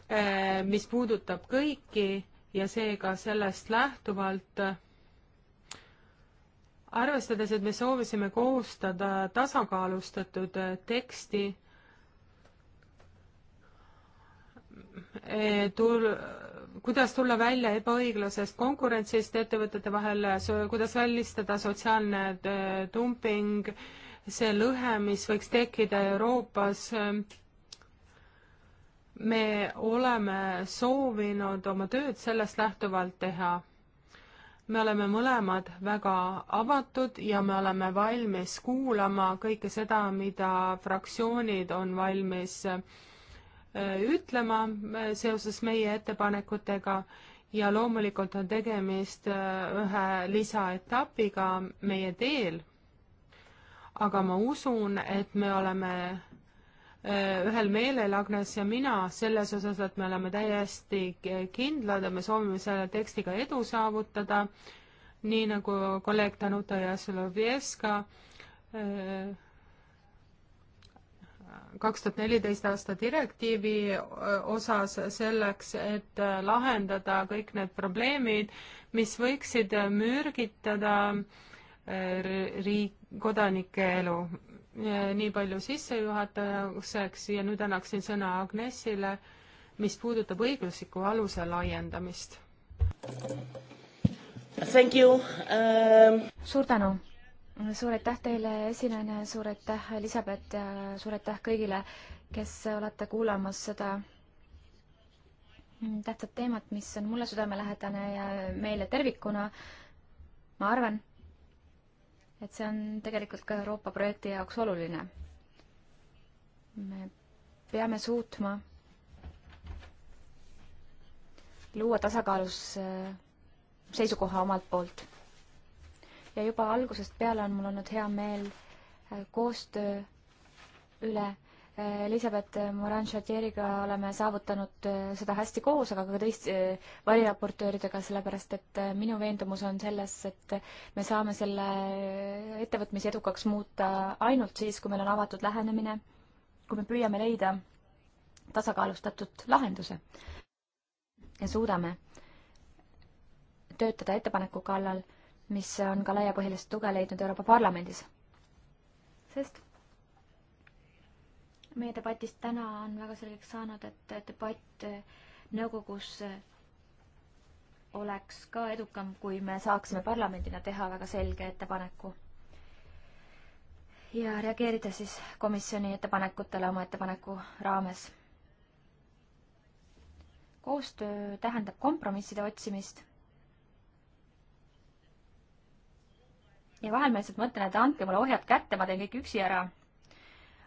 eh, mis puudutab kõiki ja seega sellest lähtuvalt arvestades, et me soovisime koostada tasakaalustatud teksti, eh, tul-, kuidas tulla välja ebaõiglasest konkurentsist ettevõtete vahel, kuidas välistada sotsiaalne äh, dumping, see lõhe, mis võiks tekkida Euroopas me oleme soovinud oma tööd sellest lähtuvalt teha. me oleme mõlemad väga avatud ja me oleme valmis kuulama kõike seda, mida fraktsioonid on valmis Äh, ütlema äh, seoses meie ettepanekutega ja loomulikult on tegemist äh, ühe lisaetapiga meie teel. aga ma usun, et me oleme ühel meelel, Agnes ja mina, selles osas, et me oleme täiesti kindlad ja me soovime selle tekstiga edu saavutada, nii nagu kolleeg Danuta Jaslovjeska äh, kaks tuhat neliteist aasta direktiivi osas selleks, et lahendada kõik need probleemid, mis võiksid mürgitada riik, kodanike elu. nii palju sissejuhatuseks ja nüüd annaksin sõna Agnesile, mis puudutab õigusliku aluse laiendamist. Thank you um.... suur tänu suur aitäh teile, esinejana, suur aitäh, Elisabeth ja suur aitäh kõigile, kes olete kuulamas seda tähtsat teemat, mis on mulle südamelähedane ja meile tervikuna. ma arvan, et see on tegelikult ka Euroopa projekti jaoks oluline. me peame suutma luua tasakaalus äh, seisukoha omalt poolt ja juba algusest peale on mul olnud hea meel äh, koostöö üle. Äh, Elizabeth Moran-Chartieriga oleme saavutanud äh, seda hästi koos, aga ka teiste variraportööridega, sellepärast et minu veendumus on selles, et me saame selle ettevõtmise edukaks muuta ainult siis, kui meil on avatud lähenemine, kui me püüame leida tasakaalustatud lahenduse ja suudame töötada ettepaneku kallal mis on ka laiapõhjalist tuge leidnud Euroopa Parlamendis. sest meie debatist täna on väga selgeks saanud, et debatt nõukogus oleks ka edukam, kui me saaksime parlamendina teha väga selge ettepaneku. ja reageerida siis komisjoni ettepanekutele oma ettepaneku raames. koostöö tähendab kompromisside otsimist ja vahel ma lihtsalt mõtlen, et andke mulle ohjad kätte, ma teen kõik üksi ära.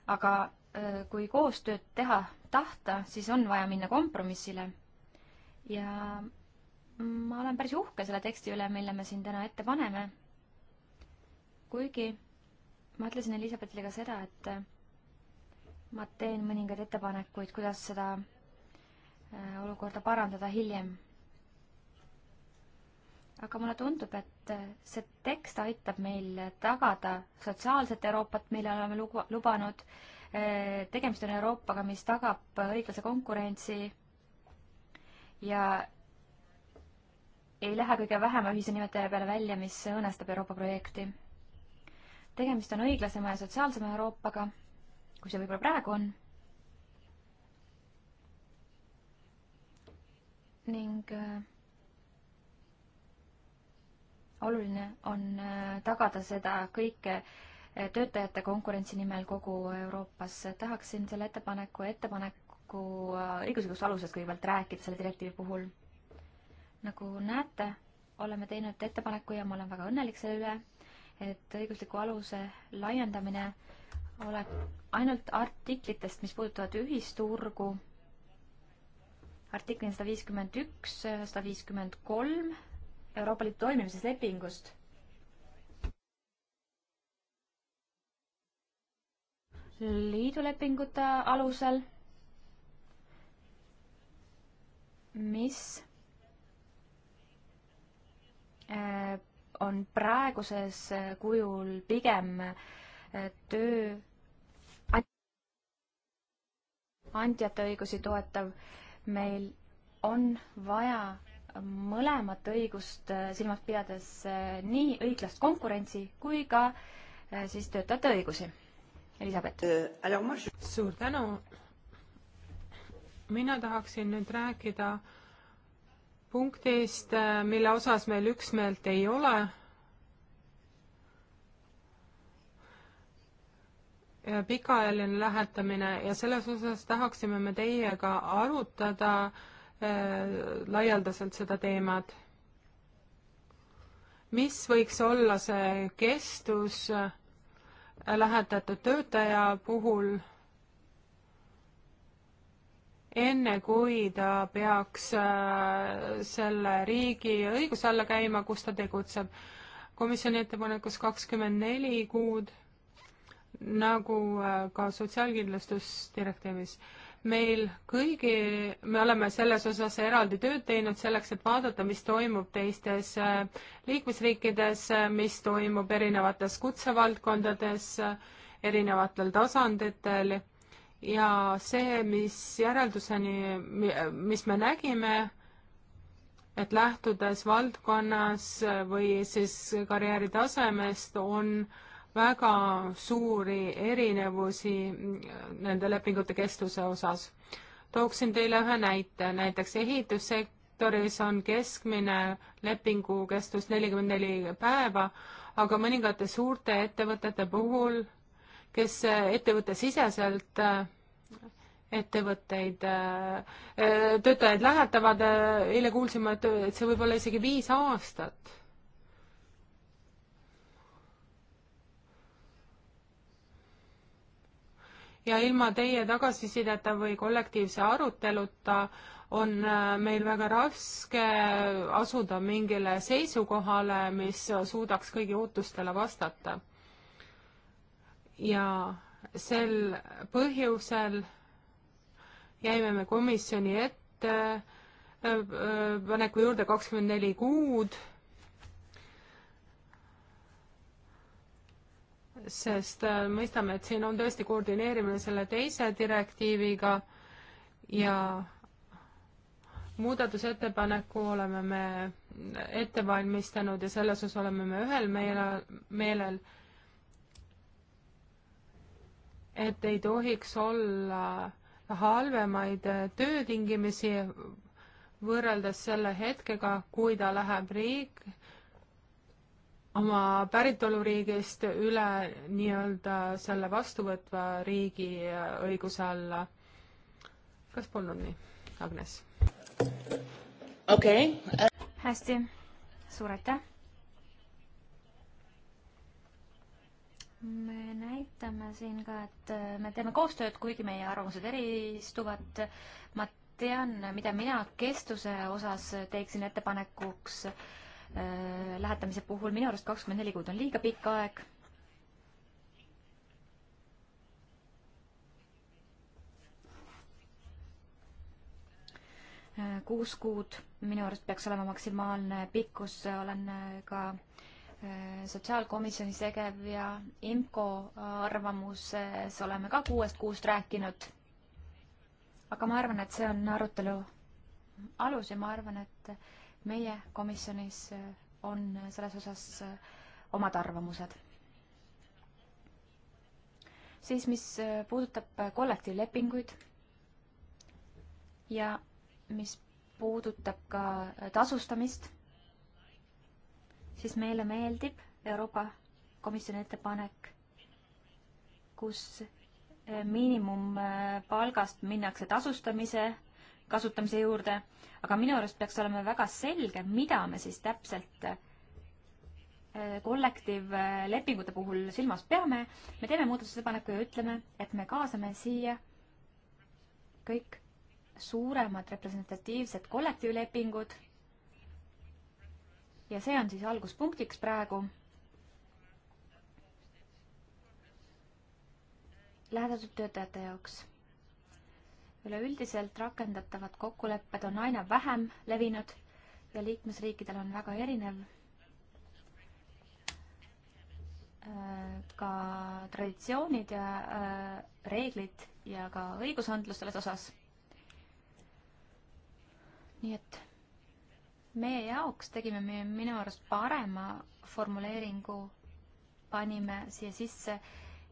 aga äh, kui koostööd teha tahta, siis on vaja minna kompromissile. ja ma olen päris uhke selle teksti üle, mille me siin täna ette paneme. kuigi ma ütlesin Elizabethile ka seda, et äh, ma teen mõningaid ettepanekuid, kuidas seda äh, olukorda parandada hiljem aga mulle tundub, et see tekst aitab meil tagada sotsiaalset Euroopat, mille oleme lugu, lubanud. Eh, tegemist on Euroopaga, mis tagab õiglase konkurentsi ja ei lähe kõige vähema ühise nimetaja peale välja, mis õõnestab Euroopa projekti. tegemist on õiglasema ja sotsiaalsema Euroopaga, kui see võib-olla praegu on. ning äh, oluline on äh, tagada seda kõike äh, töötajate konkurentsi nimel kogu Euroopas. tahaksin selle ettepaneku, ettepaneku äh, õiguslikust alusest kõigepealt rääkida selle direktiivi puhul. nagu näete, oleme teinud ettepaneku ja ma olen väga õnnelik selle üle, et õigusliku aluse laiendamine oleb ainult artiklitest, mis puudutavad ühisturgu, artiklid sada viiskümmend üks, sada viiskümmend kolm Euroopa Liidu toimimises lepingust. liidulepingute alusel, mis äh, on praeguses äh, kujul pigem äh, töö andjate õigusi toetav, meil on vaja mõlemat õigust äh, silmas pidades äh, nii õiglast konkurentsi kui ka äh, siis töötajate õigusi. Elisabeth. suur tänu. mina tahaksin nüüd rääkida punktist, mille osas meil üksmeelt ei ole pikaajaline lähetamine ja selles osas tahaksime me teiega arutada Äh, laialdaselt seda teemat. mis võiks olla see kestus äh, lähetatud töötaja puhul, enne kui ta peaks äh, selle riigi õiguse alla käima, kus ta tegutseb. komisjoni ettepanekus kakskümmend neli kuud, nagu ka sotsiaalkindlustusdirektiivis meil kõigi, me oleme selles osas eraldi tööd teinud selleks, et vaadata, mis toimub teistes äh, liikmesriikides, äh, mis toimub erinevates kutsevaldkondades, äh, erinevatel tasanditel ja see, mis järelduseni, mis me nägime, et lähtudes valdkonnas või siis karjääritasemest, on äh, väga suuri erinevusi nende lepingute kestuse osas. tooksin teile ühe näite, näiteks ehitussektoris on keskmine lepingu kestus nelikümmend neli päeva, aga mõningate suurte ettevõtete puhul, kes ettevõttesiseselt äh, ettevõtteid, äh, töötajaid lähetavad, äh, eile kuulsime, et see võib olla isegi viis aastat ja ilma teie tagasisideta või kollektiivse aruteluta on äh, meil väga raske asuda mingile seisukohale, mis suudaks kõigi ootustele vastata. ja sel põhjusel jäime me komisjoni ette äh, äh, paneku juurde kakskümmend neli kuud sest äh, mõistame, et siin on tõesti koordineerimine selle teise direktiiviga ja muudatusettepaneku oleme me ette valmistanud ja selles osas oleme me ühel meelel, meelel, et ei tohiks olla halvemaid töötingimisi võrreldes selle hetkega, kui ta läheb riik, oma päritoluriigist üle nii-öelda selle vastuvõtva riigi õiguse alla. kas polnud nii, Agnes? okei okay.. hästi, suur aitäh. me näitame siin ka, et me teeme koostööd, kuigi meie arvamused eristuvad. ma tean, mida mina kestuse osas teeksin ettepanekuks äh, Äh, lähetamise puhul, minu arust kakskümmend neli kuud on liiga pikk aeg. Äh, kuus kuud minu arust peaks olema maksimaalne pikkus, olen äh, ka sotsiaalkomisjonis tegev ja IMCO arvamuses oleme ka kuuest kuust rääkinud. aga ma arvan, et see on arutelu alus ja ma arvan, et meie komisjonis äh, on äh, selles osas äh, omad arvamused. siis, mis puudutab kollektiivlepinguid ja mis puudutab ka tasustamist, siis meile meeldib Euroopa Komisjoni ettepanek, kus miinimumpalgast minnakse tasustamise kasutamise juurde, aga minu arust peaks olema väga selge, mida me siis täpselt äh, kollektiivlepingute puhul silmas peame. me teeme muudatusettepaneku ja ütleme, et me kaasame siia kõik suuremad representatiivsed kollektiivlepingud. ja see on siis alguspunktiks praegu. lähedatud töötajate jaoks üleüldiselt rakendatavad kokkulepped on aina vähem levinud ja liikmesriikidel on väga erinev äh, ka traditsioonid ja äh, reeglid ja ka õigusandlus selles osas. nii et meie jaoks tegime me minu arust parema formuleeringu, panime siia sisse äh,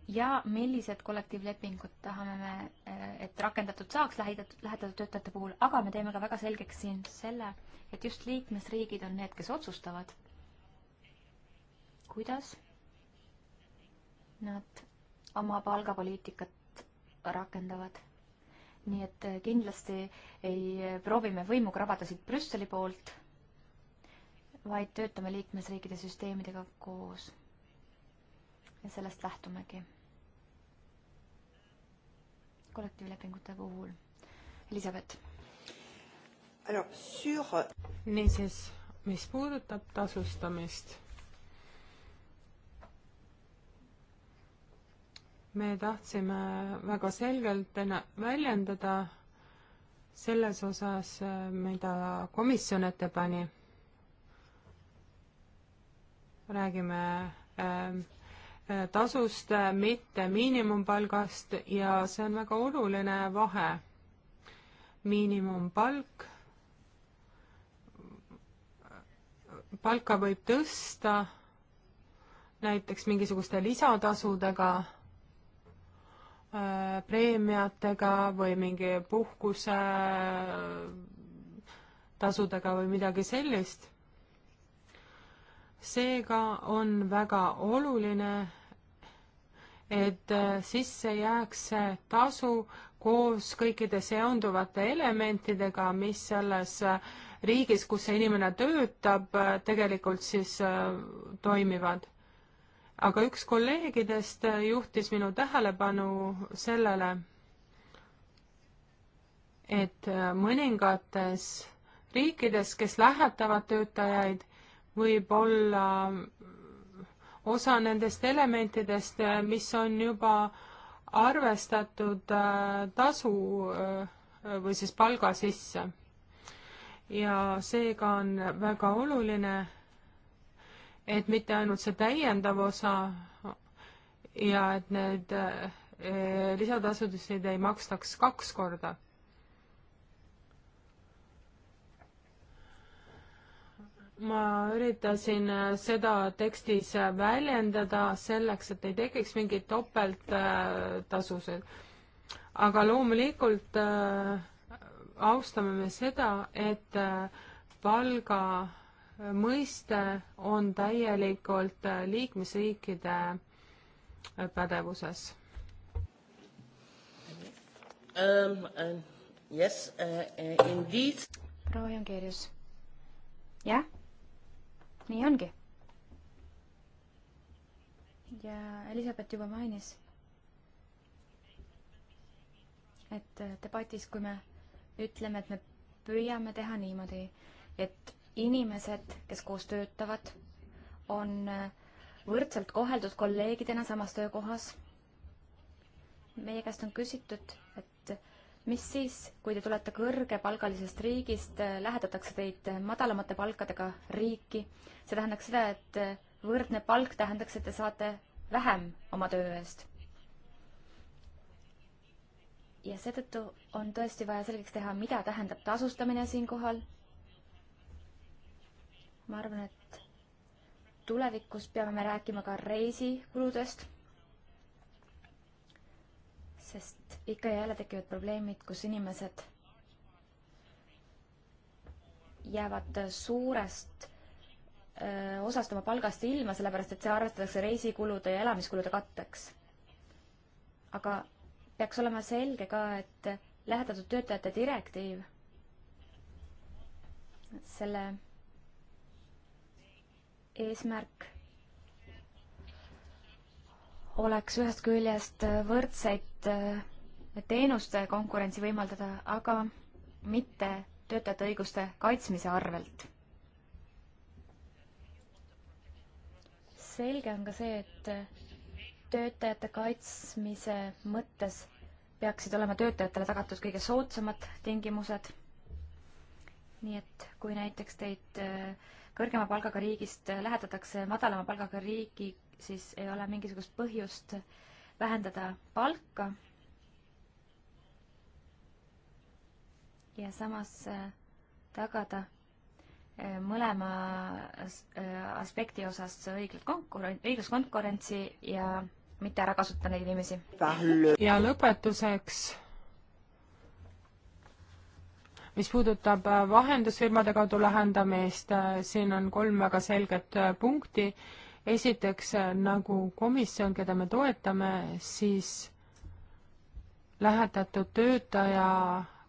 ja millised kollektiivlepingud tahame me, eh, et rakendatud saaks lähedatud, lähetatud töötajate puhul, aga me teeme ka väga selgeks siin selle, et just liikmesriigid on need, kes otsustavad, kuidas nad oma palgapoliitikat rakendavad. nii et eh, kindlasti ei proovi me võimukrabadasid Brüsseli poolt, vaid töötame liikmesriikide süsteemidega koos. ja sellest lähtumegi kollektiivlepingute puhul. Elizabeth. niisiis, mis puudutab tasustamist, me tahtsime väga selgelt väljendada selles osas, mida komisjon ette pani. räägime äh, tasust, äh, mitte miinimumpalgast ja see on väga oluline vahe. miinimumpalk, palka võib tõsta näiteks mingisuguste lisatasudega, äh, preemiatega või mingi puhkuse äh, tasudega või midagi sellist. seega on väga oluline et äh, sisse jääks see tasu koos kõikide seonduvate elementidega, mis selles äh, riigis, kus see inimene töötab, äh, tegelikult siis toimivad. aga üks kolleegidest juhtis minu tähelepanu sellele, et mõningates riikides, kes lähetavad töötajaid, võib olla osa nendest elementidest, äh, mis on juba arvestatud äh, tasu äh, või siis palga sisse. ja seega on väga oluline, et mitte ainult see täiendav osa ja et need lisatasusid ei makstaks kaks korda ma üritasin äh, seda tekstis äh, väljendada selleks, et ei tekiks mingeid topelttasusid. aga loomulikult äh, austame me seda, et palga mõiste on täielikult liikmesriikide pädevuses um,. Um, yes uh, uh,, indeed. proua Jongeerius. jah nii ongi. ja Elizabeth juba mainis, et debatis, kui me ütleme, et me püüame teha niimoodi, et inimesed, kes koos töötavad, on võrdselt koheldud kolleegidena samas töökohas. meie käest on küsitud mis siis, kui te tulete kõrgepalgalisest riigist, äh, lähedatakse teid madalamate palkadega riiki, see tähendaks seda, et äh, võrdne palk tähendaks, et te saate vähem oma töö eest. ja seetõttu on tõesti vaja selgeks teha, mida tähendab tasustamine siinkohal. ma arvan, et tulevikus peame me rääkima ka reisikuludest sest ikka ja jälle tekivad probleemid, kus inimesed jäävad suurest öö, osast oma palgast ilma, sellepärast et see arvestatakse reisikulude ja elamiskulude katteks. aga peaks olema selge ka, et lähedatud töötajate direktiiv, selle eesmärk oleks ühest küljest võrdseid äh, teenuste konkurentsi võimaldada, aga mitte töötajate õiguste kaitsmise arvelt. selge on ka see, et äh, töötajate kaitsmise mõttes peaksid olema töötajatele tagatud kõige soodsamad tingimused. nii et kui näiteks teid äh, kõrgema palgaga riigist lähetatakse madalama palgaga riigi siis ei ole mingisugust põhjust vähendada palka. ja samas äh, tagada äh, mõlema äh, aspekti osas õiglast konkurents, õiglast konkurentsi ja mitte ära kasuta neid inimesi. ja lõpetuseks, mis puudutab vahendusfirmade kaudu lahendamist, siin on kolm väga selget punkti esiteks, äh, nagu komisjon, keda me toetame, siis lähetatud töötaja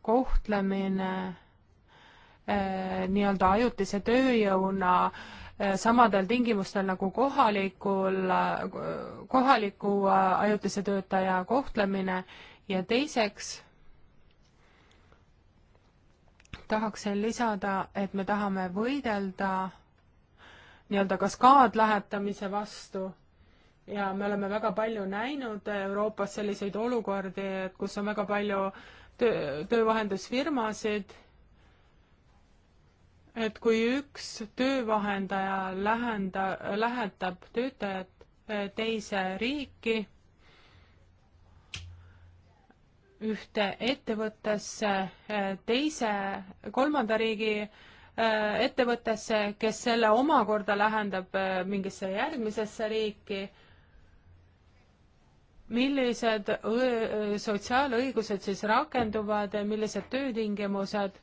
kohtlemine eh, nii-öelda ajutise tööjõuna eh, samadel tingimustel nagu kohalikul, kohaliku ajutise töötaja kohtlemine ja teiseks tahaksin lisada, et me tahame võidelda nii-öelda kaskaad lähetamise vastu ja me oleme väga palju näinud Euroopas selliseid olukordi, et kus on väga palju töö, töövahendusfirmasid, et kui üks töövahendaja lähenda, lähetab töötajat eh, teise riiki, ühte ettevõttesse eh, teise, kolmanda riigi Äh, ettevõttesse, kes selle omakorda lähendab äh, mingisse järgmisesse riiki. millised äh, sotsiaalõigused siis rakenduvad, millised töötingimused,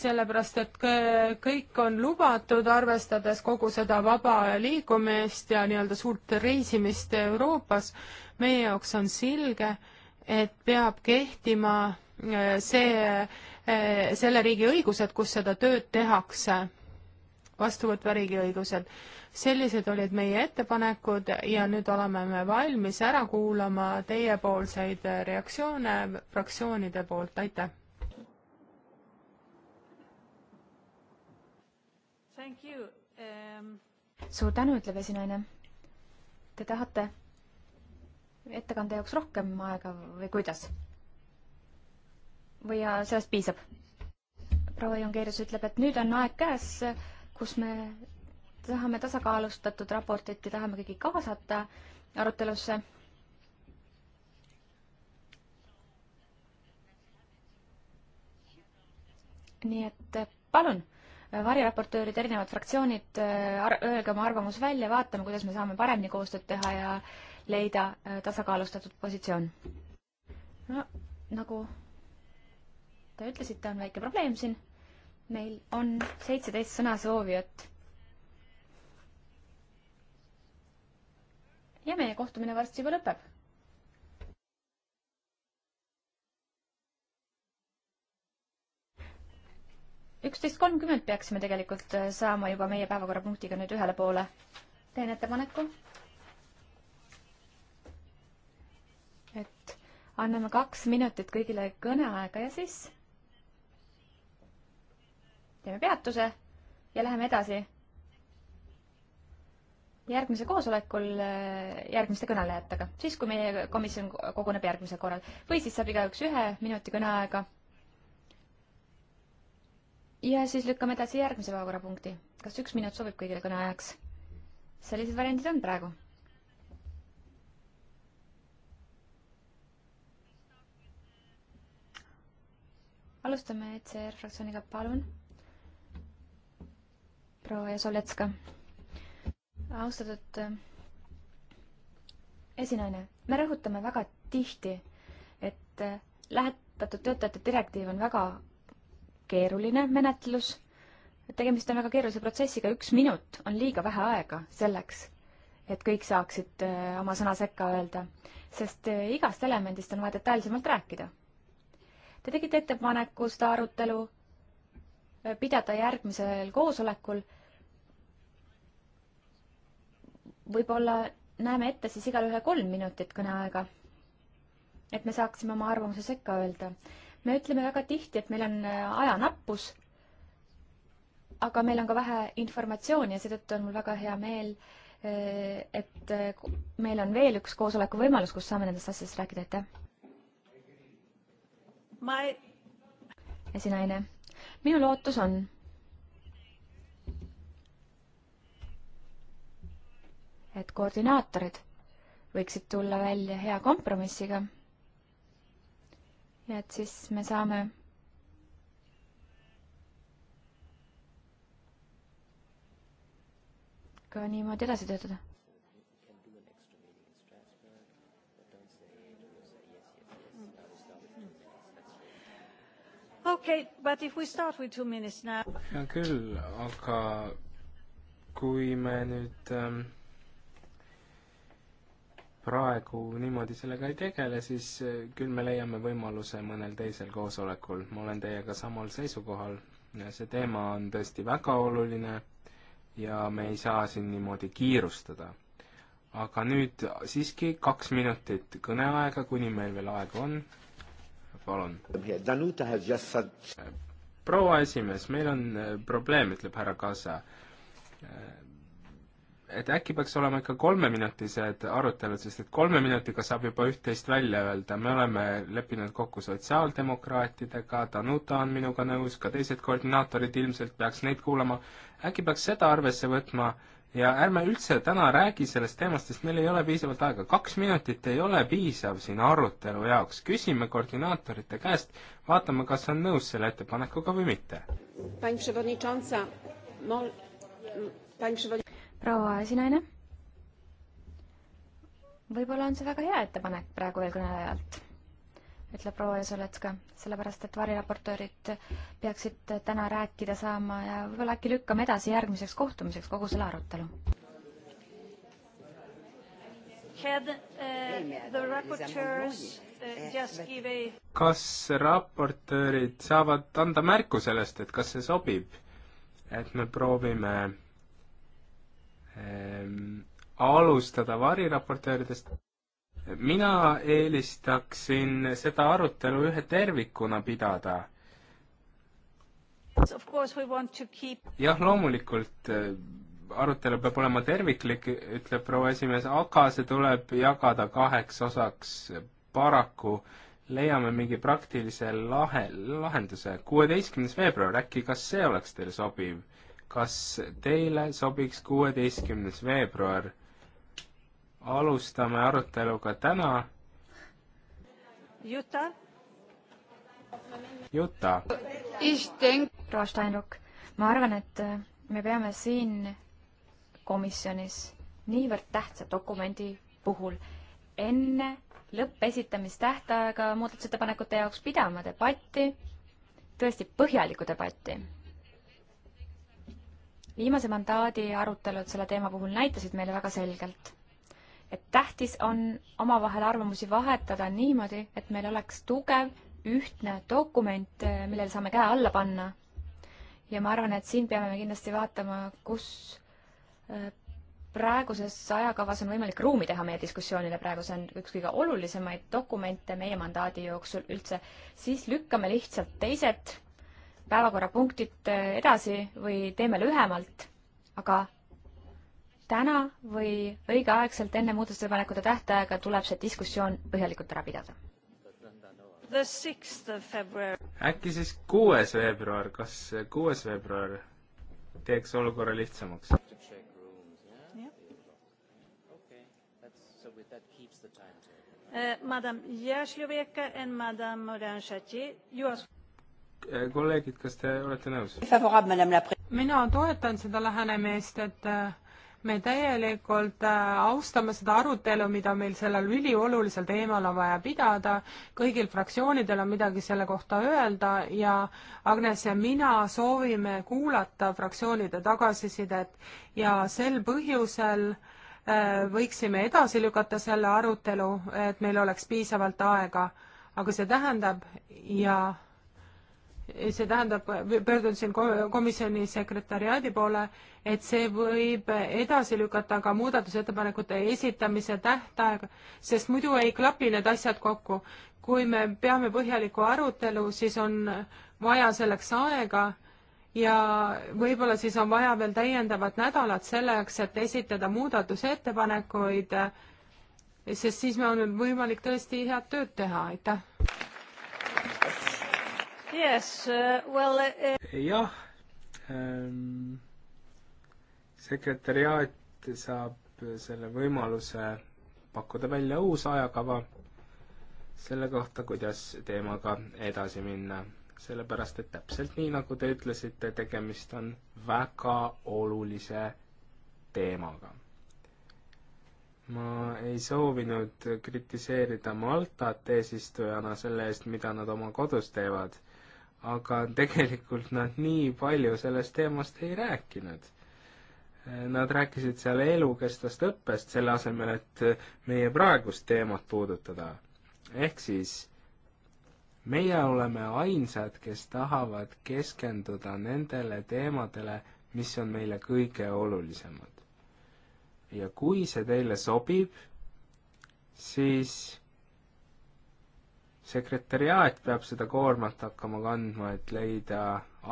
sellepärast et kõik on lubatud, arvestades kogu seda vaba liikumist ja nii-öelda suurt reisimist Euroopas, meie jaoks on selge, et peab kehtima see Eh, selle riigi õigused, kus seda tööd tehakse, vastuvõtva riigi õigused. sellised olid meie ettepanekud ja nüüd oleme me valmis ära kuulama teiepoolseid reaktsioone fraktsioonide poolt, aitäh! Um... suur tänu, ütleb esinaine. Te tahate ettekande jaoks rohkem aega või kuidas? või sellest piisab? proua Jongeerius ütleb, et nüüd on aeg käes, kus me tahame tasakaalustatud raportit ja tahame kõigi kaasata arutelusse. nii et palun, variraportöörid, erinevad fraktsioonid, öelge oma arvamus välja, vaatame, kuidas me saame paremini koostööd teha ja leida eh, tasakaalustatud positsioon. no nagu Te ütlesite, on väike probleem siin. meil on seitseteist sõnasoovijat. ja meie kohtumine varsti juba lõpeb. üksteist kolmkümmend peaksime tegelikult äh, saama juba meie päevakorrapunktiga nüüd ühele poole. teen ettepaneku, et anname kaks minutit kõigile kõneaega ja siis teeme peatuse ja läheme edasi järgmise koosolekul äh, järgmiste kõnelejatega, siis kui meie komisjon koguneb järgmisel korral või siis saab igaüks ühe minuti kõneaega. ja siis lükkame edasi järgmise päevakorrapunkti. kas üks minut sobib kõigile kõneajaks? sellised variandid on praegu. alustame ECR fraktsiooniga, palun proua Jasoletska. austatud äh, esinaine, me rõhutame väga tihti, et äh, lähetatud töötajate direktiiv on väga keeruline menetlus, tegemist on väga keerulise protsessiga, üks minut on liiga vähe aega selleks, et kõik saaksid äh, oma sõna sekka öelda, sest igast elemendist on vaja detailsemalt rääkida. Te tegite ettepaneku seda arutelu pidada järgmisel koosolekul. võib-olla näeme ette siis igalühe kolm minutit kõneaega, et me saaksime oma arvamuse sekka öelda. me ütleme väga tihti, et meil on äh, ajanappus, aga meil on ka vähe informatsiooni ja seetõttu on mul väga hea meel, äh, et äh, meil on veel üks koosoleku võimalus, kus saame nendest asjadest rääkida, aitäh! ma ei esinaine minu lootus on, et koordinaatorid võiksid tulla välja hea kompromissiga. ja et siis me saame ka niimoodi edasi töötada okay, but if we start with two minutes now. hea küll, aga kui me nüüd ähm, praegu niimoodi sellega ei tegele, siis äh, küll me leiame võimaluse mõnel teisel koosolekul. ma olen teiega samal seisukohal. see teema on tõesti väga oluline ja me ei saa siin niimoodi kiirustada. aga nüüd siiski kaks minutit kõneaega, kuni meil veel aega on palun. proua esimees, meil on äh, probleem, ütleb härra Kasa. Äh, et äkki peaks olema ikka kolmeminutised arutelud, sest et kolme minutiga saab juba üht-teist välja öelda, me oleme leppinud kokku sotsiaaldemokraatidega, Danuta on minuga nõus, ka teised koordinaatorid ilmselt peaks neid kuulama, äkki peaks seda arvesse võtma, ja ärme üldse täna räägi sellest teemast, sest meil ei ole piisavalt aega. kaks minutit ei ole piisav siin arutelu jaoks. küsime koordinaatorite käest, vaatame, kas on nõus selle ettepanekuga või mitte. proua esinaine, võib-olla on see väga hea ettepanek praegu veel kõnelejalt ütleb proua Jasoletska, sellepärast et variraportöörid peaksid täna rääkida saama ja võib-olla äkki lükkame edasi järgmiseks kohtumiseks kogu selle arutelu. Uh, uh, kas raportöörid saavad anda märku sellest, et kas see sobib, et me proovime ähm, alustada variraportööridest? mina eelistaksin seda arutelu ühe tervikuna pidada. jah, loomulikult äh, arutelu peab olema terviklik, ütleb proua esimees, aga see tuleb jagada kaheks osaks. paraku leiame mingi praktilise lahe, lahenduse. kuueteistkümnes veebruar, äkki kas see oleks teile sobiv? kas teile sobiks kuueteistkümnes veebruar? alustame aruteluga täna. Juta. Juta. proua Steinruck, ma arvan, et äh, me peame siin komisjonis niivõrd tähtsa dokumendi puhul enne lõppesitamistähtaega muudatusettepanekute jaoks pidama debatti, tõesti põhjalikku debatti. viimase mandaadi arutelud selle teema puhul näitasid meile väga selgelt et tähtis on omavahel arvamusi vahetada niimoodi, et meil oleks tugev ühtne dokument, eh, millele saame käe alla panna. ja ma arvan, et siin peame me kindlasti vaatama, kus eh, praeguses ajakavas on võimalik ruumi teha meie diskussioonile, praegu see on üks kõige olulisemaid dokumente meie mandaadi jooksul üldse, siis lükkame lihtsalt teised päevakorrapunktid eh, edasi või teeme lühemalt, aga täna või õigeaegselt enne muudatusettepanekute tähtaega tuleb see diskussioon põhjalikult ära pidada. äkki siis kuues veebruar, kas kuues veebruar teeks olukorra lihtsamaks? Eh, Madam Jašljoveka and Madam Morin-Chartier, you are eh, kolleegid, kas te olete nõus? mina toetan seda lähenemist, et eh, me täielikult äh, austame seda arutelu, mida meil sellel üliolulisel teemal on vaja pidada, kõigil fraktsioonidel on midagi selle kohta öelda ja Agnes ja mina soovime kuulata fraktsioonide tagasisidet ja sel põhjusel äh, võiksime edasi lükata selle arutelu, et meil oleks piisavalt aega, aga see tähendab ja see tähendab, pöördun siin komisjoni sekretäriaadi poole, et see võib edasi lükata ka muudatusettepanekute esitamise tähtaega, sest muidu ei klapi need asjad kokku. kui me peame põhjaliku arutelu, siis on vaja selleks aega ja võib-olla siis on vaja veel täiendavat nädalat selleks, et esitada muudatusettepanekuid, sest siis meil on võimalik tõesti head tööd teha, aitäh Yes, uh, well, uh... uh jah ähm,, sekretäriaat saab selle võimaluse pakkuda välja uus ajakava selle kohta, kuidas teemaga edasi minna. sellepärast, et täpselt nii, nagu te ütlesite, tegemist on väga olulise teemaga. ma ei soovinud kritiseerida Maltat eesistujana selle eest, mida nad oma kodus teevad aga tegelikult nad nii palju sellest teemast ei rääkinud. Nad rääkisid seal elukestvast õppest, selle asemel, et meie praegust teemat puudutada. ehk siis meie oleme ainsad, kes tahavad keskenduda nendele teemadele, mis on meile kõige olulisemad. ja kui see teile sobib, siis sekretäriaat peab seda koormat hakkama kandma, et leida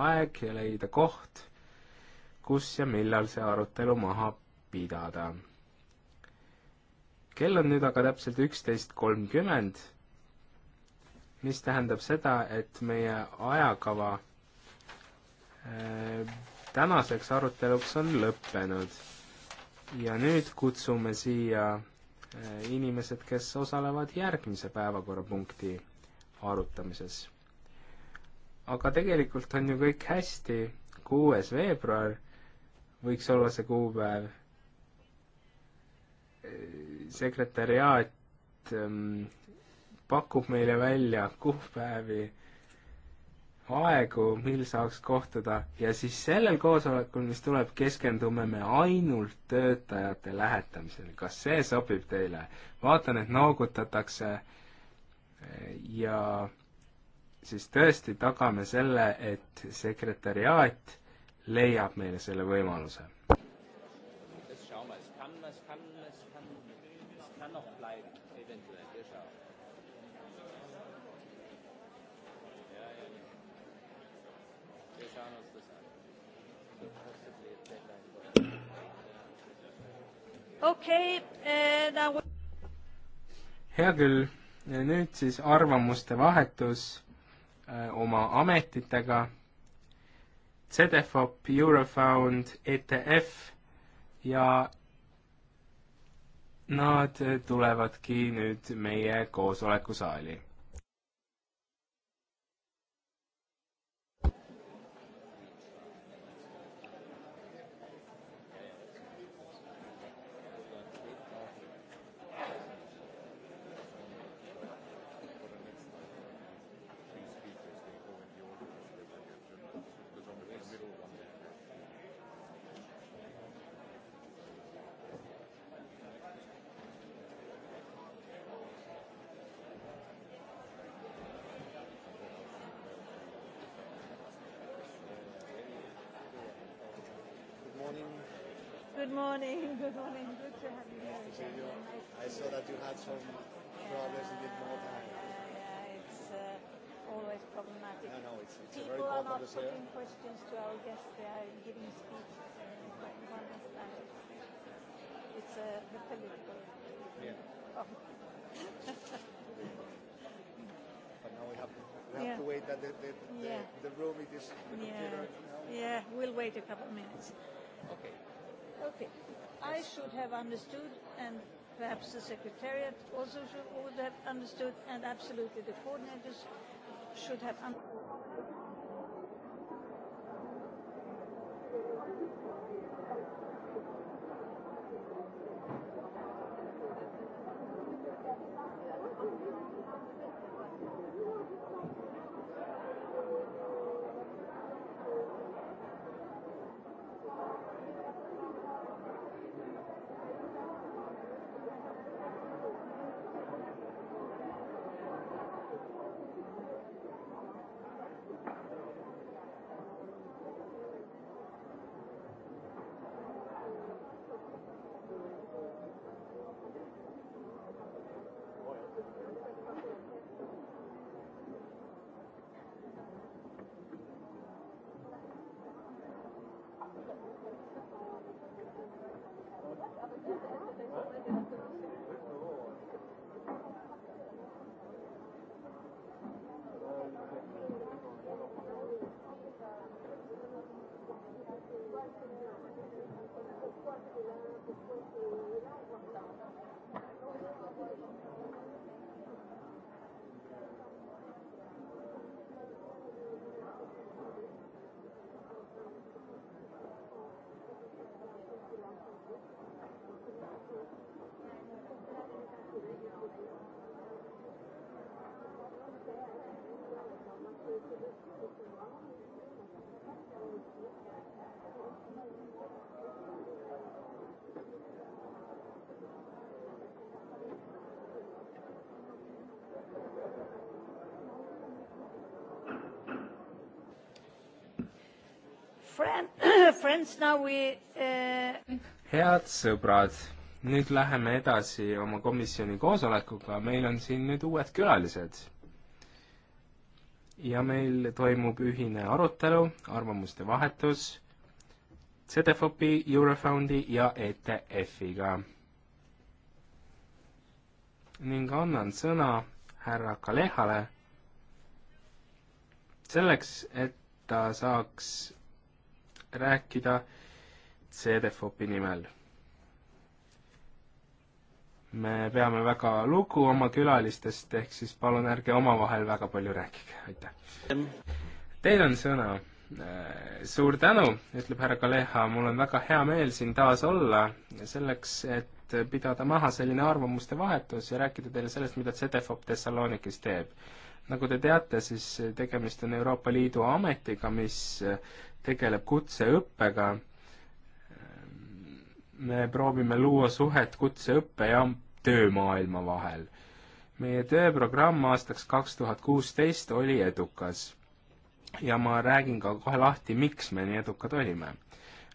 aeg ja leida koht, kus ja millal see arutelu maha pidada. kell on nüüd aga täpselt üksteist kolmkümmend, mis tähendab seda, et meie ajakava äh, tänaseks aruteluks on lõppenud. ja nüüd kutsume siia Äh, inimesed, kes osalevad järgmise päevakorrapunkti arutamises. aga tegelikult on ju kõik hästi, kuues veebruar võiks olla see kuupäev. Äh, sekretäriaat ähm, pakub meile välja kuupäevi aegu, mil saaks kohtuda ja siis sellel koosolekul, mis tuleb, keskendume me ainult töötajate lähetamisele. kas see sobib teile? vaatan, et noogutatakse eh, ja siis tõesti tagame selle, et sekretäriaat leiab meile selle võimaluse okei okay, uh,. hea küll, nüüd siis arvamuste vahetus öö, eh, oma ametitega. CDFOP, Eurofound, ETF ja nad tulevadki nüüd meie koosolekusaali because the yeah. computer. Yeah, we'll wait a couple of minutes. Okay. Okay. I should have understood, and perhaps the secretariat also should, would have understood, and absolutely the coordinators should have understood. Thank you. Friends, now we uh... head sõbrad, nüüd läheme edasi oma komisjoni koosolekuga, meil on siin nüüd uued külalised. ja meil toimub ühine arutelu, arvamuste vahetus CDFOP-i, Eurofondi ja ETF-iga. ning annan sõna härra Kalehale selleks, et ta saaks rääkida CDFOP-i nimel. me peame väga lugu oma külalistest, ehk siis palun ärge omavahel väga palju rääkige, aitäh. Teil on sõna Äh, suur tänu, ütleb härra Kaleha, mul on väga hea meel siin taas olla, selleks et pidada maha selline arvamuste vahetus ja rääkida teile sellest, mida CDFOP Thessalonikis teeb. nagu te teate, siis tegemist on Euroopa Liidu ametiga, mis tegeleb kutseõppega. me proovime luua suhet kutseõppe ja töömaailma vahel meie tööprogramm aastaks kaks tuhat kuusteist oli edukas ja ma räägin ka kohe lahti, miks me nii edukad olime.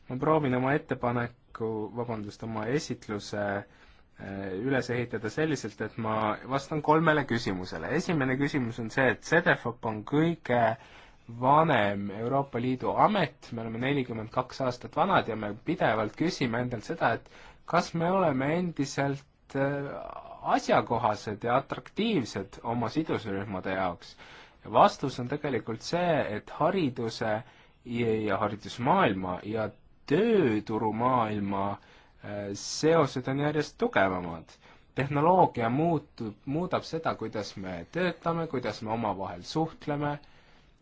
ma proovin oma ettepaneku, vabandust, oma esitluse äh, üles ehitada selliselt, et ma vastan kolmele küsimusele. esimene küsimus on see, et CDFOP on kõige vanem Euroopa Liidu amet, me oleme nelikümmend kaks aastat vanad ja me pidevalt küsime endalt seda, et kas me oleme endiselt äh, asjakohased ja atraktiivsed oma sidusrühmade jaoks vastus on tegelikult see, et hariduse ja haridusmaailma ja tööturumaailma äh, seosed on järjest tugevamad. tehnoloogia muutub, muudab seda, kuidas me töötame, kuidas me omavahel suhtleme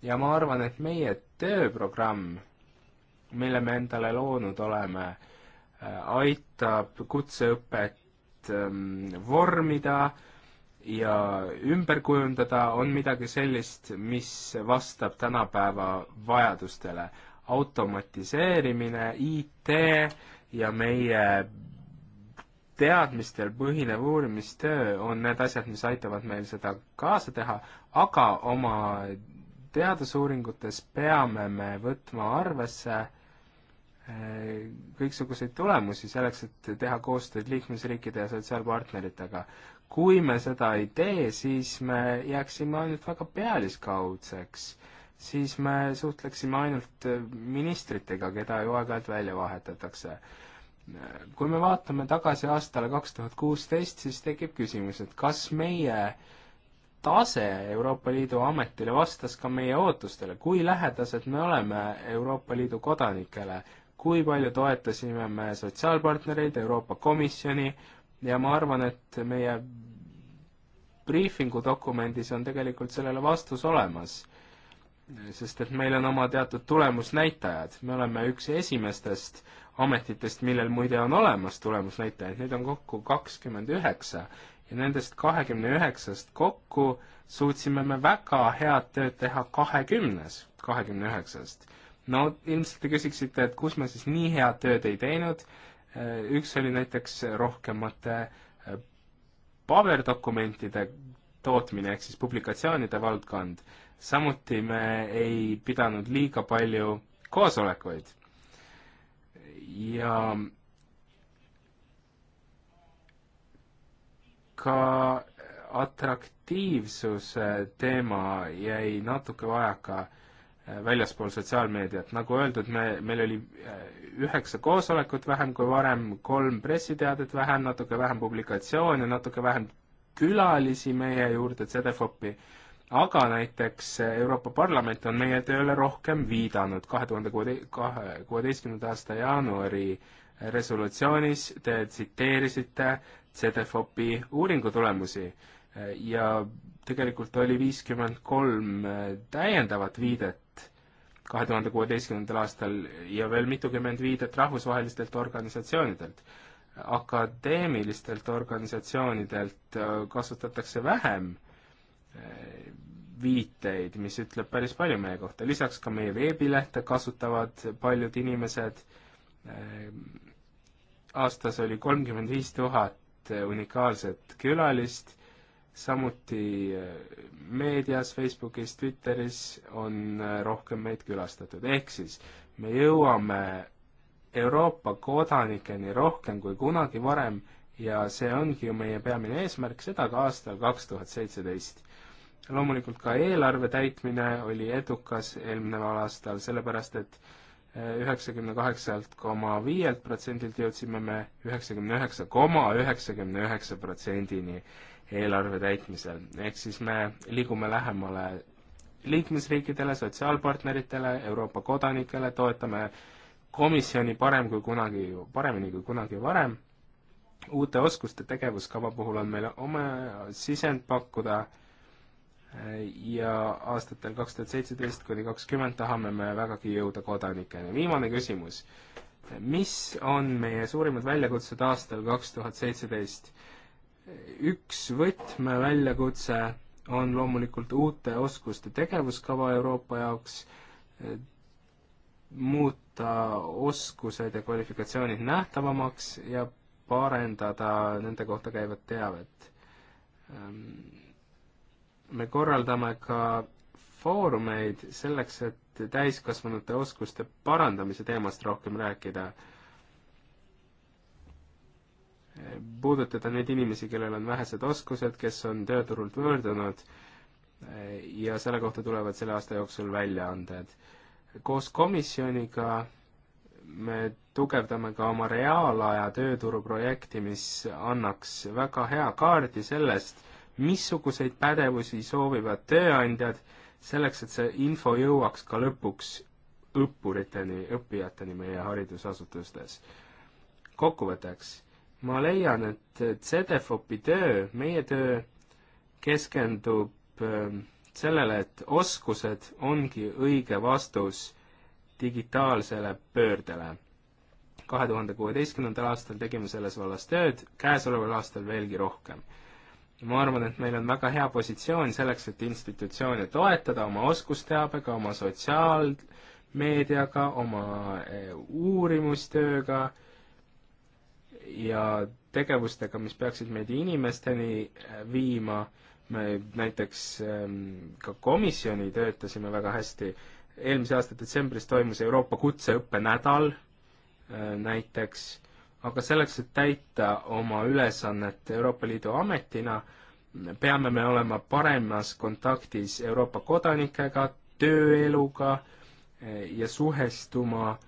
ja ma arvan, et meie tööprogramm, mille me endale loonud oleme, äh, aitab kutseõpet ähm, vormida äh, ja ümber kujundada on midagi sellist, mis vastab tänapäeva vajadustele. automatiseerimine, IT ja meie teadmistel põhinev uurimistöö on need asjad, mis aitavad meil seda kaasa teha, aga oma teadusuuringutes peame me võtma arvesse eh, kõiksuguseid tulemusi selleks, et teha koostööd liikmesriikide ja sotsiaalpartneritega kui me seda ei tee, siis me jääksime ainult väga pealiskaudseks, siis me suhtleksime ainult ministritega, keda ju aeg-ajalt välja vahetatakse. kui me vaatame tagasi aastale kaks tuhat kuusteist, siis tekib küsimus, et kas meie tase Euroopa Liidu ametile vastas ka meie ootustele, kui lähedased me oleme Euroopa Liidu kodanikele, kui palju toetasime me sotsiaalpartnereid, Euroopa Komisjoni, ja ma arvan, et meie briifingu dokumendis on tegelikult sellele vastus olemas, sest et meil on oma teatud tulemusnäitajad, me oleme üks esimestest ametitest, millel muide on olemas tulemusnäitajaid, neid on kokku kakskümmend üheksa ja nendest kahekümne üheksast kokku suutsime me väga head tööd teha kahekümnes, kahekümne üheksast. no ilmselt te küsiksite, et kus me siis nii head tööd ei teinud Äh, üks oli näiteks rohkemate äh, paberdokumentide tootmine ehk siis publikatsioonide valdkond. samuti me ei pidanud liiga palju koosolekuid. ja ka atraktiivsuse teema jäi natuke vajaka Äh, väljaspool sotsiaalmeediat. nagu öeldud, me, meil oli äh, üheksa koosolekut vähem kui varem, kolm pressiteadet vähem, natuke vähem publikatsioone, natuke vähem külalisi meie juurde CDFOP-i, aga näiteks äh, Euroopa Parlament on meie tööle rohkem viidanud. kahe tuhande kuude-, kahe, kuueteistkümnenda aasta jaanuari resolutsioonis te tsiteerisite CDFOP-i uuringu tulemusi ja tegelikult oli viiskümmend kolm täiendavat viidet kahe tuhande kuueteistkümnendal aastal ja veel mitukümmend viidet rahvusvahelistelt organisatsioonidelt. akadeemilistelt organisatsioonidelt äh, kasutatakse vähem äh, viiteid, mis ütleb päris palju meie kohta, lisaks ka meie veebilehte kasutavad paljud inimesed, äh, aastas oli kolmkümmend viis tuhat unikaalset külalist samuti eh, meedias, Facebookis, Twitteris on eh, rohkem meid külastatud, ehk siis me jõuame Euroopa kodanikeni rohkem kui kunagi varem ja see ongi ju meie peamine eesmärk, seda ka aastal kaks tuhat seitseteist. loomulikult ka eelarve täitmine oli edukas eelmineval aastal, sellepärast et eh, üheksakümne kaheksalt koma viielt protsendilt jõudsime me üheksakümne üheksa koma üheksakümne üheksa protsendini eelarve täitmisel. ehk siis me liigume lähemale liikmesriikidele, sotsiaalpartneritele, Euroopa kodanikele, toetame komisjoni parem kui kunagi, paremini kui kunagi varem. uute oskuste tegevuskava puhul on meil oma sisend pakkuda ja aastatel kaks tuhat seitseteist kuni kakskümmend tahame me vägagi jõuda kodanikeni. viimane küsimus mis on meie suurimad väljakutsed aastal kaks tuhat seitseteist? üks võtmeväljakutse on loomulikult uute oskuste tegevuskava Euroopa jaoks, muuta oskused ja kvalifikatsioonid nähtavamaks ja parendada nende kohta käivat teavet. me korraldame ka foorumeid selleks, et täiskasvanute oskuste parandamise teemast rohkem rääkida puudutada neid inimesi, kellel on vähesed oskused, kes on tööturult võõrdunud eh, ja selle kohta tulevad selle aasta jooksul väljaanded. koos komisjoniga me tugevdame ka oma reaalaja tööturuprojekti, mis annaks väga hea kaardi sellest, missuguseid pädevusi soovivad tööandjad, selleks et see info jõuaks ka lõpuks õppuriteni, õppijateni meie haridusasutustes. kokkuvõtteks ma leian, et CDFOP-i töö, meie töö keskendub ähm, sellele, et oskused ongi õige vastus digitaalsele pöördele. kahe tuhande kuueteistkümnendal aastal tegime selles vallas tööd, käesoleval aastal veelgi rohkem. ma arvan, et meil on väga hea positsioon selleks, et institutsioone toetada oma oskusteabega, oma sotsiaalmeediaga, oma äh, uurimustööga äh,, ja tegevustega, mis peaksid meid inimesteni äh, viima, me näiteks ähm, ka komisjoni töötasime väga hästi, eelmise aasta detsembris toimus Euroopa kutseõppenädal äh, näiteks, aga selleks, et täita oma ülesannet Euroopa Liidu ametina, peame me olema paremas kontaktis Euroopa kodanikega, tööeluga äh, ja suhestuma äh,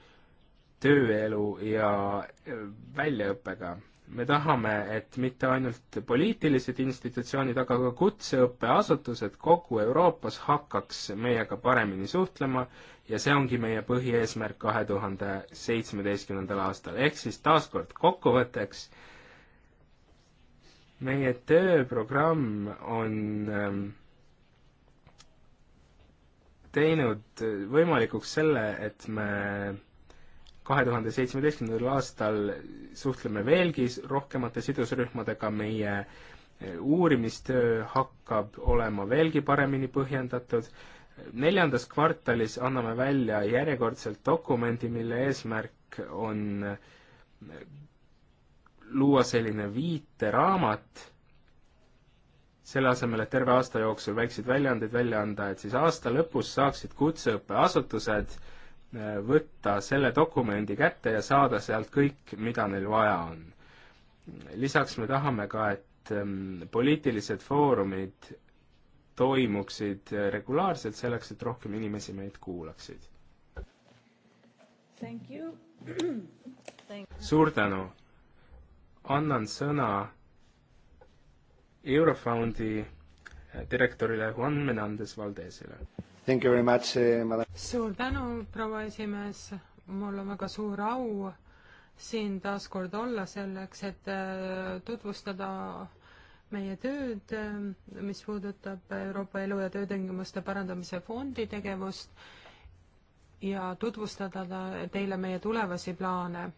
tööelu ja äh, väljaõppega. me tahame, et mitte ainult poliitilised institutsioonid, aga ka kutseõppeasutused kogu Euroopas hakkaks meiega paremini suhtlema ja see ongi meie põhieesmärk kahe tuhande seitsmeteistkümnendal aastal, ehk siis taaskord kokkuvõtteks, meie tööprogramm on ähm, teinud võimalikuks selle, et me kahe tuhande seitsmeteistkümnendal aastal suhtleme veelgi rohkemate sidusrühmadega, meie e, uurimistöö hakkab olema veelgi paremini põhjendatud, neljandas kvartalis anname välja järjekordselt dokumendi, mille eesmärk on e, luua selline viiteraamat, selle asemel, et terve aasta jooksul väikseid väljaandeid välja anda, et siis aasta lõpus saaksid kutseõppeasutused äh, võtta selle dokumendi kätte ja saada sealt kõik, mida neil vaja on. lisaks me tahame ka, et ähm, poliitilised foorumid toimuksid regulaarselt selleks, et rohkem inimesi meid kuulaksid. suur tänu. annan sõna Eurofondi äh, direktorile Juan Menandez Valdesile Much, eh, suur tänu, proua esimees, mul on väga suur au siin taas kord olla selleks, et eh, tutvustada meie tööd, eh, mis puudutab Euroopa Elu- ja Töötingimuste Parandamise Fondi tegevust ja tutvustada teile meie tulevasi plaane.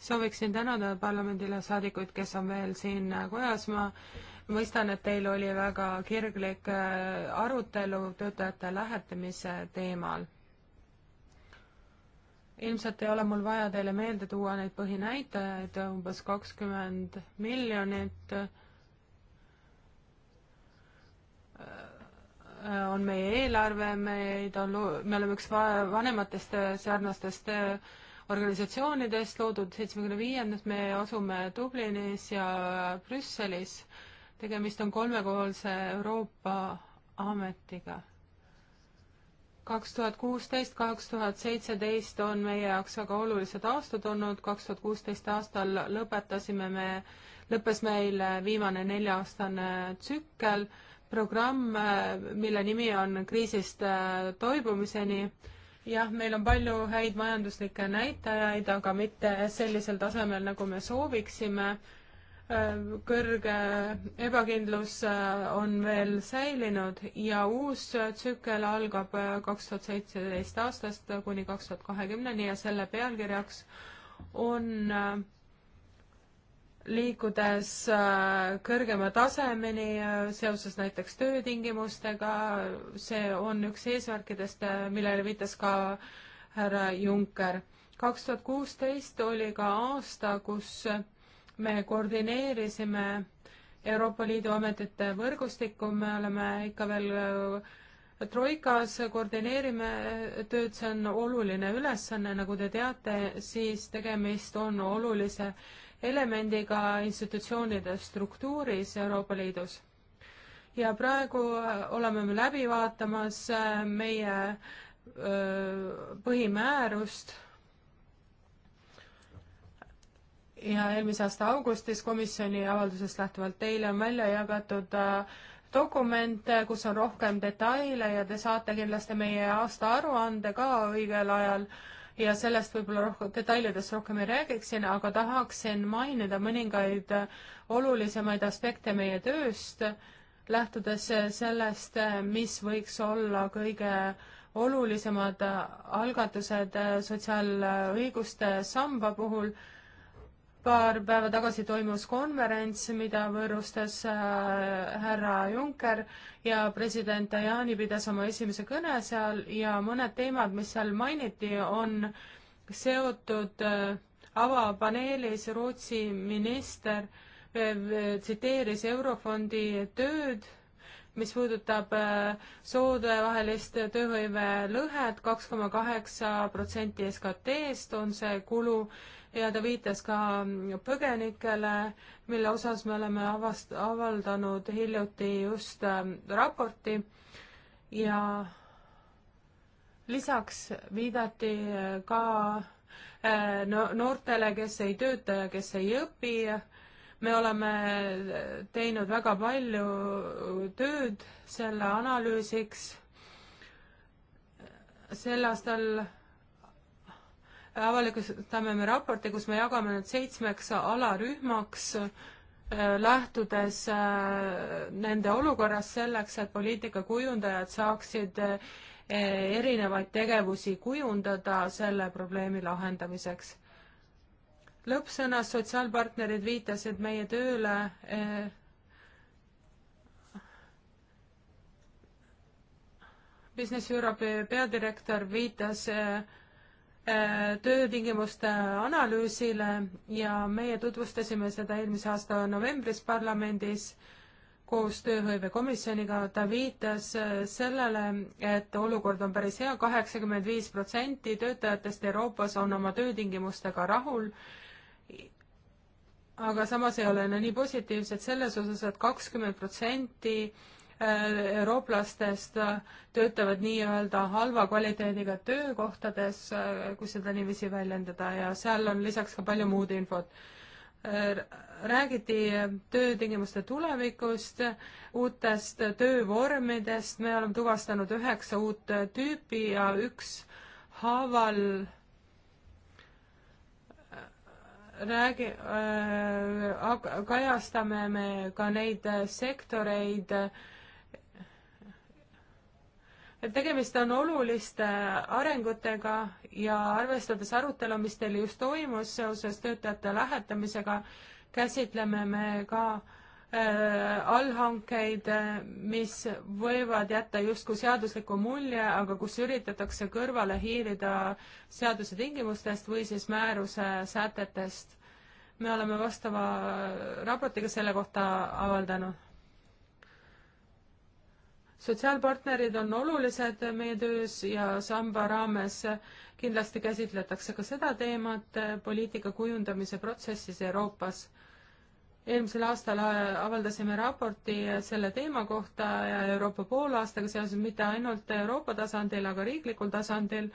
sooviksin tänada parlamendile saadikuid, kes on veel siin kojas, ma mõistan, et teil oli väga kirglik äh, arutelu töötajate lähetamise teemal. ilmselt ei ole mul vaja teile meelde tuua neid põhinäitajaid, umbes kakskümmend miljonit äh, on meie eelarve, meid on, me oleme üks vanematest äh, sarnastest organisatsioonidest loodud seitsmekümne viiendast, me asume Dublinis ja Brüsselis tegemist on kolmekohalise Euroopa ametiga. kaks tuhat kuusteist, kaks tuhat seitseteist on meie jaoks väga olulised aastad olnud, kaks tuhat kuusteist aastal lõpetasime me, lõppes meil viimane nelja-aastane tsükkel, programm, mille nimi on Kriisist äh, toibumiseni. jah, meil on palju häid majanduslikke näitajaid, aga mitte sellisel tasemel, nagu me sooviksime kõrge ebakindlus äh, on veel säilinud ja uus tsükkel algab äh, kaks tuhat seitseteist aastast kuni kaks tuhat kahekümneni ja selle pealkirjaks on äh, liikudes kõrgema tasemeni seoses näiteks töötingimustega, see on üks eesmärkidest, millele viitas ka härra Juncker. kaks tuhat kuusteist oli ka aasta, kus me koordineerisime Euroopa Liidu ametite võrgustikku, me oleme ikka veel äh, troikas, koordineerime äh, tööd, see on oluline ülesanne, nagu te teate, siis tegemist on olulise elemendiga institutsioonide struktuuris Euroopa Liidus. ja praegu äh, oleme me läbi vaatamas meie põhimäärust ja eelmise aasta augustis komisjoni avaldusest lähtuvalt teile on välja jagatud äh, dokument, kus on rohkem detaile ja te saate kindlasti meie aastaaruande ka õigel ajal ja sellest võib-olla rohkem, detailidest rohkem ei räägiksin, aga tahaksin mainida mõningaid äh, olulisemaid aspekte meie tööst, lähtudes äh, sellest, mis võiks olla kõige olulisemad algatused sotsiaalõiguste samba puhul paar päeva tagasi toimus konverents, mida võõrustas äh, härra Juncker ja president Tajani pidas oma esimese kõne seal ja mõned teemad, mis seal mainiti, on seotud äh, avapaneelis Rootsi minister äh, tsiteeris Eurofondi tööd, mis puudutab soodevahelist tööhõive lõhet, kaks koma kaheksa protsenti SKT-st on see kulu ja ta viitas ka põgenikele, mille osas me oleme avast-, avaldanud hiljuti just ähm, raporti ja lisaks viidati äh, ka äh, no noortele, kes ei tööta ja kes ei õpi, me oleme äh, teinud väga palju tööd selle analüüsiks. sel aastal avalikustame me raporti, kus me jagame need seitsmeks alarühmaks, äh, lähtudes äh, nende olukorrast selleks, et poliitikakujundajad saaksid äh, erinevaid tegevusi kujundada selle probleemi lahendamiseks. lõppsõnas sotsiaalpartnerid viitasid meie tööle Business Europe'i peadirektor viitas Äh, töötingimuste analüüsile ja meie tutvustasime seda eelmise aasta novembris parlamendis koos tööhõivekomisjoniga. ta viitas äh, sellele, et olukord on päris hea, kaheksakümmend viis protsenti töötajatest Euroopas on oma töötingimustega rahul aga samas ei ole nad nii positiivsed selles osas et, et kakskümmend protsenti eurooplastest töötavad nii-öelda halva kvaliteediga töökohtades, kui seda niiviisi väljendada ja seal on lisaks ka palju muud infot. räägiti töötingimuste tulevikust, uutest töövormidest, me oleme tuvastanud üheksa uut tüüpi ja ükshaaval räägi äh,, kajastame me ka neid sektoreid äh,, et tegemist on oluliste arengutega ja arvestades arutelu, mis teil just toimus seoses töötajate lähetamisega, käsitleme me ka äh, allhankeid, mis võivad jätta justkui seadusliku mulje, aga kus üritatakse kõrvale hiilida seaduse tingimustest või siis määruse sätetest. me oleme vastava raportiga selle kohta avaldanud sotsiaalpartnerid on olulised meie töös ja samba raames kindlasti käsitletakse ka seda teemat poliitika kujundamise protsessis Euroopas. eelmisel aastal avaldasime raporti selle teema kohta ja Euroopa poolaastaga seoses mitte ainult Euroopa tasandil, aga riiklikul tasandil,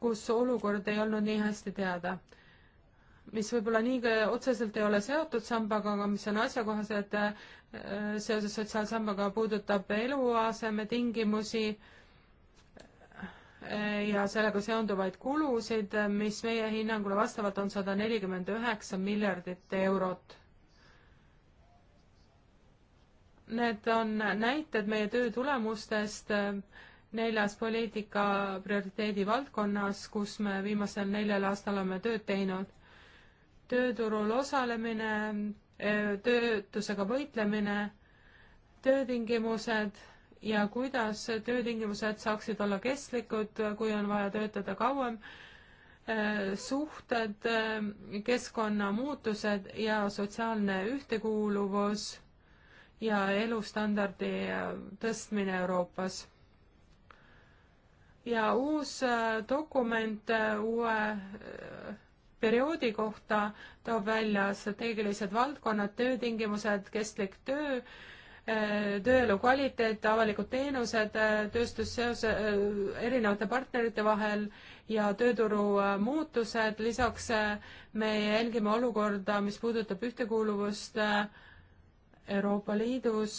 kus olukord ei olnud nii hästi teada mis võib-olla nii otseselt ei ole seotud sambaga, aga mis on asjakohased äh, seoses sotsiaalsambaga, puudutab eluasemetingimusi äh, ja sellega seonduvaid kulusid, mis meie hinnangule vastavalt on sada nelikümmend üheksa miljardit eurot. Need on näited meie töö tulemustest äh, neljas poliitika prioriteedi valdkonnas, kus me viimasel neljal aastal oleme tööd teinud tööturul osalemine, töötusega võitlemine, töötingimused ja kuidas töötingimused saaksid olla kestlikud, kui on vaja töötada kauem, eh, suhted, eh, keskkonnamuutused ja sotsiaalne ühtekuuluvus ja elustandardi eh, tõstmine Euroopas ja uus dokument uue perioodi kohta toob välja strateegilised valdkonnad, töötingimused, kestlik töö, eh, tööelu kvaliteet, avalikud teenused, eh, tööstusseose, eh, erinevate partnerite vahel ja tööturu muutused, lisaks me jälgime olukorda, mis puudutab ühtekuuluvust Euroopa Liidus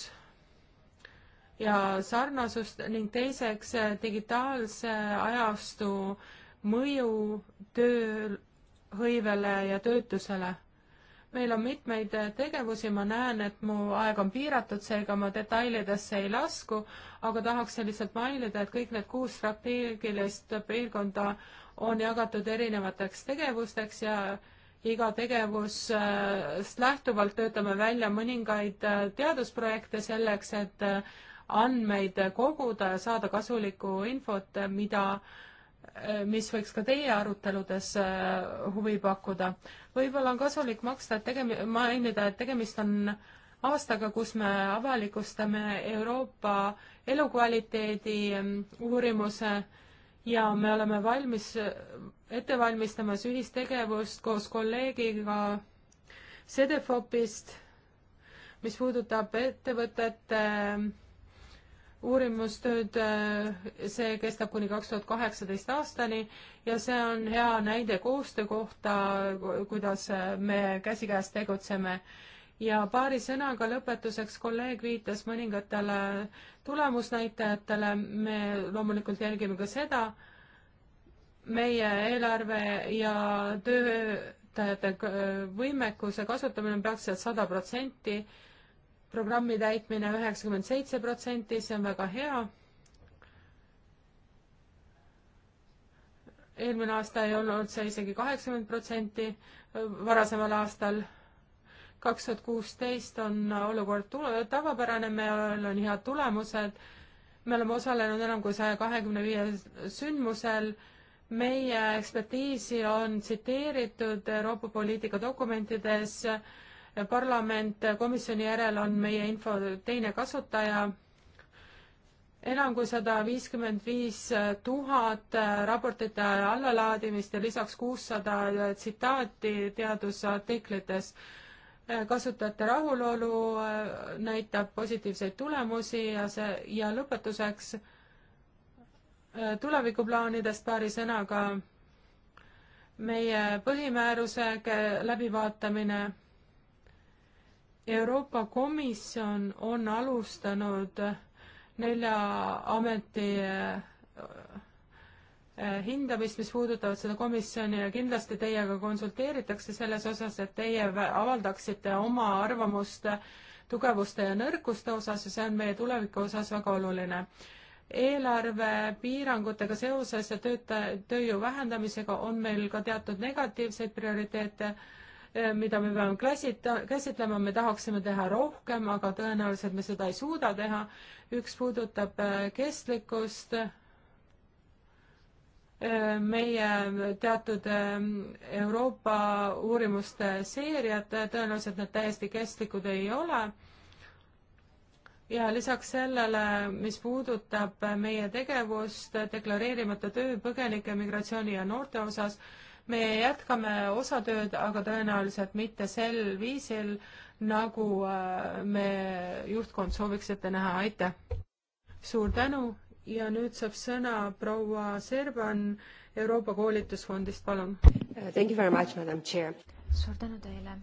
ja sarnasust ning teiseks digitaalse ajastu mõju tööl hõivele ja töötusele. meil on mitmeid tegevusi, ma näen, et mu aeg on piiratud, seega ma detailidesse ei lasku, aga tahaks lihtsalt mainida, et kõik need kuus strateegilist piirkonda on jagatud erinevateks tegevusteks ja iga tegevusest lähtuvalt töötame välja mõningaid teadusprojekte selleks, et andmeid koguda ja saada kasulikku infot, mida äh, mis võiks ka teie aruteludes äh, huvi pakkuda. võib-olla on kasulik maksta, et tegemi-, mainida, et tegemist on aastaga, kus me avalikustame Euroopa elukvaliteedi ähm, uurimuse ja me oleme valmis, äh, ette valmistamas ühistegevust koos kolleegiga Sedefopist, mis puudutab ettevõtete et, uurimustööd, äh, see kestab kuni kaks tuhat kaheksateist aastani ja see on hea näide koostöö kohta, kuidas äh, me käsikäes tegutseme. ja paari sõnaga lõpetuseks kolleeg viitas mõningatele tulemusnäitajatele, me loomulikult jälgime ka seda, meie eelarve ja töötajate äh, võimekuse kasutamine on peaaegu sada protsenti programmi täitmine üheksakümmend seitse protsenti, see on väga hea. eelmine aasta ei olnud see isegi kaheksakümmend protsenti, varasemal aastal kaks tuhat kuusteist on olukord tule-, tavapärane, meil on head tulemused, me oleme osalenud enam kui saja kahekümne viie sündmusel, meie ekspertiisi on tsiteeritud Euroopa poliitika dokumentides äh, parlament komisjoni järel on meie info teine kasutaja. enam kui sada viiskümmend viis tuhat raportite allalaadimist ja lisaks kuussada tsitaati teadusartiklites kasutajate rahulolu äh, näitab positiivseid tulemusi ja see ja lõpetuseks äh, tulevikuplaanidest paari sõnaga meie põhimääruse läbivaatamine Euroopa Komisjon on alustanud nelja ameti äh, äh, hindamist, mis puudutavad seda komisjoni ja kindlasti teiega konsulteeritakse selles osas, et teie avaldaksite oma arvamust tugevuste ja nõrkuste osas ja see on meie tuleviku osas väga oluline. eelarvepiirangutega seoses ja tööta-, tööjõu vähendamisega on meil ka teatud negatiivseid prioriteete Eh, mida me peame klassita-, käsitlema, me tahaksime teha rohkem, aga tõenäoliselt me seda ei suuda teha. üks puudutab eh, kestlikkust, eh, meie teatud Euroopa uurimuste seeriad, tõenäoliselt need täiesti kestlikud ei ole ja lisaks sellele, mis puudutab meie tegevust deklareerimata töö põgenike, migratsiooni ja noorte osas, me jätkame osatööd, aga tõenäoliselt mitte sel viisil, nagu äh, me, juhtkond sooviks ette näha, aitäh! suur tänu ja nüüd saab sõna proua Serban Euroopa Koolitusfondist, palun! Uh, thank you very much, madam chair! suur tänu teile,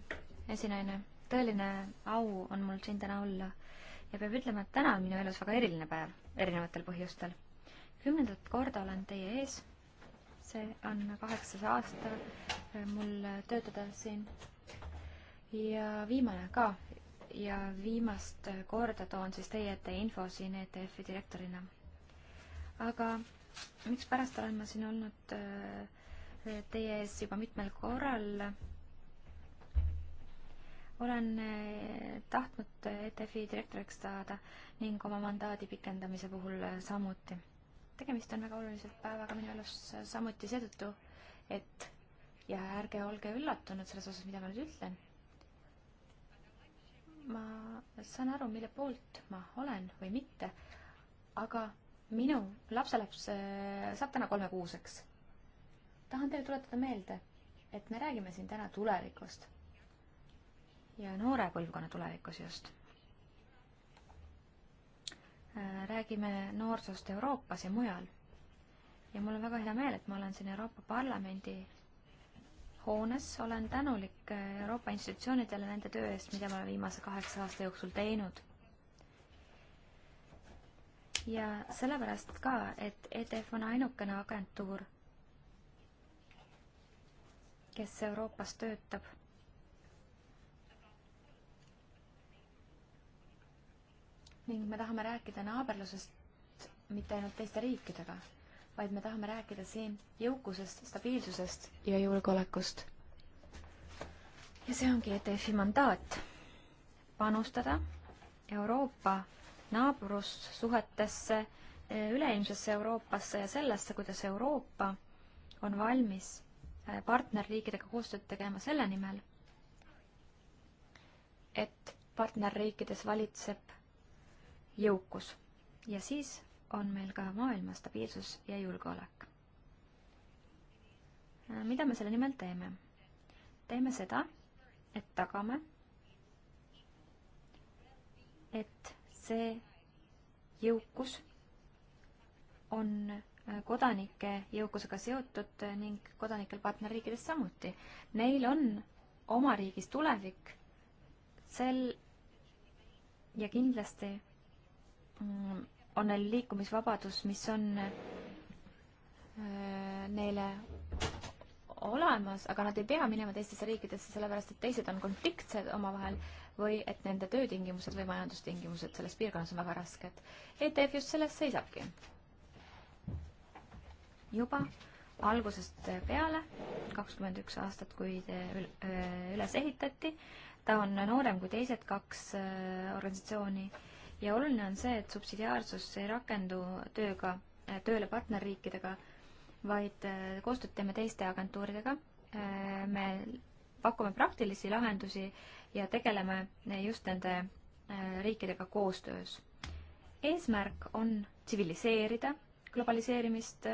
esinaine! tõeline au on mul siin täna olla ja peab ütlema, et täna on minu elus väga eriline päev erinevatel põhjustel. kümnendat korda olen teie ees see on kaheksas aasta äh, mul töötada siin. ja viimane ka. ja viimast korda toon siis teie ette info siin ETF-i direktorina. aga mikspärast olen ma siin olnud äh, teie ees juba mitmel korral? olen äh, tahtnud ETF-i direktoriks saada ning oma mandaadi pikendamise puhul samuti tegemist on väga olulise päevaga minu elus samuti seetõttu, et ja ärge olge üllatunud selles osas, mida ma nüüd ütlen. ma saan aru, mille poolt ma olen või mitte, aga minu lapselaps saab täna kolmekuuseks. tahan teile tuletada meelde, et me räägime siin täna tulevikust ja noore põlvkonna tulevikus just Äh, räägime noorsust Euroopas ja mujal. ja mul on väga hea meel, et ma olen siin Euroopa Parlamendi hoones, olen tänulik äh, Euroopa institutsioonidele nende töö eest, mida ma olen viimase kaheksa aasta jooksul teinud. ja sellepärast ka, et EDF on ainukene agentuur, kes Euroopas töötab ning me tahame rääkida naaberlusest mitte ainult teiste riikidega, vaid me tahame rääkida siin jõukusest, stabiilsusest ja julgeolekust. ja see ongi ETF-i mandaat, panustada Euroopa naabrussuhetesse, üleilmsesse Euroopasse ja sellesse, kuidas Euroopa on valmis äh, partnerriikidega koostööd tegema selle nimel, et partnerriikides valitseb jõukus ja siis on meil ka maailma stabiilsus ja julgeolek. Äh, mida me selle nimel teeme? teeme seda, et tagame, et see jõukus on äh, kodanike jõukusega seotud äh, ning kodanikel partnerriikides samuti. Neil on oma riigis tulevik, sel ja kindlasti on neil liikumisvabadus, mis on äh, neile olemas, aga nad ei pea minema teistesse riikidesse, sellepärast et teised on konfliktsed omavahel või et nende töötingimused või majandustingimused selles piirkonnas on väga rasked. ETF just selles seisabki. juba algusest peale, kakskümmend üks aastat, kui te äh, üles ehitati, ta on noorem kui teised kaks äh, organisatsiooni ja oluline on see, et subsidiaarsus ei rakendu tööga, äh, tööle partnerriikidega, vaid äh, koostööd teeme teiste agentuuridega, äh, me pakume praktilisi lahendusi ja tegeleme just nende riikidega koostöös. eesmärk on tsiviliseerida globaliseerimist,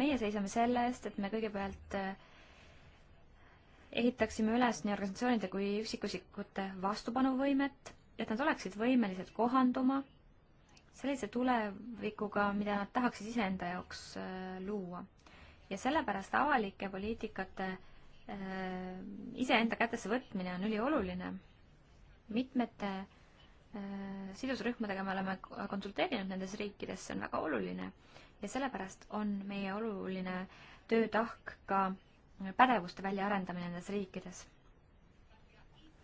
meie seisame selle eest, et me kõigepealt ehitaksime üles nii organisatsioonide kui üksikusikute vastupanuvõimet et nad oleksid võimelised kohanduma sellise tulevikuga, mida nad tahaksid iseenda jaoks äh, luua. ja sellepärast avalike poliitikate äh, iseenda kätesse võtmine on ülioluline. mitmete äh, sidusrühmadega me oleme konsulteerinud nendes riikides, see on väga oluline ja sellepärast on meie oluline töötahk ka pädevuste väljaarendamine nendes riikides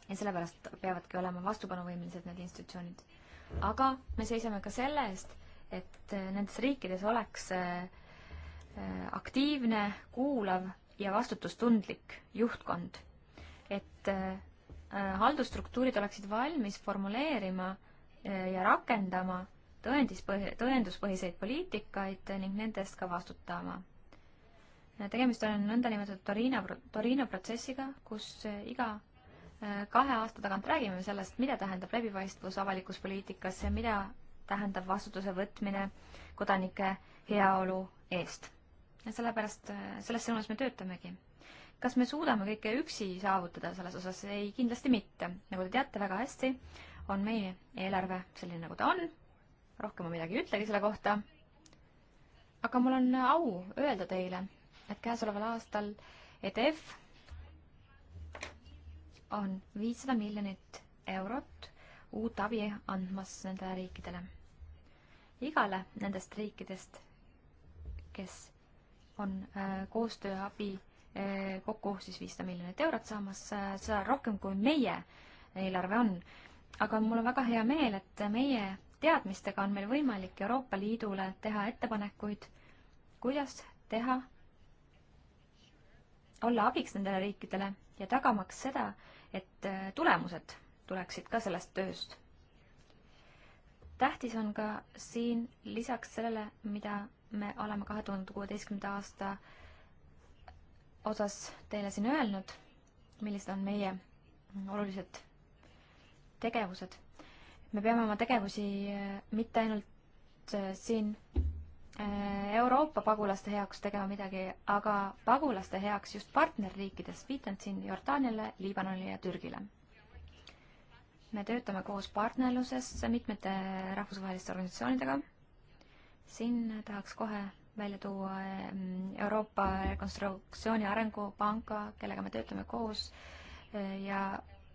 ja sellepärast peavadki olema vastupanuvõimelised need institutsioonid. aga me seisame ka selle eest, et äh, nendes riikides oleks äh, äh, aktiivne, kuulav ja vastutustundlik juhtkond. et haldusstruktuurid oleksid valmis formuleerima ja rakendama tõendispõhi, tõenduspõhiseid poliitikaid ning nende eest ka vastutama. tegemist on nõndanimetatud Torino, Torino protsessiga, kus iga kahe aasta tagant räägime sellest, mida tähendab läbipaistvus avalikus poliitikas ja mida tähendab vastutuse võtmine kodanike heaolu eest. ja sellepärast, äh, selles sõnumis me töötamegi. kas me suudame kõike üksi saavutada selles osas? ei, kindlasti mitte. nagu te teate väga hästi, on meie eelarve selline, nagu ta on. rohkem ma midagi ei ütlegi selle kohta. aga mul on au öelda teile, et käesoleval aastal ETF on viissada miljonit eurot uut abi andmas nendele riikidele. igale nendest riikidest, kes on äh, koostööabi äh, kokku siis viissada miljonit eurot saamas, äh, seda rohkem kui meie eelarve on. aga mul on väga hea meel, et meie teadmistega on meil võimalik Euroopa Liidule teha ettepanekuid, kuidas teha, olla abiks nendele riikidele ja tagamaks seda, et äh, tulemused tuleksid ka sellest tööst. tähtis on ka siin lisaks sellele, mida me oleme kahe tuhande kuueteistkümnenda aasta osas teile siin öelnud, millised on meie olulised tegevused. me peame oma tegevusi äh, mitte ainult äh, siin Äh, Euroopa pagulaste heaks tegema midagi, aga pagulaste heaks just partnerriikides, viitan siin Jordaaniale, Liibanonile ja Türgile. me töötame koos partnerluses mitmete rahvusvaheliste organisatsioonidega. siin tahaks kohe välja tuua ähm, Euroopa Rekonstruktsiooni Arengupanka, kellega me töötame koos äh, ja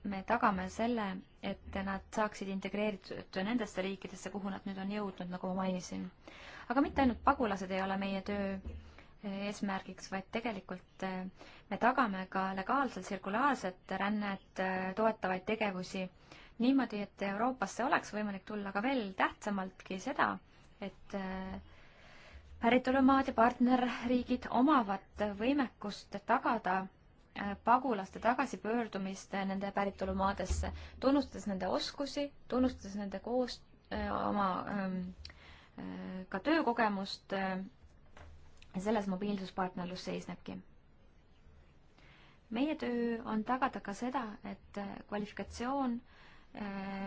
me tagame selle, et nad saaksid integreeritud nendesse riikidesse, kuhu nad nüüd on jõudnud, nagu ma mainisin. aga mitte ainult pagulased ei ole meie töö eesmärgiks, vaid tegelikult eh, me tagame ka legaalset tsirkulaarset rännet eh, toetavaid tegevusi niimoodi, et Euroopasse oleks võimalik tulla, aga veel tähtsamaltki seda, et eh, päritolumaad ja partnerriigid omavad võimekust tagada Äh, pagulaste tagasipöördumist äh, nende päritolumaadesse, tunnustades nende oskusi, tunnustades nende koos äh, oma ähm, ka töökogemust. selles mobiilsuspartnerlus seisnebki. meie töö on tagada ka seda, et kvalifikatsioon,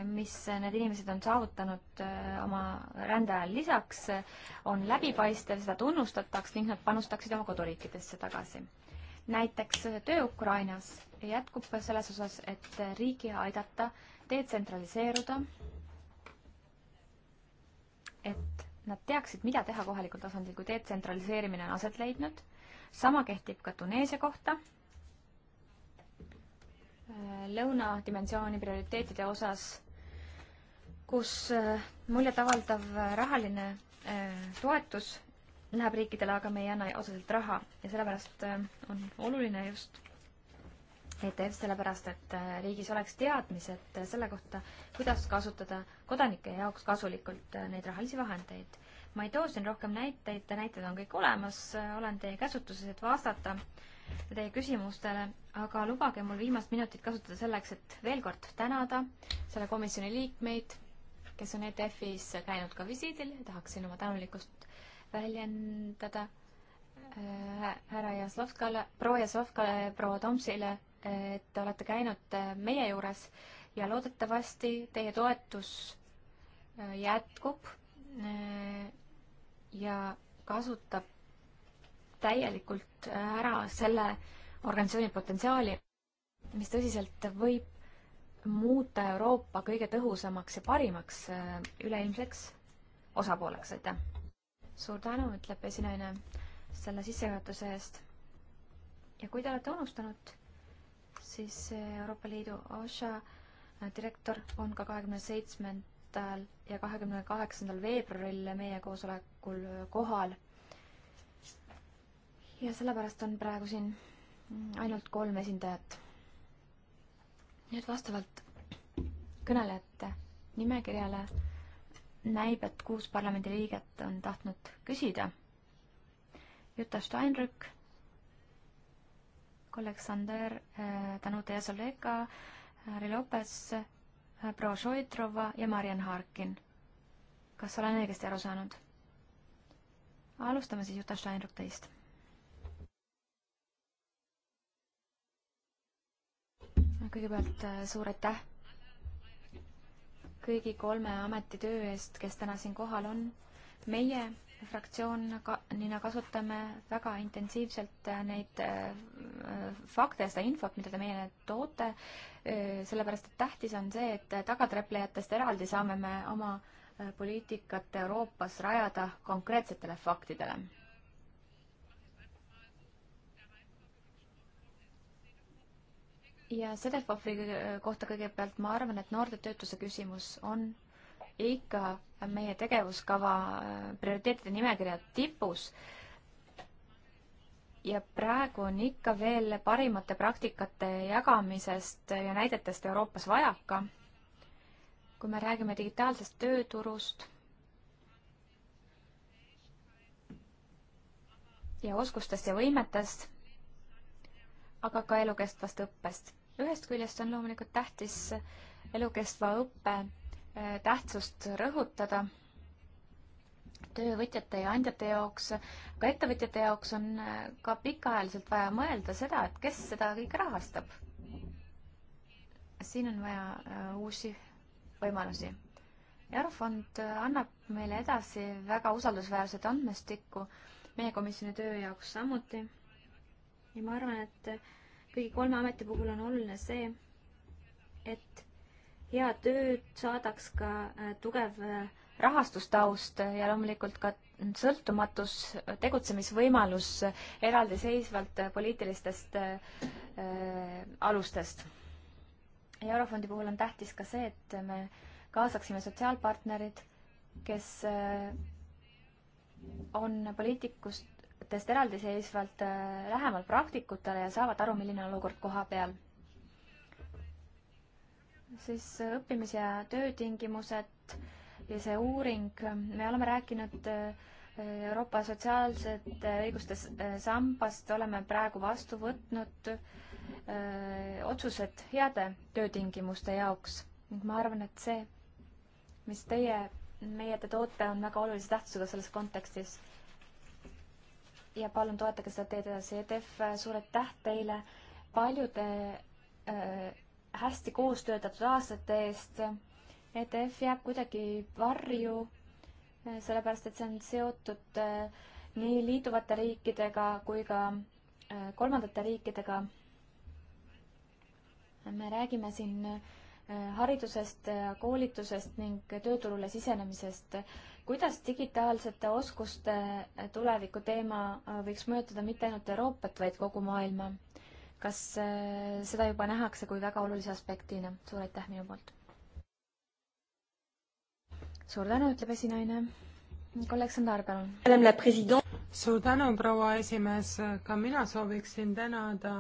mis need inimesed on saavutanud oma rände ajal lisaks, on läbipaistev, seda tunnustataks ning nad panustaksid oma koduriikidesse tagasi näiteks töö Ukrainas jätkub selles osas, et riigi aidata detsentraliseeruda, et nad teaksid, mida teha kohalikul tasandil, kui detsentraliseerimine on aset leidnud. sama kehtib ka Tuneesia kohta. lõunadimensiooni prioriteetide osas, kus muljetavaldav rahaline eh, toetus läheb riikidele, aga me ei anna otseselt raha ja sellepärast äh, on oluline just ETF sellepärast, et äh, riigis oleks teadmised äh, selle kohta, kuidas kasutada kodanike jaoks kasulikult neid rahalisi vahendeid. ma ei too siin rohkem näiteid, näited on kõik olemas, olen teie käsutuses, et vastata teie küsimustele, aga lubage mul viimast minutit kasutada selleks, et veel kord tänada selle komisjoni liikmeid, kes on ETF-is käinud ka visiidil, tahaksin oma tänulikkust väljendada äh, härra Jaslovkale, proua Jaslovkale, proua Tomsile, et olete käinud äh, meie juures ja loodetavasti teie toetus äh, jätkub ja kasutab täielikult ära selle organisatsiooni potentsiaali, mis tõsiselt võib muuta Euroopa kõige tõhusamaks ja parimaks üleilmseks osapooleks, aitäh! suur tänu, ütleb esinaine selle sissejuhatuse eest. ja kui te olete unustanud, siis Euroopa Liidu OSHA direktor on ka kahekümne seitsmendal ja kahekümne kaheksandal veebruaril meie koosolekul kohal. ja sellepärast on praegu siin ainult kolm esindajat. nüüd vastavalt kõnelejate nimekirjale näib, et kuus parlamendiliiget on tahtnud küsida. Jutta Steinrück, kolleeg Sander, Tanuta äh, Jasoleka, Harri Lopes, äh, proua Šoitrova ja Mariann Harkin. kas olen õigesti aru saanud? alustame siis Jutta Steinrück teist. kõigepealt äh, suur aitäh kõigi kolme ameti töö eest, kes täna siin kohal on. meie fraktsioonina ka, kasutame väga intensiivselt äh, neid äh, fakte ja seda infot, mida te meile toote, äh, sellepärast et tähtis on see, et tagatreplejatest eraldi saame me oma poliitikat Euroopas rajada konkreetsetele faktidele ja Sedefovi kohta kõigepealt ma arvan, et noorte töötuse küsimus on ikka meie tegevuskava äh, prioriteetide nimekirja tipus. ja praegu on ikka veel parimate praktikate jagamisest ja näidetest Euroopas vajaka. kui me räägime digitaalsest tööturust ja oskustest ja võimetest, aga ka elukestvast õppest ühest küljest on loomulikult tähtis elukestva õppe äh, tähtsust rõhutada töövõtjate ja andjate jaoks, aga ettevõtjate jaoks on äh, ka pikaajaliselt vaja mõelda seda, et kes seda kõike rahastab. siin on vaja äh, uusi võimalusi. Eurofond annab meile edasi väga usaldusväärset andmestikku meie komisjoni töö jaoks samuti. ja ma arvan, et kõigi kolme ameti puhul on oluline see, et hea tööd saadaks ka äh, tugev äh, rahastustaust ja loomulikult ka sõltumatus, äh, tegutsemisvõimalus eraldiseisvalt poliitilistest äh, alustest. Eurofondi puhul on tähtis ka see, et me kaasaksime sotsiaalpartnerid, kes äh, on poliitikust nõuetest eraldiseisvalt äh, lähemal praktikutele ja saavad aru, milline on olukord koha peal. siis äh, õppimis- ja töötingimused ja see uuring, me oleme rääkinud äh, Euroopa sotsiaalsete õiguste sambast oleme praegu vastu võtnud öö, otsused heade töötingimuste jaoks ning ma arvan, et see, mis teie meie ette toote, on väga olulise tähtsusega selles kontekstis ja palun toetage seda teed edasi. EDF, äh, suur aitäh teile paljude äh, hästi koos töötatud aastate eest. ETF jääb kuidagi varju, äh, sellepärast et see on seotud äh, nii liituvate riikidega kui ka äh, kolmandate riikidega. me räägime siin äh, haridusest, koolitusest ning tööturule sisenemisest kuidas digitaalsete oskuste äh, tuleviku teema äh, võiks mõjutada mitte ainult Euroopat, vaid kogu maailma? kas äh, seda juba nähakse kui väga olulise aspektina? suur aitäh minu poolt! suur tänu, ütleb esinaine. kolleeg Sandar, palun. suur tänu, proua esimees, ka mina sooviksin tänada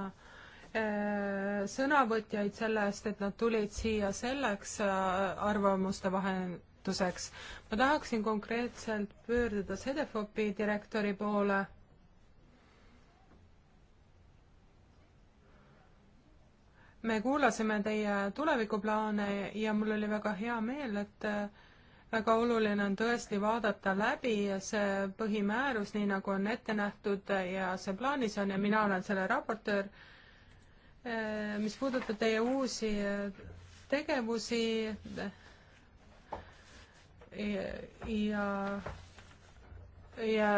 sõnavõtjaid selle eest, et nad tulid siia selleks arvamuste vahe, toetuseks. ma tahaksin konkreetselt pöörduda Sedefopi direktori poole. me kuulasime teie tulevikuplaane ja mul oli väga hea meel, et äh, väga oluline on tõesti vaadata läbi see põhimäärus, nii nagu on ette nähtud ja see plaanis on ja mina olen selle raportöör. Äh, mis puudutab teie uusi äh, tegevusi, ja ja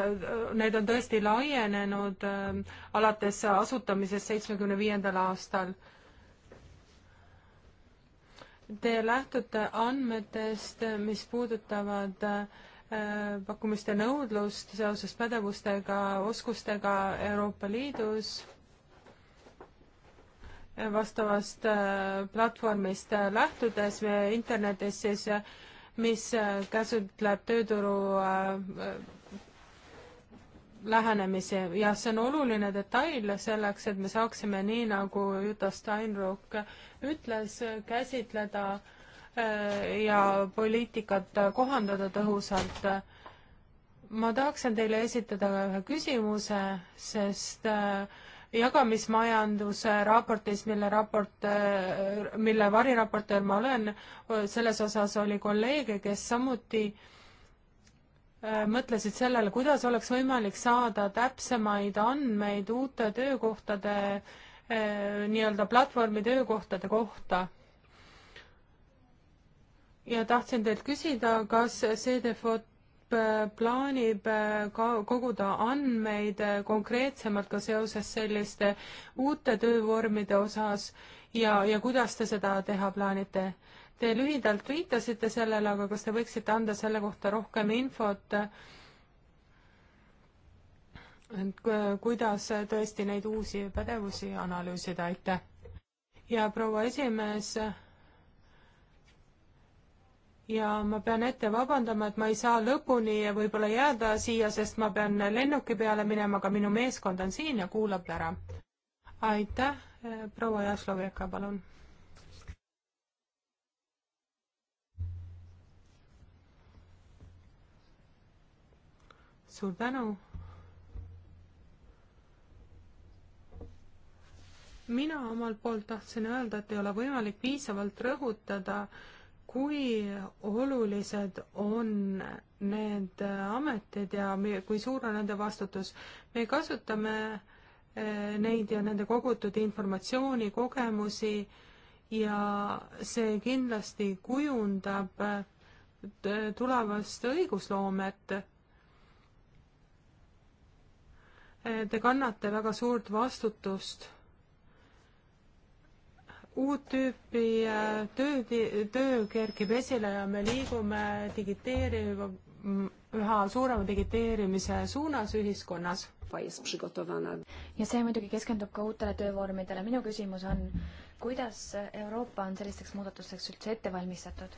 need on tõesti laienenud äh, alates asutamisest seitsmekümne viiendal aastal. Te lähtute andmetest, mis puudutavad äh, pakkumiste nõudlust seoses pädevustega, oskustega Euroopa Liidus äh, vastavast äh, platvormist äh, lähtudes internetis siis mis äh, käsitleb tööturu äh, lähenemisi ja see on oluline detail selleks, et me saaksime, nii nagu Juta Steinruck ütles, käsitleda äh, ja poliitikat kohandada tõhusalt. ma tahaksin teile esitada ühe küsimuse, sest äh, jagamismajanduse raportis, mille raport, mille variraportöör ma olen, selles osas oli kolleege, kes samuti äh, mõtlesid sellele, kuidas oleks võimalik saada täpsemaid andmeid uute töökohtade, äh, nii-öelda platvormi töökohtade kohta. ja tahtsin teilt küsida, kas CDFOT Äh, plaanib äh, ka koguda andmeid äh, konkreetsemalt ka seoses selliste uute töövormide osas ja, ja kuidas te seda teha plaanite? Te lühidalt viitasite sellele, aga kas te võiksite anda selle kohta rohkem infot, et kuidas tõesti neid uusi pädevusi analüüsida, aitäh! ja proua esimees ja ma pean ette vabandama, et ma ei saa lõpuni võib-olla jääda siia, sest ma pean lennuki peale minema, aga minu meeskond on siin ja kuulab ära. aitäh, eh, proua Jaslovjeka, palun. suur tänu. mina omalt poolt tahtsin öelda, et ei ole võimalik piisavalt rõhutada äh, kui olulised on need ametid ja kui suur on nende vastutus. me kasutame eh, neid ja nende kogutud informatsiooni, kogemusi ja see kindlasti kujundab eh, tulevast õigusloomet. Eh, te kannate väga suurt vastutust uut tüüpi äh, töö, töö kerkib esile ja me liigume digiteeriva, mm, üha suurema digiteerimise suunas ühiskonnas. ja see muidugi keskendub ka uutele töövormidele. minu küsimus on, kuidas Euroopa on sellisteks muudatusteks üldse ette valmistatud?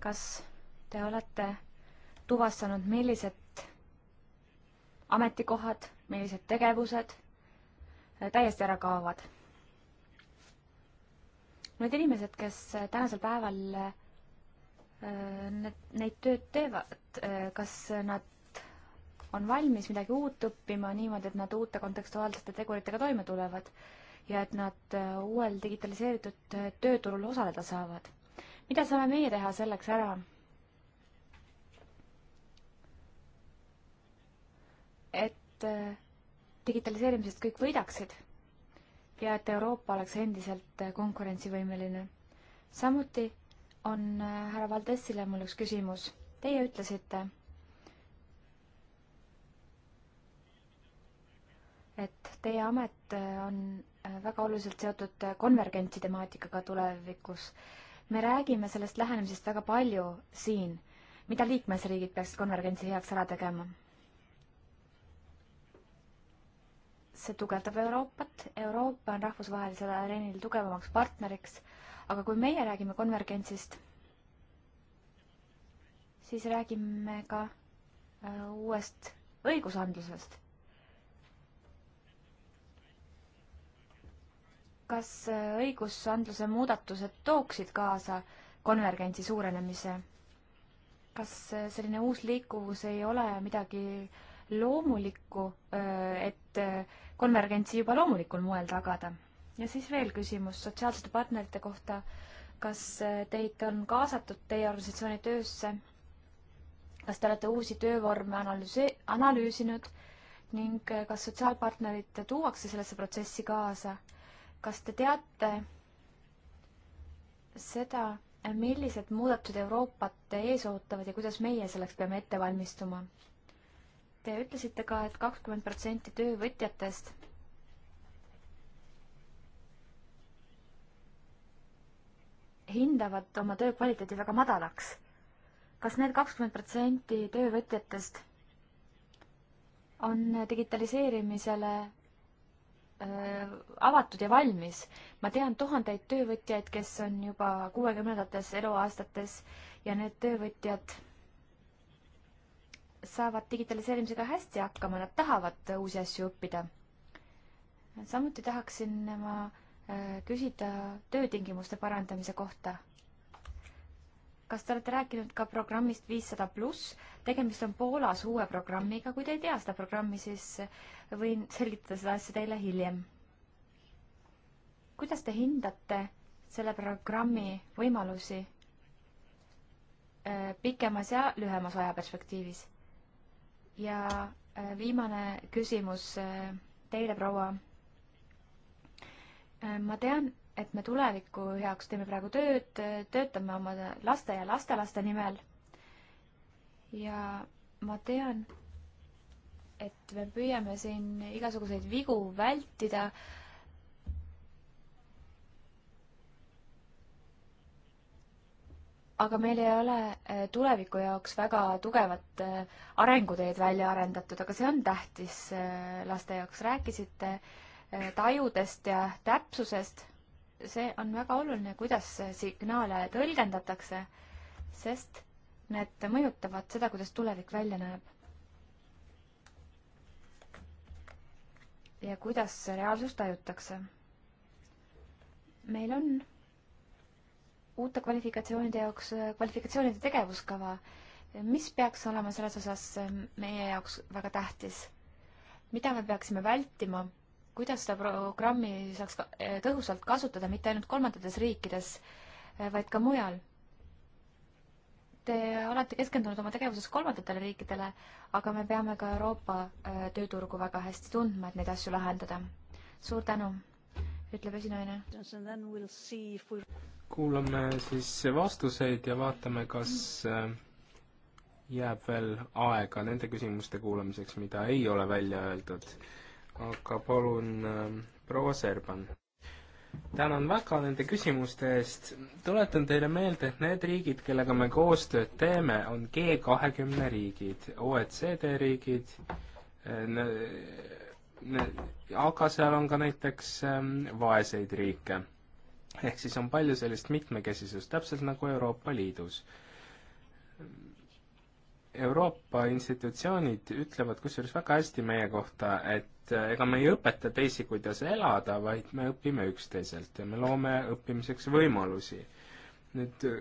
kas te olete tuvastanud, millised ametikohad, millised tegevused täiesti ära kaovad? Need inimesed, kes äh, tänasel päeval äh, need, neid tööd teevad, äh, kas nad on valmis midagi uut õppima niimoodi, et nad uute kontekstuaalsete teguritega toime tulevad ja et nad uuel digitaliseeritud tööturul osaleda saavad. mida saame meie teha selleks ära? et digitaliseerimisest kõik võidaksid ja et Euroopa oleks endiselt konkurentsivõimeline. samuti on äh, härra Valdessile mul üks küsimus. Teie ütlesite, et teie amet äh, on äh, väga oluliselt seotud konvergentsi temaatikaga tulevikus. me räägime sellest lähenemisest väga palju siin, mida liikmesriigid peaksid konvergentsi heaks ära tegema see tugevdab Euroopat, Euroopa on rahvusvahelisel areenil tugevamaks partneriks, aga kui meie räägime konvergentsist, siis räägime ka äh, uuest õigusandlusest. kas äh, õigusandluse muudatused tooksid kaasa konvergentsi suurenemise? kas äh, selline uus liikuvus ei ole midagi äh, loomulikku, äh, et äh, konvergentsi juba loomulikul moel tagada. ja siis veel küsimus sotsiaalsete partnerite kohta. kas äh, teid on kaasatud teie organisatsiooni töösse? kas te olete uusi töövorme analüüsi-, analüüsinud ning kas sotsiaalpartnerid tuuakse sellesse protsessi kaasa? kas te teate seda, millised muudatused Euroopat ees ootavad ja kuidas meie selleks peame ette valmistuma? Te ütlesite ka et, et kakskümmend protsenti töövõtjatest hindavad oma töö kvaliteedi väga madalaks. kas need kakskümmend protsenti töövõtjatest on digitaliseerimisele äh, avatud ja valmis? ma tean tuhandeid töövõtjaid, kes on juba kuuekümnendates eluaastates ja need töövõtjad saavad digitaliseerimisega hästi hakkama, nad tahavad uusi asju õppida. samuti tahaksin ma äh, küsida töötingimuste parandamise kohta. kas te olete rääkinud ka programmist viissada pluss, tegemist on Poolas uue programmiga, kui te ei tea seda programmi, siis võin selgitada seda asja teile hiljem. kuidas te hindate selle programmi võimalusi äh, pikemas ja lühemas ajaperspektiivis? ja äh, viimane küsimus äh, teile, proua. Äh, ma tean, et me tuleviku heaks teeme praegu tööd, töötame oma laste ja lastelaste nimel. ja ma tean, et me püüame siin igasuguseid vigu vältida aga meil ei ole äh, tuleviku jaoks väga tugevat äh, arenguteed välja arendatud, aga see on tähtis äh, laste jaoks. rääkisite tajudest ja täpsusest. see on väga oluline, kuidas signaale tõlgendatakse, sest need mõjutavad seda, kuidas tulevik välja näeb. ja kuidas reaalsust tajutakse. meil on uute kvalifikatsioonide jaoks, kvalifikatsioonide tegevuskava, mis peaks olema selles osas meie jaoks väga tähtis? mida me peaksime vältima, kuidas seda programmi saaks eh, tõhusalt kasutada, mitte ainult kolmandates riikides, eh, vaid ka mujal? Te olete keskendunud oma tegevuses kolmandatele riikidele, aga me peame ka Euroopa eh, tööturgu väga hästi tundma, et neid asju lahendada. suur tänu! ütleb esinaine. kuulame siis vastuseid ja vaatame, kas äh, jääb veel aega nende küsimuste kuulamiseks, mida ei ole välja öeldud. aga palun äh,, proua Serban. tänan väga nende küsimuste eest. tuletan teile meelde, et need riigid, kellega me koostööd teeme, on G kahekümne riigid, OECD riigid äh,, aga seal on ka näiteks ähm, vaeseid riike. ehk siis on palju sellist mitmekesisust, täpselt nagu Euroopa Liidus. Euroopa institutsioonid ütlevad kusjuures väga hästi meie kohta, et äh, ega me ei õpeta teisi, kuidas elada, vaid me õpime üksteiselt ja me loome õppimiseks võimalusi. nüüd äh,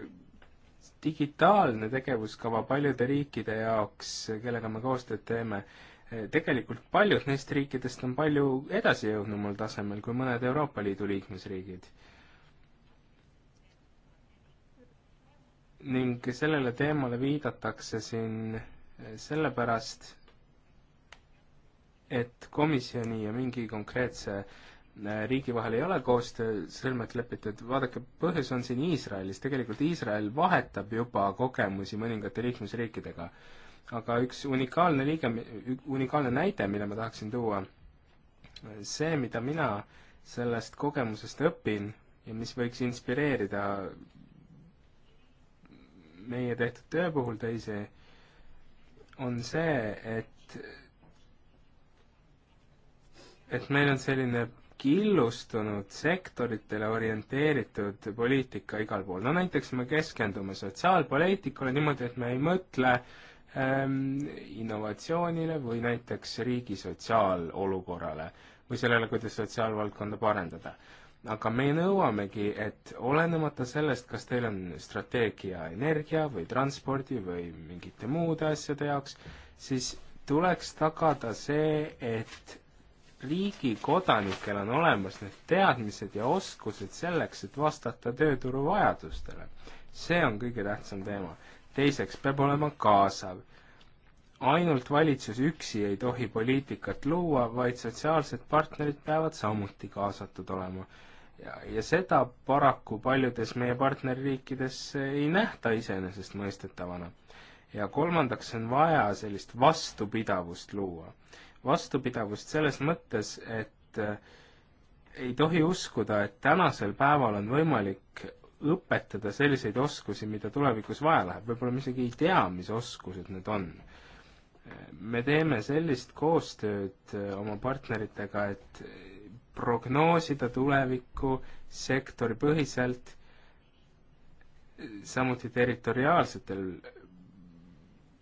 digitaalne tegevuskava paljude riikide jaoks, kellega me koostööd teeme, Eh, tegelikult paljud neist riikidest on palju edasijõudnumal tasemel kui mõned Euroopa Liidu liikmesriigid. ning sellele teemale viidatakse siin eh, sellepärast, et komisjoni ja mingi konkreetse eh, riigi vahel ei ole koostöö sõlmet lepitud, vaadake, põhjus on siin Iisraelis, tegelikult Iisrael vahetab juba kogemusi mõningate liikmesriikidega aga üks unikaalne liige, unikaalne näide, mille ma tahaksin tuua, see, mida mina sellest kogemusest õpin ja mis võiks inspireerida meie tehtud töö puhul teisi, on see, et, et meil on selline killustunud, sektoritele orienteeritud poliitika igal pool. no näiteks me keskendume sotsiaalpoliitikale niimoodi, et me ei mõtle äh, Ähm, innovatsioonile või näiteks riigi sotsiaalolukorrale või sellele, kuidas sotsiaalvaldkonda parendada. aga me nõuamegi, et olenemata sellest, kas teil on strateegia energia või transpordi või mingite muude asjade jaoks, siis tuleks tagada see, et riigi kodanikel on olemas need teadmised ja oskused selleks, et vastata tööturu vajadustele. see on kõige tähtsam teema teiseks peab olema kaasav. ainult valitsus üksi ei tohi poliitikat luua, vaid sotsiaalsed partnerid peavad samuti kaasatud olema. ja, ja seda paraku paljudes meie partnerriikides ei nähta iseenesestmõistetavana. ja kolmandaks on vaja sellist vastupidavust luua. vastupidavust selles mõttes, et äh, ei tohi uskuda, et tänasel päeval on võimalik õpetada selliseid oskusi, mida tulevikus vaja läheb, võib-olla me isegi ei tea, mis oskused need on. me teeme sellist koostööd äh, oma partneritega, et prognoosida tulevikku sektoripõhiselt, samuti territoriaalsetel,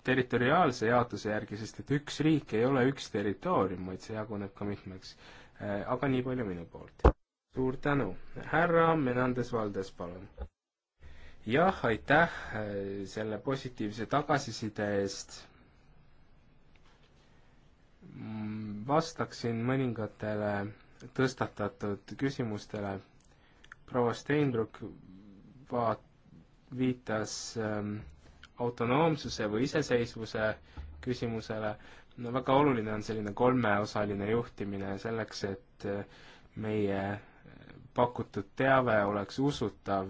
territoriaalse jaotuse järgi, sest et üks riik ei ole üks territoorium, vaid see jaguneb ka mitmeks. Äh, aga nii palju minu poolt suur tänu, härra Menandes Valdes, palun. jah, aitäh äh, selle positiivse tagasiside eest. Mm, vastaksin mõningatele tõstatatud küsimustele. proua Steinbrück vaat-, viitas ähm, autonoomsuse või iseseisvuse küsimusele. no väga oluline on selline kolmeosaline juhtimine selleks, et äh, meie pakutud teave oleks usutav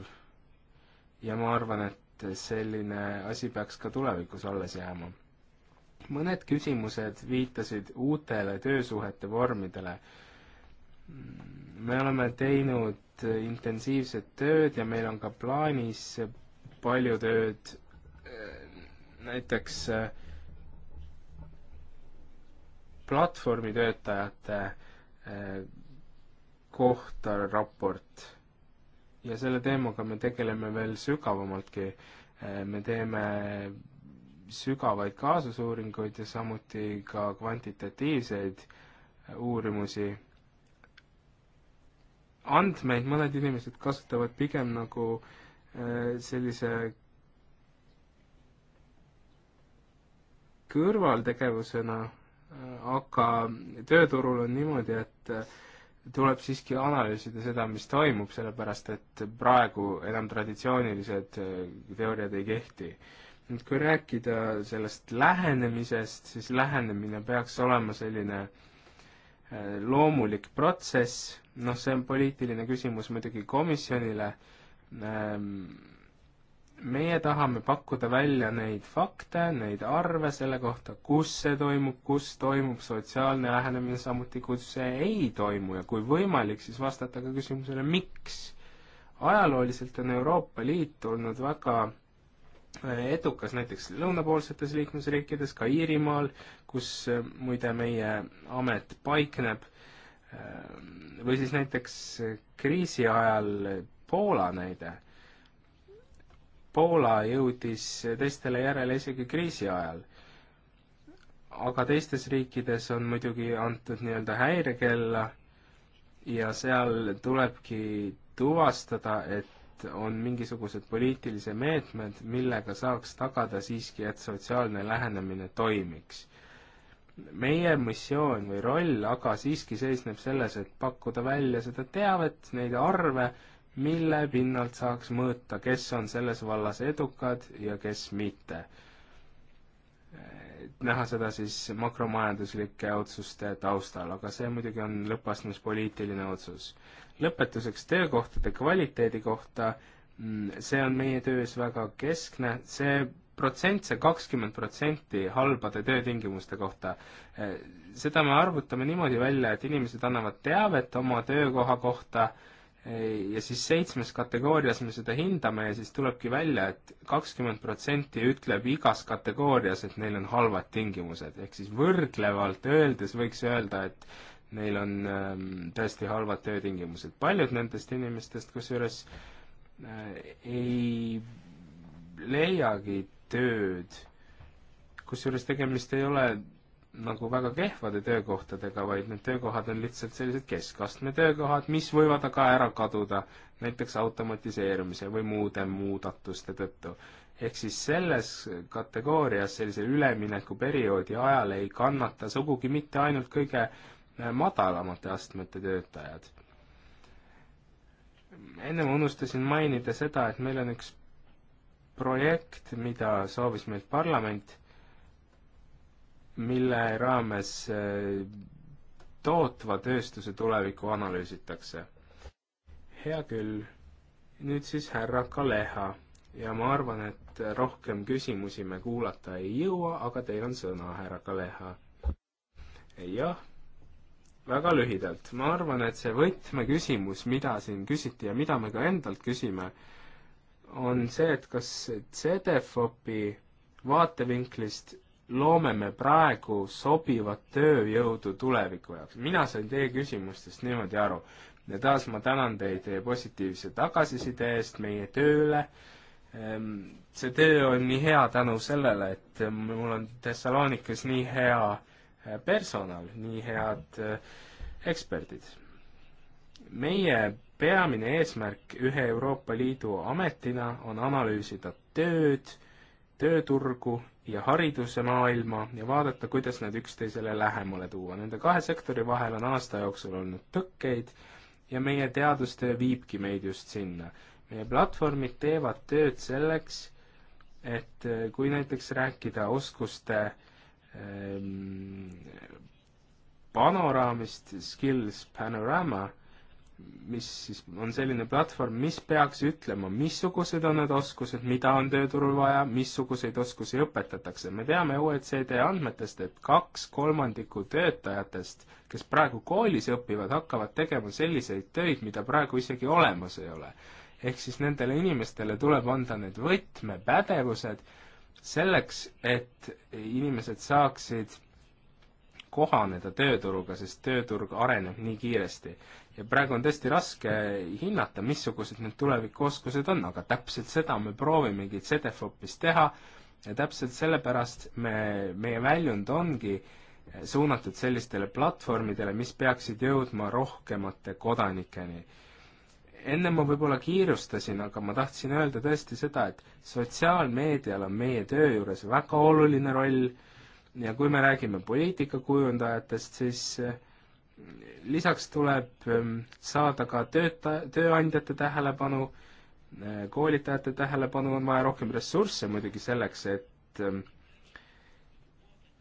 ja ma arvan, et selline asi peaks ka tulevikus alles jääma. mõned küsimused viitasid uutele töösuhete vormidele. me oleme teinud intensiivset tööd ja meil on ka plaanis palju tööd, näiteks platvormitöötajate kohta raport ja selle teemaga me tegeleme veel sügavamaltki. Äh, me teeme sügavaid kaasusuuringuid ja samuti ka kvantitatiivseid äh, uurimusi. andmeid mõned inimesed kasutavad pigem nagu äh, sellise kõrvaltegevusena, aga tööturul on niimoodi, et tuleb siiski analüüsida seda, mis toimub, sellepärast et praegu enam traditsioonilised äh, teooriad ei kehti. nüüd kui rääkida sellest lähenemisest, siis lähenemine peaks olema selline äh, loomulik protsess, noh, see on poliitiline küsimus muidugi komisjonile ähm,, meie tahame pakkuda välja neid fakte, neid arve selle kohta, kus see toimub, kus toimub sotsiaalne lähenemine, samuti kus see ei toimu ja kui võimalik, siis vastata ka küsimusele, miks. ajalooliselt on Euroopa Liit olnud väga äh, edukas näiteks lõunapoolsetes liikmesriikides, ka Iirimaal, kus äh, muide meie amet paikneb, äh, või siis näiteks kriisi ajal Poola näide Poola jõudis teistele järele isegi kriisi ajal. aga teistes riikides on muidugi antud nii-öelda häirekella ja seal tulebki tuvastada, et on mingisugused poliitilised meetmed, millega saaks tagada siiski, et sotsiaalne lähenemine toimiks. meie missioon või roll aga siiski seisneb selles, et pakkuda välja seda teavet, neid arve, mille pinnalt saaks mõõta, kes on selles vallas edukad ja kes mitte. näha seda siis makromajanduslike otsuste taustal, aga see muidugi on lõppastmes poliitiline otsus. lõpetuseks töökohtade kvaliteedi kohta, mm, see on meie töös väga keskne, see protsent, see kakskümmend protsenti halbade töötingimuste kohta, eh, seda me arvutame niimoodi välja, et inimesed annavad teavet oma töökoha kohta, kohta ja siis seitsmes kategoorias me seda hindame ja siis tulebki välja et, et kakskümmend protsenti ütleb igas kategoorias, et neil on halvad tingimused, ehk siis võrdlevalt öeldes võiks öelda, et neil on ähm, tõesti halvad töötingimused. paljud nendest inimestest kusjuures äh, ei leiagi tööd, kusjuures tegemist ei ole nagu väga kehvade töökohtadega, vaid need töökohad on lihtsalt sellised keskastme töökohad, mis võivad aga ära kaduda näiteks automatiseerumise või muude muudatuste tõttu. ehk siis selles kategoorias sellise üleminekuperioodi ajal ei kannata sugugi mitte ainult kõige äh, madalamate astmete töötajad. ennem unustasin mainida seda, et meil on üks projekt, mida soovis meilt parlament mille raames äh, tootva tööstuse tulevikku analüüsitakse. hea küll, nüüd siis härra Kaleha ja ma arvan, et rohkem küsimusi me kuulata ei jõua, aga teil on sõna, härra Kaleha. jah, väga lühidalt, ma arvan, et see võtmeküsimus, mida siin küsiti ja mida me ka endalt küsime, on see, et kas CDFOP-i vaatevinklist loome me praegu sobivat tööjõudu tuleviku jaoks? mina sain teie küsimustest niimoodi aru. ja taas ma tänan teid teie positiivse tagasiside eest meie tööle. Ehm, see töö on nii hea tänu sellele, et mul on Thessalonikas nii hea eh, personal, nii head eh, eksperdid. meie peamine eesmärk ühe Euroopa Liidu ametina on analüüsida tööd, tööturgu ja hariduse maailma ja vaadata, kuidas nad üksteisele lähemale tuua. Nende kahe sektori vahel on aasta jooksul olnud tõkkeid ja meie teadustöö viibki meid just sinna. meie platvormid teevad tööd selleks, et äh, kui näiteks rääkida oskuste ähm, panoraamist, skills panorama, mis siis on selline platvorm, mis peaks ütlema, missugused on need oskused, mida on tööturul vaja, missuguseid oskusi õpetatakse. me teame OECD andmetest, et kaks kolmandikku töötajatest, kes praegu koolis õpivad, hakkavad tegema selliseid töid, mida praegu isegi olemas ei ole. ehk siis nendele inimestele tuleb anda need võtmepädevused selleks, et inimesed saaksid kohaneda tööturuga, sest tööturg areneb nii kiiresti. ja praegu on tõesti raske hinnata, missugused need tulevikuoskused on, aga täpselt seda me proovimegi ZDFopis teha ja täpselt sellepärast me, meie väljund ongi suunatud sellistele platvormidele, mis peaksid jõudma rohkemate kodanikeni. enne ma võib-olla kiirustasin, aga ma tahtsin öelda tõesti seda, et sotsiaalmeedial on meie töö juures väga oluline roll ja kui me räägime poliitikakujundajatest, siis eh, lisaks tuleb ehm, saada ka tööta-, tööandjate tähelepanu, eh, koolitajate tähelepanu, on vaja rohkem ressursse muidugi selleks, et ehm,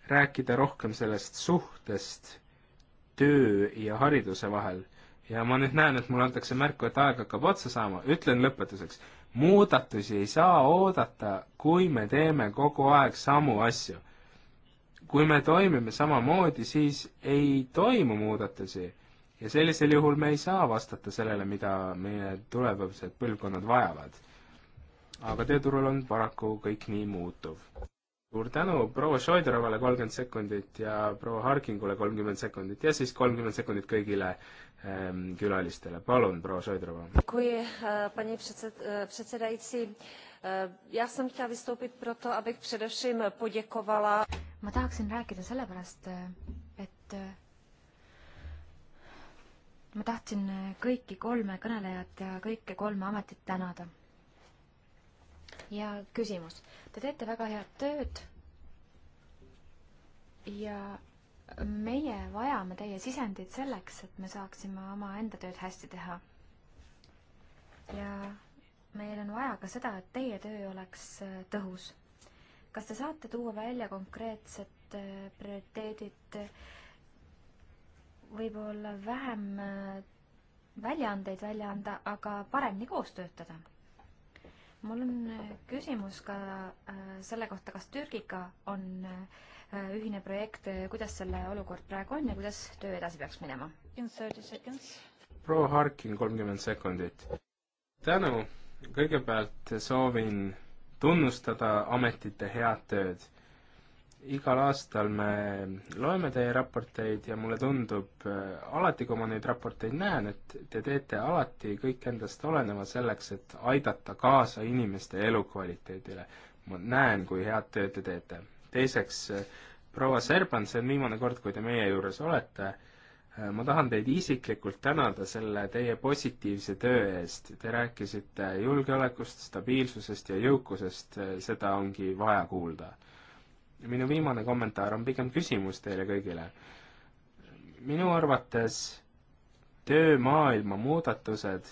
rääkida rohkem sellest suhtest töö ja hariduse vahel. ja ma nüüd näen, et mulle antakse märku, et aeg hakkab otsa saama, ütlen lõpetuseks, muudatusi ei saa oodata, kui me teeme kogu aeg samu asju kui me toimime samamoodi, siis ei toimu muudatusi ja sellisel juhul me ei saa vastata sellele, mida meie tulevased põlvkonnad vajavad. aga tööturul on paraku kõik nii muutuv. suur tänu proua Šoiderovale kolmkümmend sekundit ja proua Harkingule kolmkümmend sekundit ja siis kolmkümmend sekundit kõigile ähm, külalistele. palun, proua Šoiderova. kui äh, pani predsed- äh,, predsedaitsi jah, eh, jsem chtěla vystoupit proto, abych především poděkovala. ma tahaksin rääkida sellepärast, eh, et eh, ma tahtsin kõiki kolme kõnelejat ja kõike kolme ametit tänada. ja küsimus, te teete väga head tööd ja meie vajame teie sisendit selleks, et me saaksime omaenda tööd hästi teha. ja meil on vaja ka seda, et teie töö oleks äh, tõhus. kas te saate tuua välja konkreetsed äh, prioriteedid, võib-olla vähem äh, väljaandeid välja anda, aga paremini koos töötada? mul on küsimus ka selle kohta, kas Türgiga on ühine projekt, kuidas selle olukord praegu on ja kuidas töö edasi peaks minema? proua Harkin, kolmkümmend sekundit. tänu kõigepealt soovin tunnustada ametite head tööd. igal aastal me loeme teie raporteid ja mulle tundub äh, alati, kui ma neid raporteid näen, et te teete alati kõik endast oleneva selleks, et aidata kaasa inimeste elukvaliteedile. ma näen, kui head tööd te teete. teiseks, äh, proua Serban, see on viimane kord, kui te meie juures olete Äh, ma tahan teid isiklikult tänada selle teie positiivse töö eest. Te rääkisite julgeolekust, stabiilsusest ja jõukusest, äh, seda ongi vaja kuulda. minu viimane kommentaar on pigem küsimus teile kõigile. minu arvates töömaailma muudatused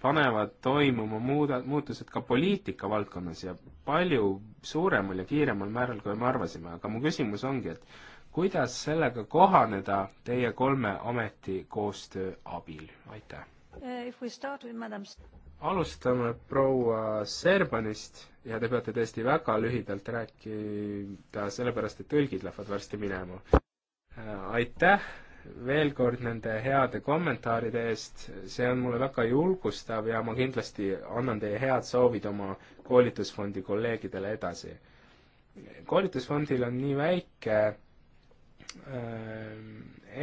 panevad toimuma muuda-, muutused ka poliitika valdkonnas ja palju suuremal ja kiiremal määral, kui me arvasime, aga mu küsimus ongi, et kuidas sellega kohaneda teie kolme ameti koostöö abil, aitäh! Eh, alustame proua Serbanist ja te peate tõesti väga lühidalt rääkida, sellepärast et tõlgid lähevad varsti minema. Eh, aitäh veel kord nende heade kommentaaride eest, see on mulle väga julgustav ja ma kindlasti annan teie head soovid oma koolitusfondi kolleegidele edasi. koolitusfondil on nii väike Äh,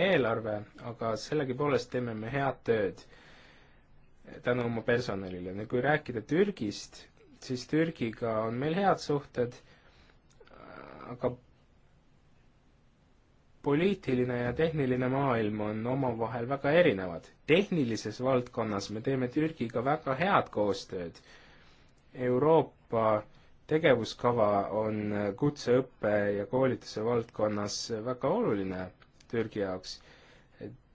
eelarve, aga sellegipoolest teeme me head tööd tänu oma personalile. no kui rääkida Türgist, siis Türgiga on meil head suhted, aga poliitiline ja tehniline maailm on omavahel väga erinevad. tehnilises valdkonnas me teeme Türgiga väga head koostööd. Euroopa äh, tegevuskava on kutseõppe ja koolituse valdkonnas väga oluline Türgi jaoks.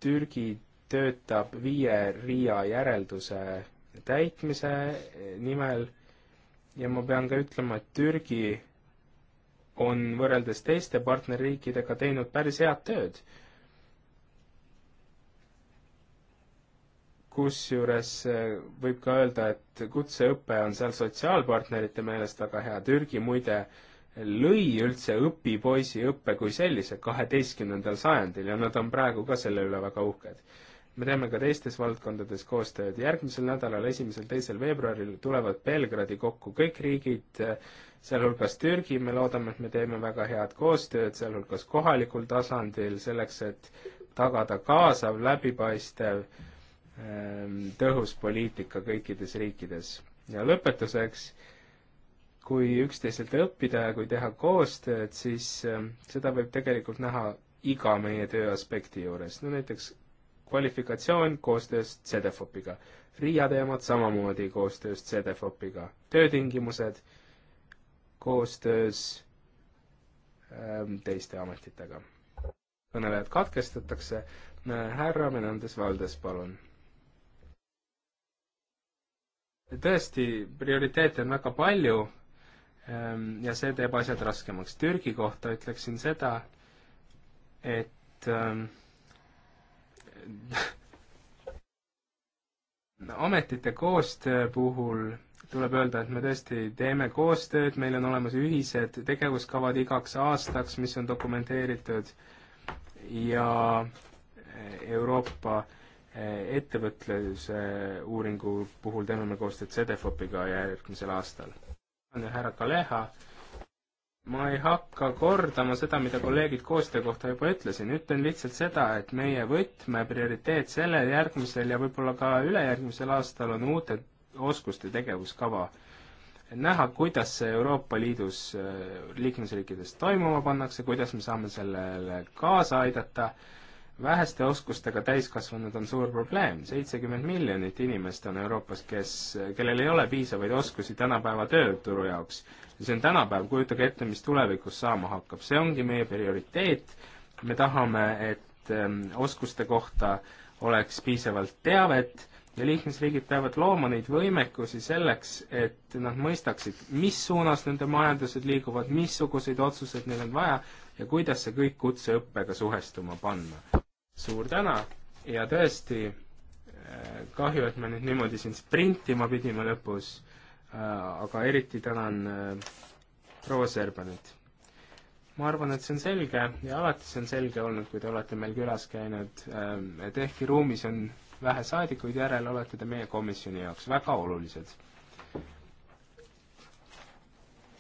Türgi töötab viie RIA järelduse täitmise nimel ja ma pean ka ütlema, et Türgi on võrreldes teiste partnerriikidega teinud päris head tööd kusjuures eh, võib ka öelda, et kutseõpe on seal sotsiaalpartnerite meelest väga hea, Türgi muide lõi üldse õpipoisi õppe kui sellise kaheteistkümnendal sajandil ja nad on praegu ka selle üle väga uhked. me teeme ka teistes valdkondades koostööd, järgmisel nädalal, esimesel-teisel veebruaril tulevad Belgradi kokku kõik riigid, eh, sealhulgas Türgi, me loodame, et me teeme väga head koostööd, sealhulgas kohalikul tasandil, selleks et tagada kaasav, läbipaistev äh, Ähm, tõhus poliitika kõikides riikides. ja lõpetuseks, kui üksteiselt õppida ja kui teha koostööd, siis ähm, seda võib tegelikult näha iga meie töö aspekti juures, no näiteks kvalifikatsioon koostöös CDFOPiga, RIA teemad samamoodi koostöös CDFOPiga, töötingimused koostöös ähm, teiste ametitega. kõnelejad katkestatakse, äh, härra Menandes Valdes, palun tõesti, prioriteete on väga palju ehm, ja see teeb asjad raskemaks. Türgi kohta ütleksin seda, et ähm, ametite koostöö puhul tuleb öelda, et me tõesti teeme koostööd, meil on olemas ühised tegevuskavad igaks aastaks, mis on dokumenteeritud ja Euroopa äh, ettevõtluse uuringu puhul teeme me koostööd CDFOPiga järgmisel aastal. härra Kaleha, ma ei hakka kordama seda, mida kolleegid koostöö kohta juba ütlesin, ütlen lihtsalt seda, et meie võtmeprioriteet sellel järgmisel ja võib-olla ka ülejärgmisel aastal on uute oskuste tegevuskava. näha, kuidas see Euroopa Liidus äh, liikmesriikides toimuma pannakse, kuidas me saame sellele kaasa aidata väheste oskustega täiskasvanud on suur probleem, seitsekümmend miljonit inimest on Euroopas, kes, kellel ei ole piisavaid oskusi tänapäeva tööturu jaoks. ja see on tänapäev, kujutage ette, mis tulevikus saama hakkab, see ongi meie prioriteet, me tahame, et ähm, oskuste kohta oleks piisavalt teavet ja liikmesriigid peavad looma neid võimekusi selleks, et nad mõistaksid, mis suunas nende majandused liiguvad, missuguseid otsuseid neil on vaja ja kuidas see kõik kutseõppega suhestuma panna suur täna ja tõesti, eh, kahju, et me nüüd niimoodi siin sprintima pidime lõpus, eh, aga eriti tänan eh, proua Serbanit. ma arvan, et see on selge ja alati see on selge olnud, kui te olete meil külas käinud, et ehkki ruumis on vähe saadikuid järel, olete te meie komisjoni jaoks väga olulised.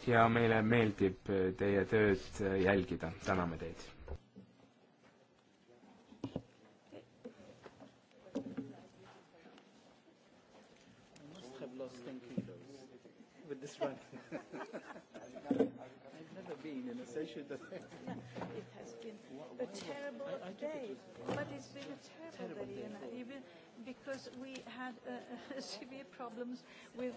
ja meile meeldib teie tööd jälgida, täname teid pain and essentially the no, It has been a terrible I, I day, it was, but it's been a terrible, terrible day, day. And even because we had uh, severe problems with.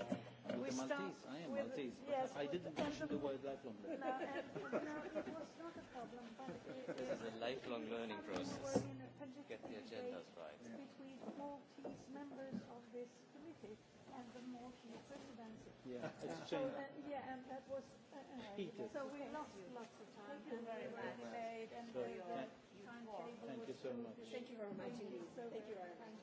With, with the Maltese, I am with, Maltese. Yes, I didn't mention the word lifelong learning. No, and, no, it was not a problem, but it, this is a lifelong learning process. Get the agendas right. Between Maltese members of this committee and the more to the presidency. Yeah, it's so China. that, yeah, and that was. Uh, uh, uh so we lost you. lots of time. Thank you very much. Thank you very much. Thank you so much. Thank you very much indeed. Thank you very much.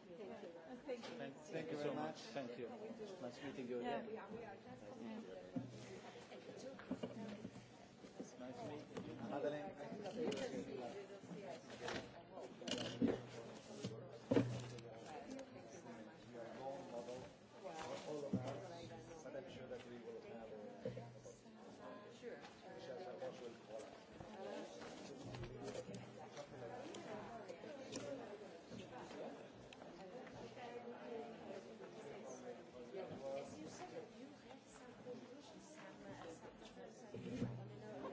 Thank you. Thank you so much. Thank you. Nice meeting you again. Yeah, we are just coming. Nice meeting you. Madeleine, I think I'll see you.